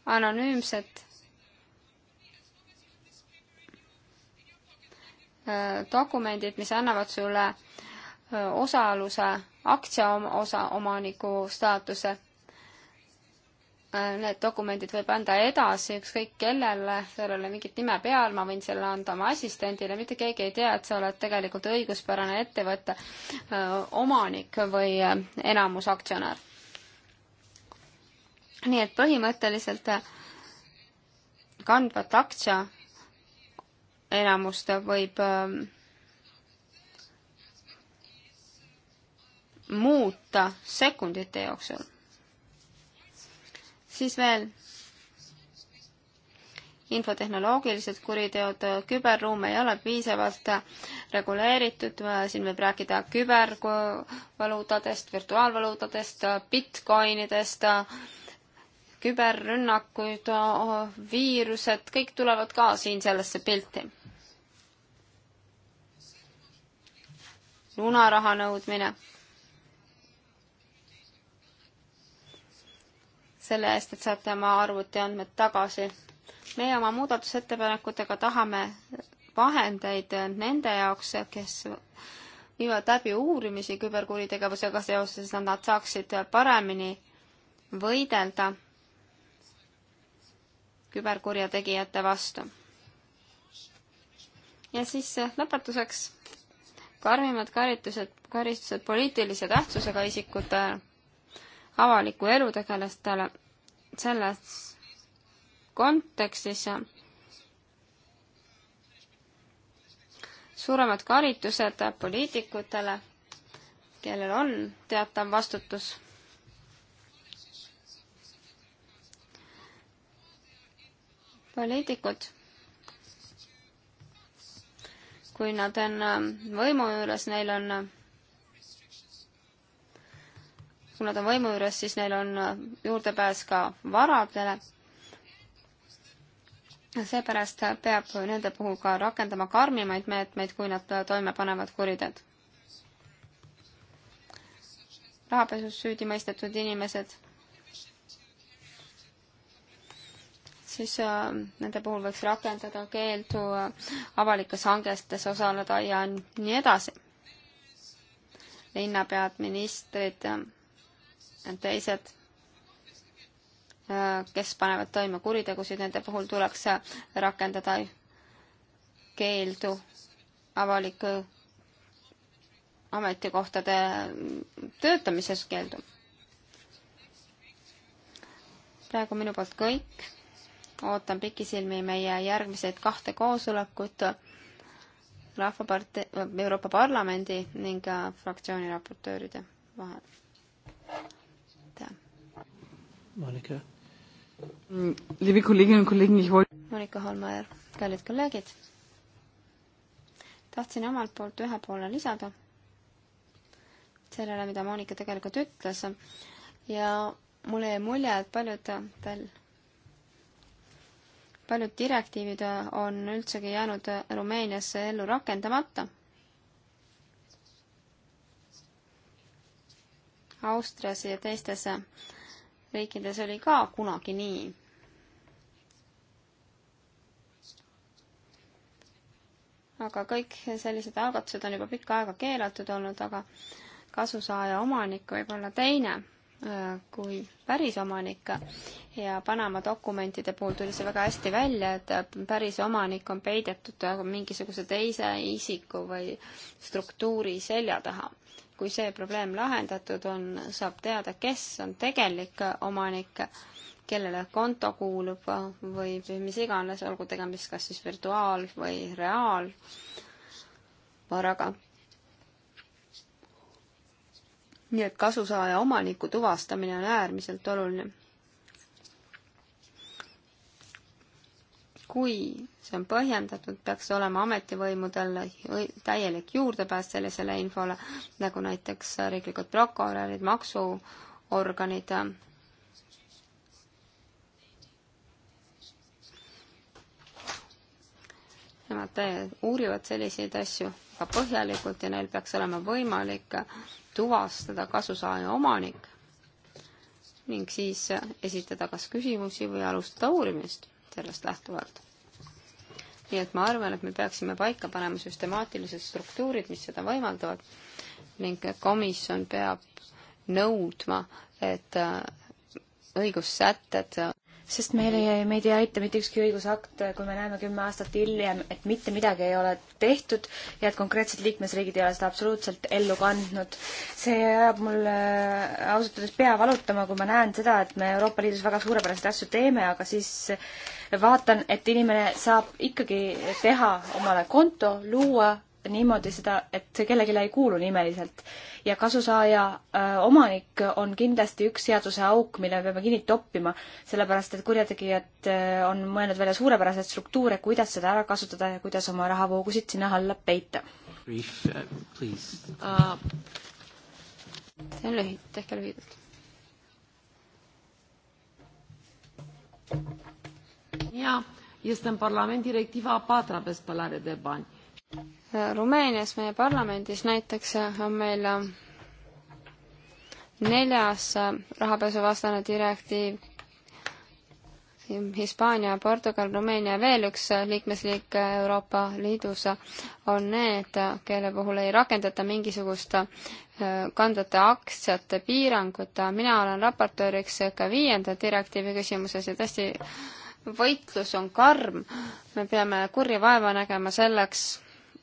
anonüümsed äh, dokumendid, mis annavad sulle äh, osaluse, aktsia osa omaniku staatuse Äh, need dokumendid võib anda edasi ükskõik kellele, seal ei ole mingit nime peal, ma võin selle anda oma assistendile, mitte keegi ei tea, et sa oled tegelikult õiguspärane ettevõtte äh, omanik või äh, enamusaktsionär. nii et põhimõtteliselt kandvat aktsia enamust võib muuta sekundite jooksul siis veel infotehnoloogilised kuriteod, küberruum ei ole piisavalt reguleeritud, siin võib rääkida kübervaluutadest, virtuaalvaluutadest, Bitcoinidest, küberrünnakud, viirused, kõik tulevad ka siin sellesse pilti. lunaraha nõudmine selle eest, et saate oma arvutiandmed tagasi. meie oma muudatusettepanekutega tahame vahendeid nende jaoks, kes viivad läbi uurimisi küberkuritegevusega seoses, nad saaksid paremini võidelda küberkurjategijate vastu. ja siis lõpetuseks karmimad karitused, karistused poliitilise tähtsusega isikutele avaliku elu tegelastele selles kontekstis suuremad karitused poliitikutele, kellel on teatav vastutus poliitikud, kui nad on võimu juures, neil on kui nad on võimu juures, siis neil on juurdepääs ka varadele. seepärast peab nende puhul ka rakendama karmimaid meetmeid, kui nad toime panevad kuriteod. rahapesus süüdi mõistetud inimesed, siis äh, nende puhul võiks rakendada keeldu äh, avalikes hangestes osaleda ja nii edasi. linnapead, ministrid äh, teised, äh, kes panevad toime kuritegusid, nende puhul tuleks äh, rakendada keeldu avaliku ametikohtade mm, töötamises keeldu. praegu minu poolt kõik. ootan pikisilmi meie järgmiseid kahte koosolekut äh, Rahvaparte-, Euroopa Parlamendi ning fraktsiooni raportööride vahel. Monika. Mm, liebe Kolleginnen und Kollegen, ich wollte. Monika Holmeier, kallid kolleegid. tahtsin omalt poolt ühe poole lisada sellele, mida Monika tegelikult ütles ja mulle jäi mulje, et paljud tal, paljud direktiivid on üldsegi jäänud Rumeeniasse ellu rakendamata. Austrias ja teistes riikides oli ka kunagi nii. aga kõik sellised algatused on juba pikka aega keelatud olnud, aga kasusaaja omanik võib olla teine Äh, kui pärisomanik ja Panama dokumentide puhul tuli see väga hästi välja, et pärisomanik on peidetud mingisuguse teise isiku või struktuuri selja taha. kui see probleem lahendatud on, saab teada, kes on tegelik omanik, kellele konto kuulub või mis iganes, olgu tegemist kas siis virtuaal- või reaalvaraga nii et kasusaaja omaniku tuvastamine on äärmiselt oluline. kui see on põhjendatud, peaks olema ametivõimudel täielik juurdepääs sellisele infole, nagu näiteks riiklikud prokurörid, maksuorganid. Nemad eh, uurivad selliseid asju väga põhjalikult ja neil peaks olema võimalik tuvastada kasusaaja omanik ning siis esitada kas küsimusi või alustada uurimist sellest lähtuvalt. nii et ma arvan, et me peaksime paika panema süstemaatilised struktuurid, mis seda võimaldavad ning komisjon peab nõudma, et äh, õigussätted sest meile, meid ei aita mitte ükski õigusakt, kui me näeme kümme aastat hiljem, et mitte midagi ei ole tehtud ja et konkreetsed liikmesriigid ei ole seda absoluutselt ellu kandnud. see ajab mul äh, ausalt öeldes pea valutama, kui ma näen seda, et me Euroopa Liidus väga suurepäraseid asju teeme, aga siis vaatan, et inimene saab ikkagi teha omale konto, luua niimoodi seda, et see kellelegi ei kuulu nimeliselt. ja kasusaaja äh, omanik on kindlasti üks seaduse auk, mille me peame kinni toppima, sellepärast et kurjategijad äh, on mõelnud välja suurepäraseid struktuure, kuidas seda ära kasutada ja kuidas oma rahavoogusid sinna alla peita. Brief uh,, äh, please uh,. see on lühid, tehke lühidalt. jaa, este în Parlament directiva a patra pe spălare de bani Rumeenias meie parlamendis näiteks on meil äh, neljas äh, rahapesuvastane direktiiv, Hispaania, Portugal, Rumeenia ja veel üks äh, liikmesriik Euroopa Liidus on need, kelle puhul ei rakendata mingisugust kandvate aktsiate piirangut. mina olen raportööriks ka viienda direktiivi küsimuses ja tõesti, võitlus on karm. me peame kurja vaeva nägema selleks,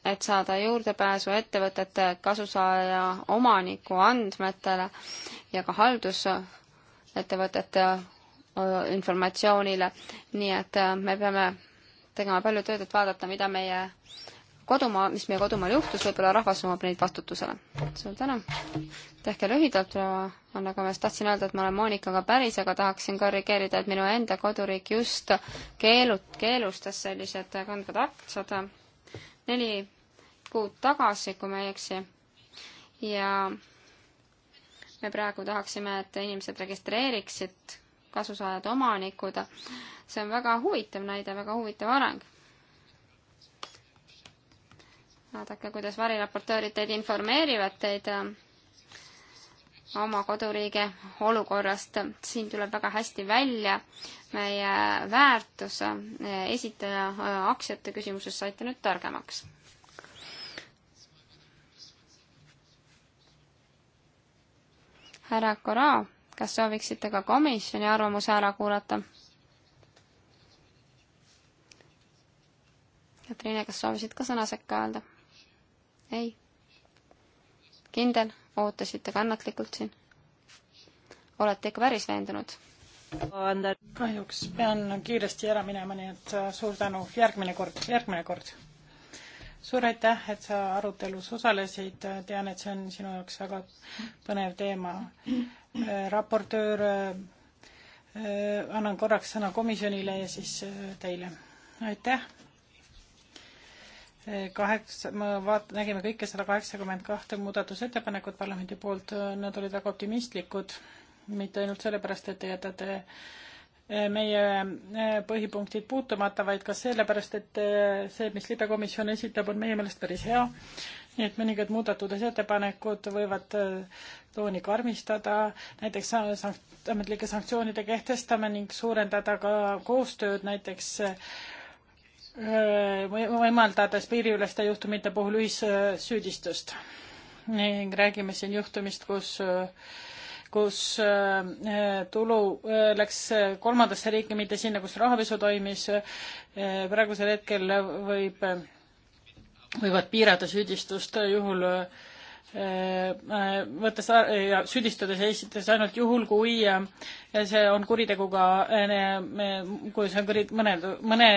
et saada juurdepääsu ettevõtete kasusaaja omaniku andmetele ja ka haldusettevõtete informatsioonile. nii et me peame tegema palju tööd, et vaadata, mida meie kodumaa, mis meie kodumaal juhtus, võib-olla rahvas nõuab neid vastutusele. suur tänu. tehke lühidalt, proua Anna Kõves, tahtsin öelda, et ma olen Moonikaga päris, aga tahaksin korrigeerida, et minu enda koduriik just keelut-, keelustas sellised kandvad aktsiad. neli kuud tagasi, kui ma ei eksi. ja me praegu tahaksime, et inimesed registreeriksid kasusaajad omanikud. see on väga huvitav näide, väga huvitav areng. vaadake, kuidas variraportöörid teid informeerivad, teid äh, oma koduriigi olukorrast. siin tuleb väga hästi välja meie väärtuse esitaja äh, aktsiate küsimuses saite nüüd targemaks. härra Koraa, kas sooviksite ka komisjoni arvamuse ära kuulata? Katriine, kas soovisid ka sõna sekka öelda? ei? kindel, ootasite kannatlikult siin? olete ikka päris veendunud? kahjuks pean kiiresti ära minema, nii et äh, suur tänu, järgmine kord, järgmine kord suur aitäh, et sa arutelus osalesid, tean, et see on sinu jaoks väga põnev teema. raportöör, annan korraks sõna komisjonile ja siis äh, teile. aitäh! kaheksa, ma vaat-, nägime kõike sada kaheksakümmend kahte muudatusettepanekut parlamendi poolt, nad olid väga optimistlikud, mitte ainult sellepärast, et te jätate Äh, meie äh, põhipunktid puutumata, vaid ka sellepärast, et äh, see, mis libekomisjon esitab, on meie meelest päris hea. nii et mõningad muudatusettepanekud võivad tooni karmistada, näiteks sankt-, ametlike sanktsioonide kehtestame ning suurendada ka koostööd näiteks võimaldades piiriüleste juhtumite puhul ühissüüdistust. ning räägime siin juhtumist, kus öö, kus äh, tulu äh, läks äh, kolmandasse riiki, mitte sinna, kus rahapesu toimis. praegusel hetkel võib, võivad piirata süüdistust juhul, võttes ja süüdistades ja esitades ainult juhul, kui see on kuriteguga, kui see on mõne, mõne,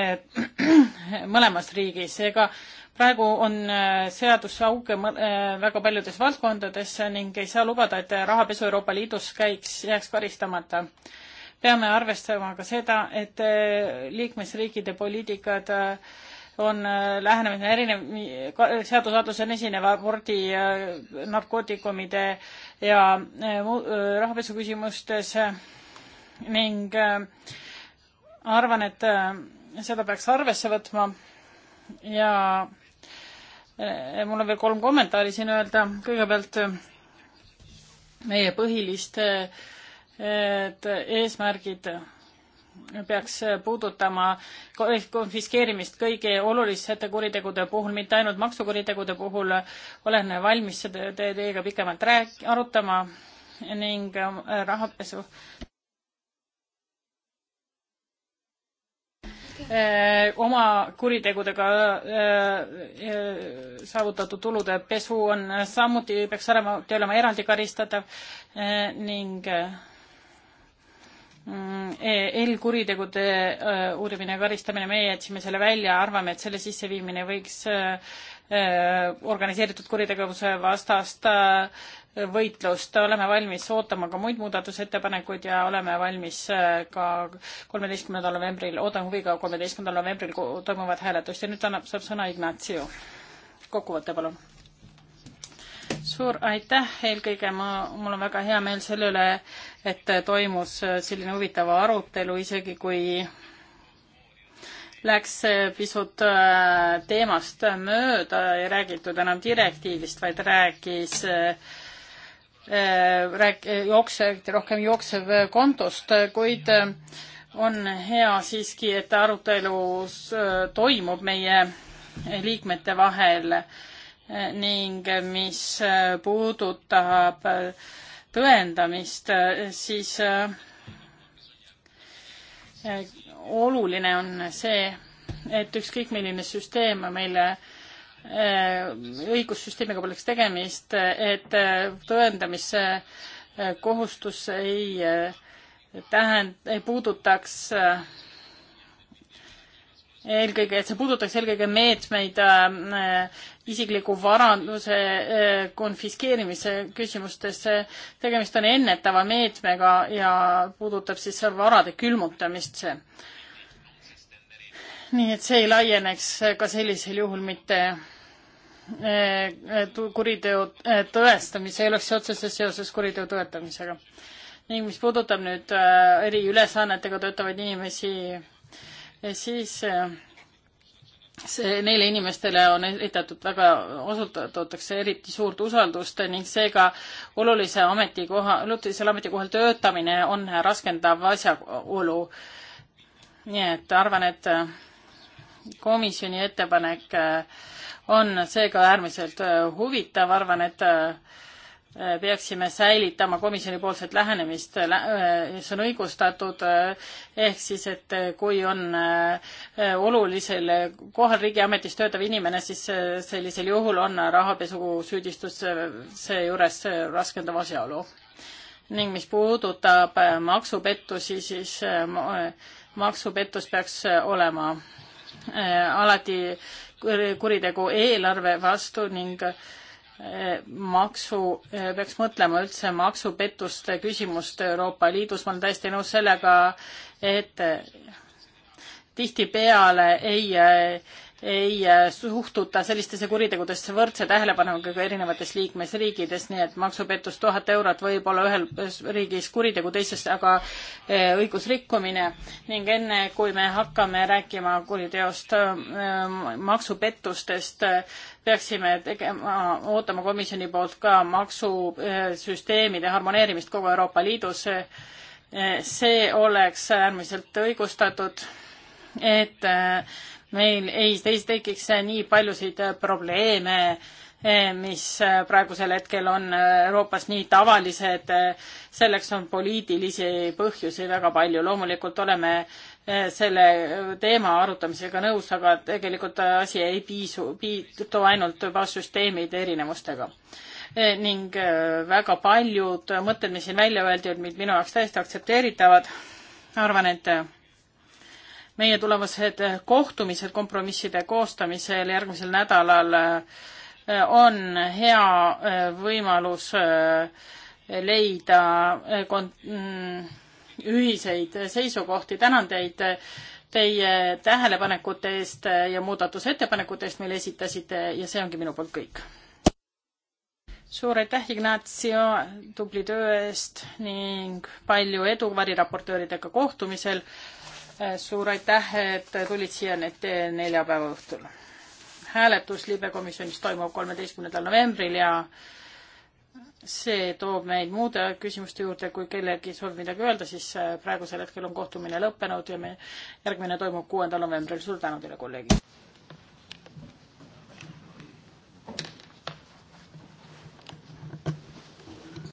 *clears throat* mõlemas riigis, seega praegu on äh, seadusauke äh, väga paljudes valdkondades ning ei saa lubada, et rahapesu Euroopa Liidus käiks, jääks karistamata. peame arvestama ka seda, et äh, liikmesriikide poliitikad on lähenemine erinev, seadusandlus on esinev abordi, narkootikumide ja rahapesu küsimustes ning arvan, et seda peaks arvesse võtma ja Eh, mul on veel kolm kommentaari siin öelda. kõigepealt eh, meie põhiliste eh, eesmärgid peaks puudutama konfiskeerimist kõigi olulisete kuritegude puhul, mitte ainult maksukuritegude puhul. olen valmis seda teiega pikemalt rääk-, arutama ning rahapesu Äh, oma kuritegudega äh, äh, saavutatud tulude pesu on samuti, peaks olema, olema eraldi karistatav ning mm, eelkuritegude uurimine ja karistamine, meie jätsime selle välja, arvame, et selle sisseviimine võiks Äh, organiseeritud kuritegevuse vastast äh, võitlust. oleme valmis ootama ka muid muudatusettepanekuid ja oleme valmis äh, ka kolmeteistkümnendal novembril, ootan huviga kolmeteistkümnendal novembril toimuvat hääletust ja nüüd annab, saab sõna Ignatsio. kokkuvõte, palun. suur aitäh, eelkõige ma, mul on väga hea meel selle üle, et toimus selline huvitav arutelu, isegi kui läks pisut äh, teemast mööda, ei räägitud enam direktiivist, vaid rääkis äh, äh, rääk-, jooksev, rohkem jooksev kontost, kuid on hea siiski, et arutelus toimub meie liikmete vahel ning mis puudutab tõendamist, siis oluline on see, et ükskõik milline süsteem meile äh, õigussüsteemiga poleks tegemist, et äh, tõendamiskohustus äh, ei tähend-, ei puudutaks eelkõige, et see puudutaks eelkõige meetmeid äh, isikliku varanduse äh, konfiskeerimise küsimustes. tegemist on ennetava meetmega ja puudutab siis varade külmutamist see nii et see ei laieneks ka sellisel juhul mitte eh, kuriteo eh, tõestamise, ei oleks otseses seoses kuriteo tõetamisega. ning mis puudutab nüüd eh, eriülesannetega töötavaid inimesi, siis see, neile inimestele on esitatud väga, osutatakse eriti suurt usaldust ning seega olulise ametikoha, olulisel ametikohal töötamine on raskendav asjaolu. nii et arvan, et komisjoni ettepanek äh, on seega äärmiselt äh, huvitav, arvan, et äh, peaksime säilitama komisjonipoolset lähenemist, mis on õigustatud, ehk siis, et kui on olulisel kohal riigiametis töötav inimene, siis sellisel juhul on rahapesusüüdistus seejuures raskendav asjaolu. ning mis puudutab maksupettusi, siis maksupettus peaks olema Äh, alati kuritegu eelarve vastu ning äh, maksu, äh, peaks mõtlema üldse maksupettuste küsimust Euroopa Liidus, ma olen täiesti nõus sellega, et tihtipeale ei ei äh, suhtuta sellistesse kuritegudesse võrdse tähelepanuga ka erinevates liikmesriikides, nii et maksupettus tuhat eurot võib olla ühel riigis kuritegu, teises aga äh, õigusrikkumine ning enne, kui me hakkame rääkima kuriteost äh, maksupettustest, peaksime tegema, ootama komisjoni poolt ka maksusüsteemide harmoneerimist kogu Euroopa Liidus. see oleks äärmiselt õigustatud, et meil ei tekiks nii paljusid äh, probleeme, äh, mis äh, praegusel hetkel on Euroopas nii tavalised, selleks on poliitilisi põhjusi väga palju, loomulikult oleme selle teema arutamisega nõus, aga tegelikult asi ei piisu, piirdu ainult juba süsteemide erinevustega. ning väga paljud mõtted, mis siin välja öeldi, olid minu jaoks täiesti aktsepteeritavad. arvan, et meie tulevased kohtumised kompromisside koostamisel järgmisel nädalal äh, on hea äh, võimalus äh, leida mm, ühiseid seisukohti. tänan teid teie tähelepanekute eest ja muudatusettepanekute eest, mille esitasite ja see ongi minu poolt kõik. suur aitäh, Ignatsio, tubli töö eest ning palju edu variraportööridega kohtumisel suur aitäh, et tulid siia need neljapäeva õhtul. hääletus libekomisjonis toimub kolmeteistkümnendal novembril ja see toob meid muude küsimuste juurde, kui kellelgi soovib midagi öelda, siis äh, praegusel hetkel on kohtumine lõppenud ja me, järgmine toimub kuuendal novembril. suur tänu teile, kolleegid!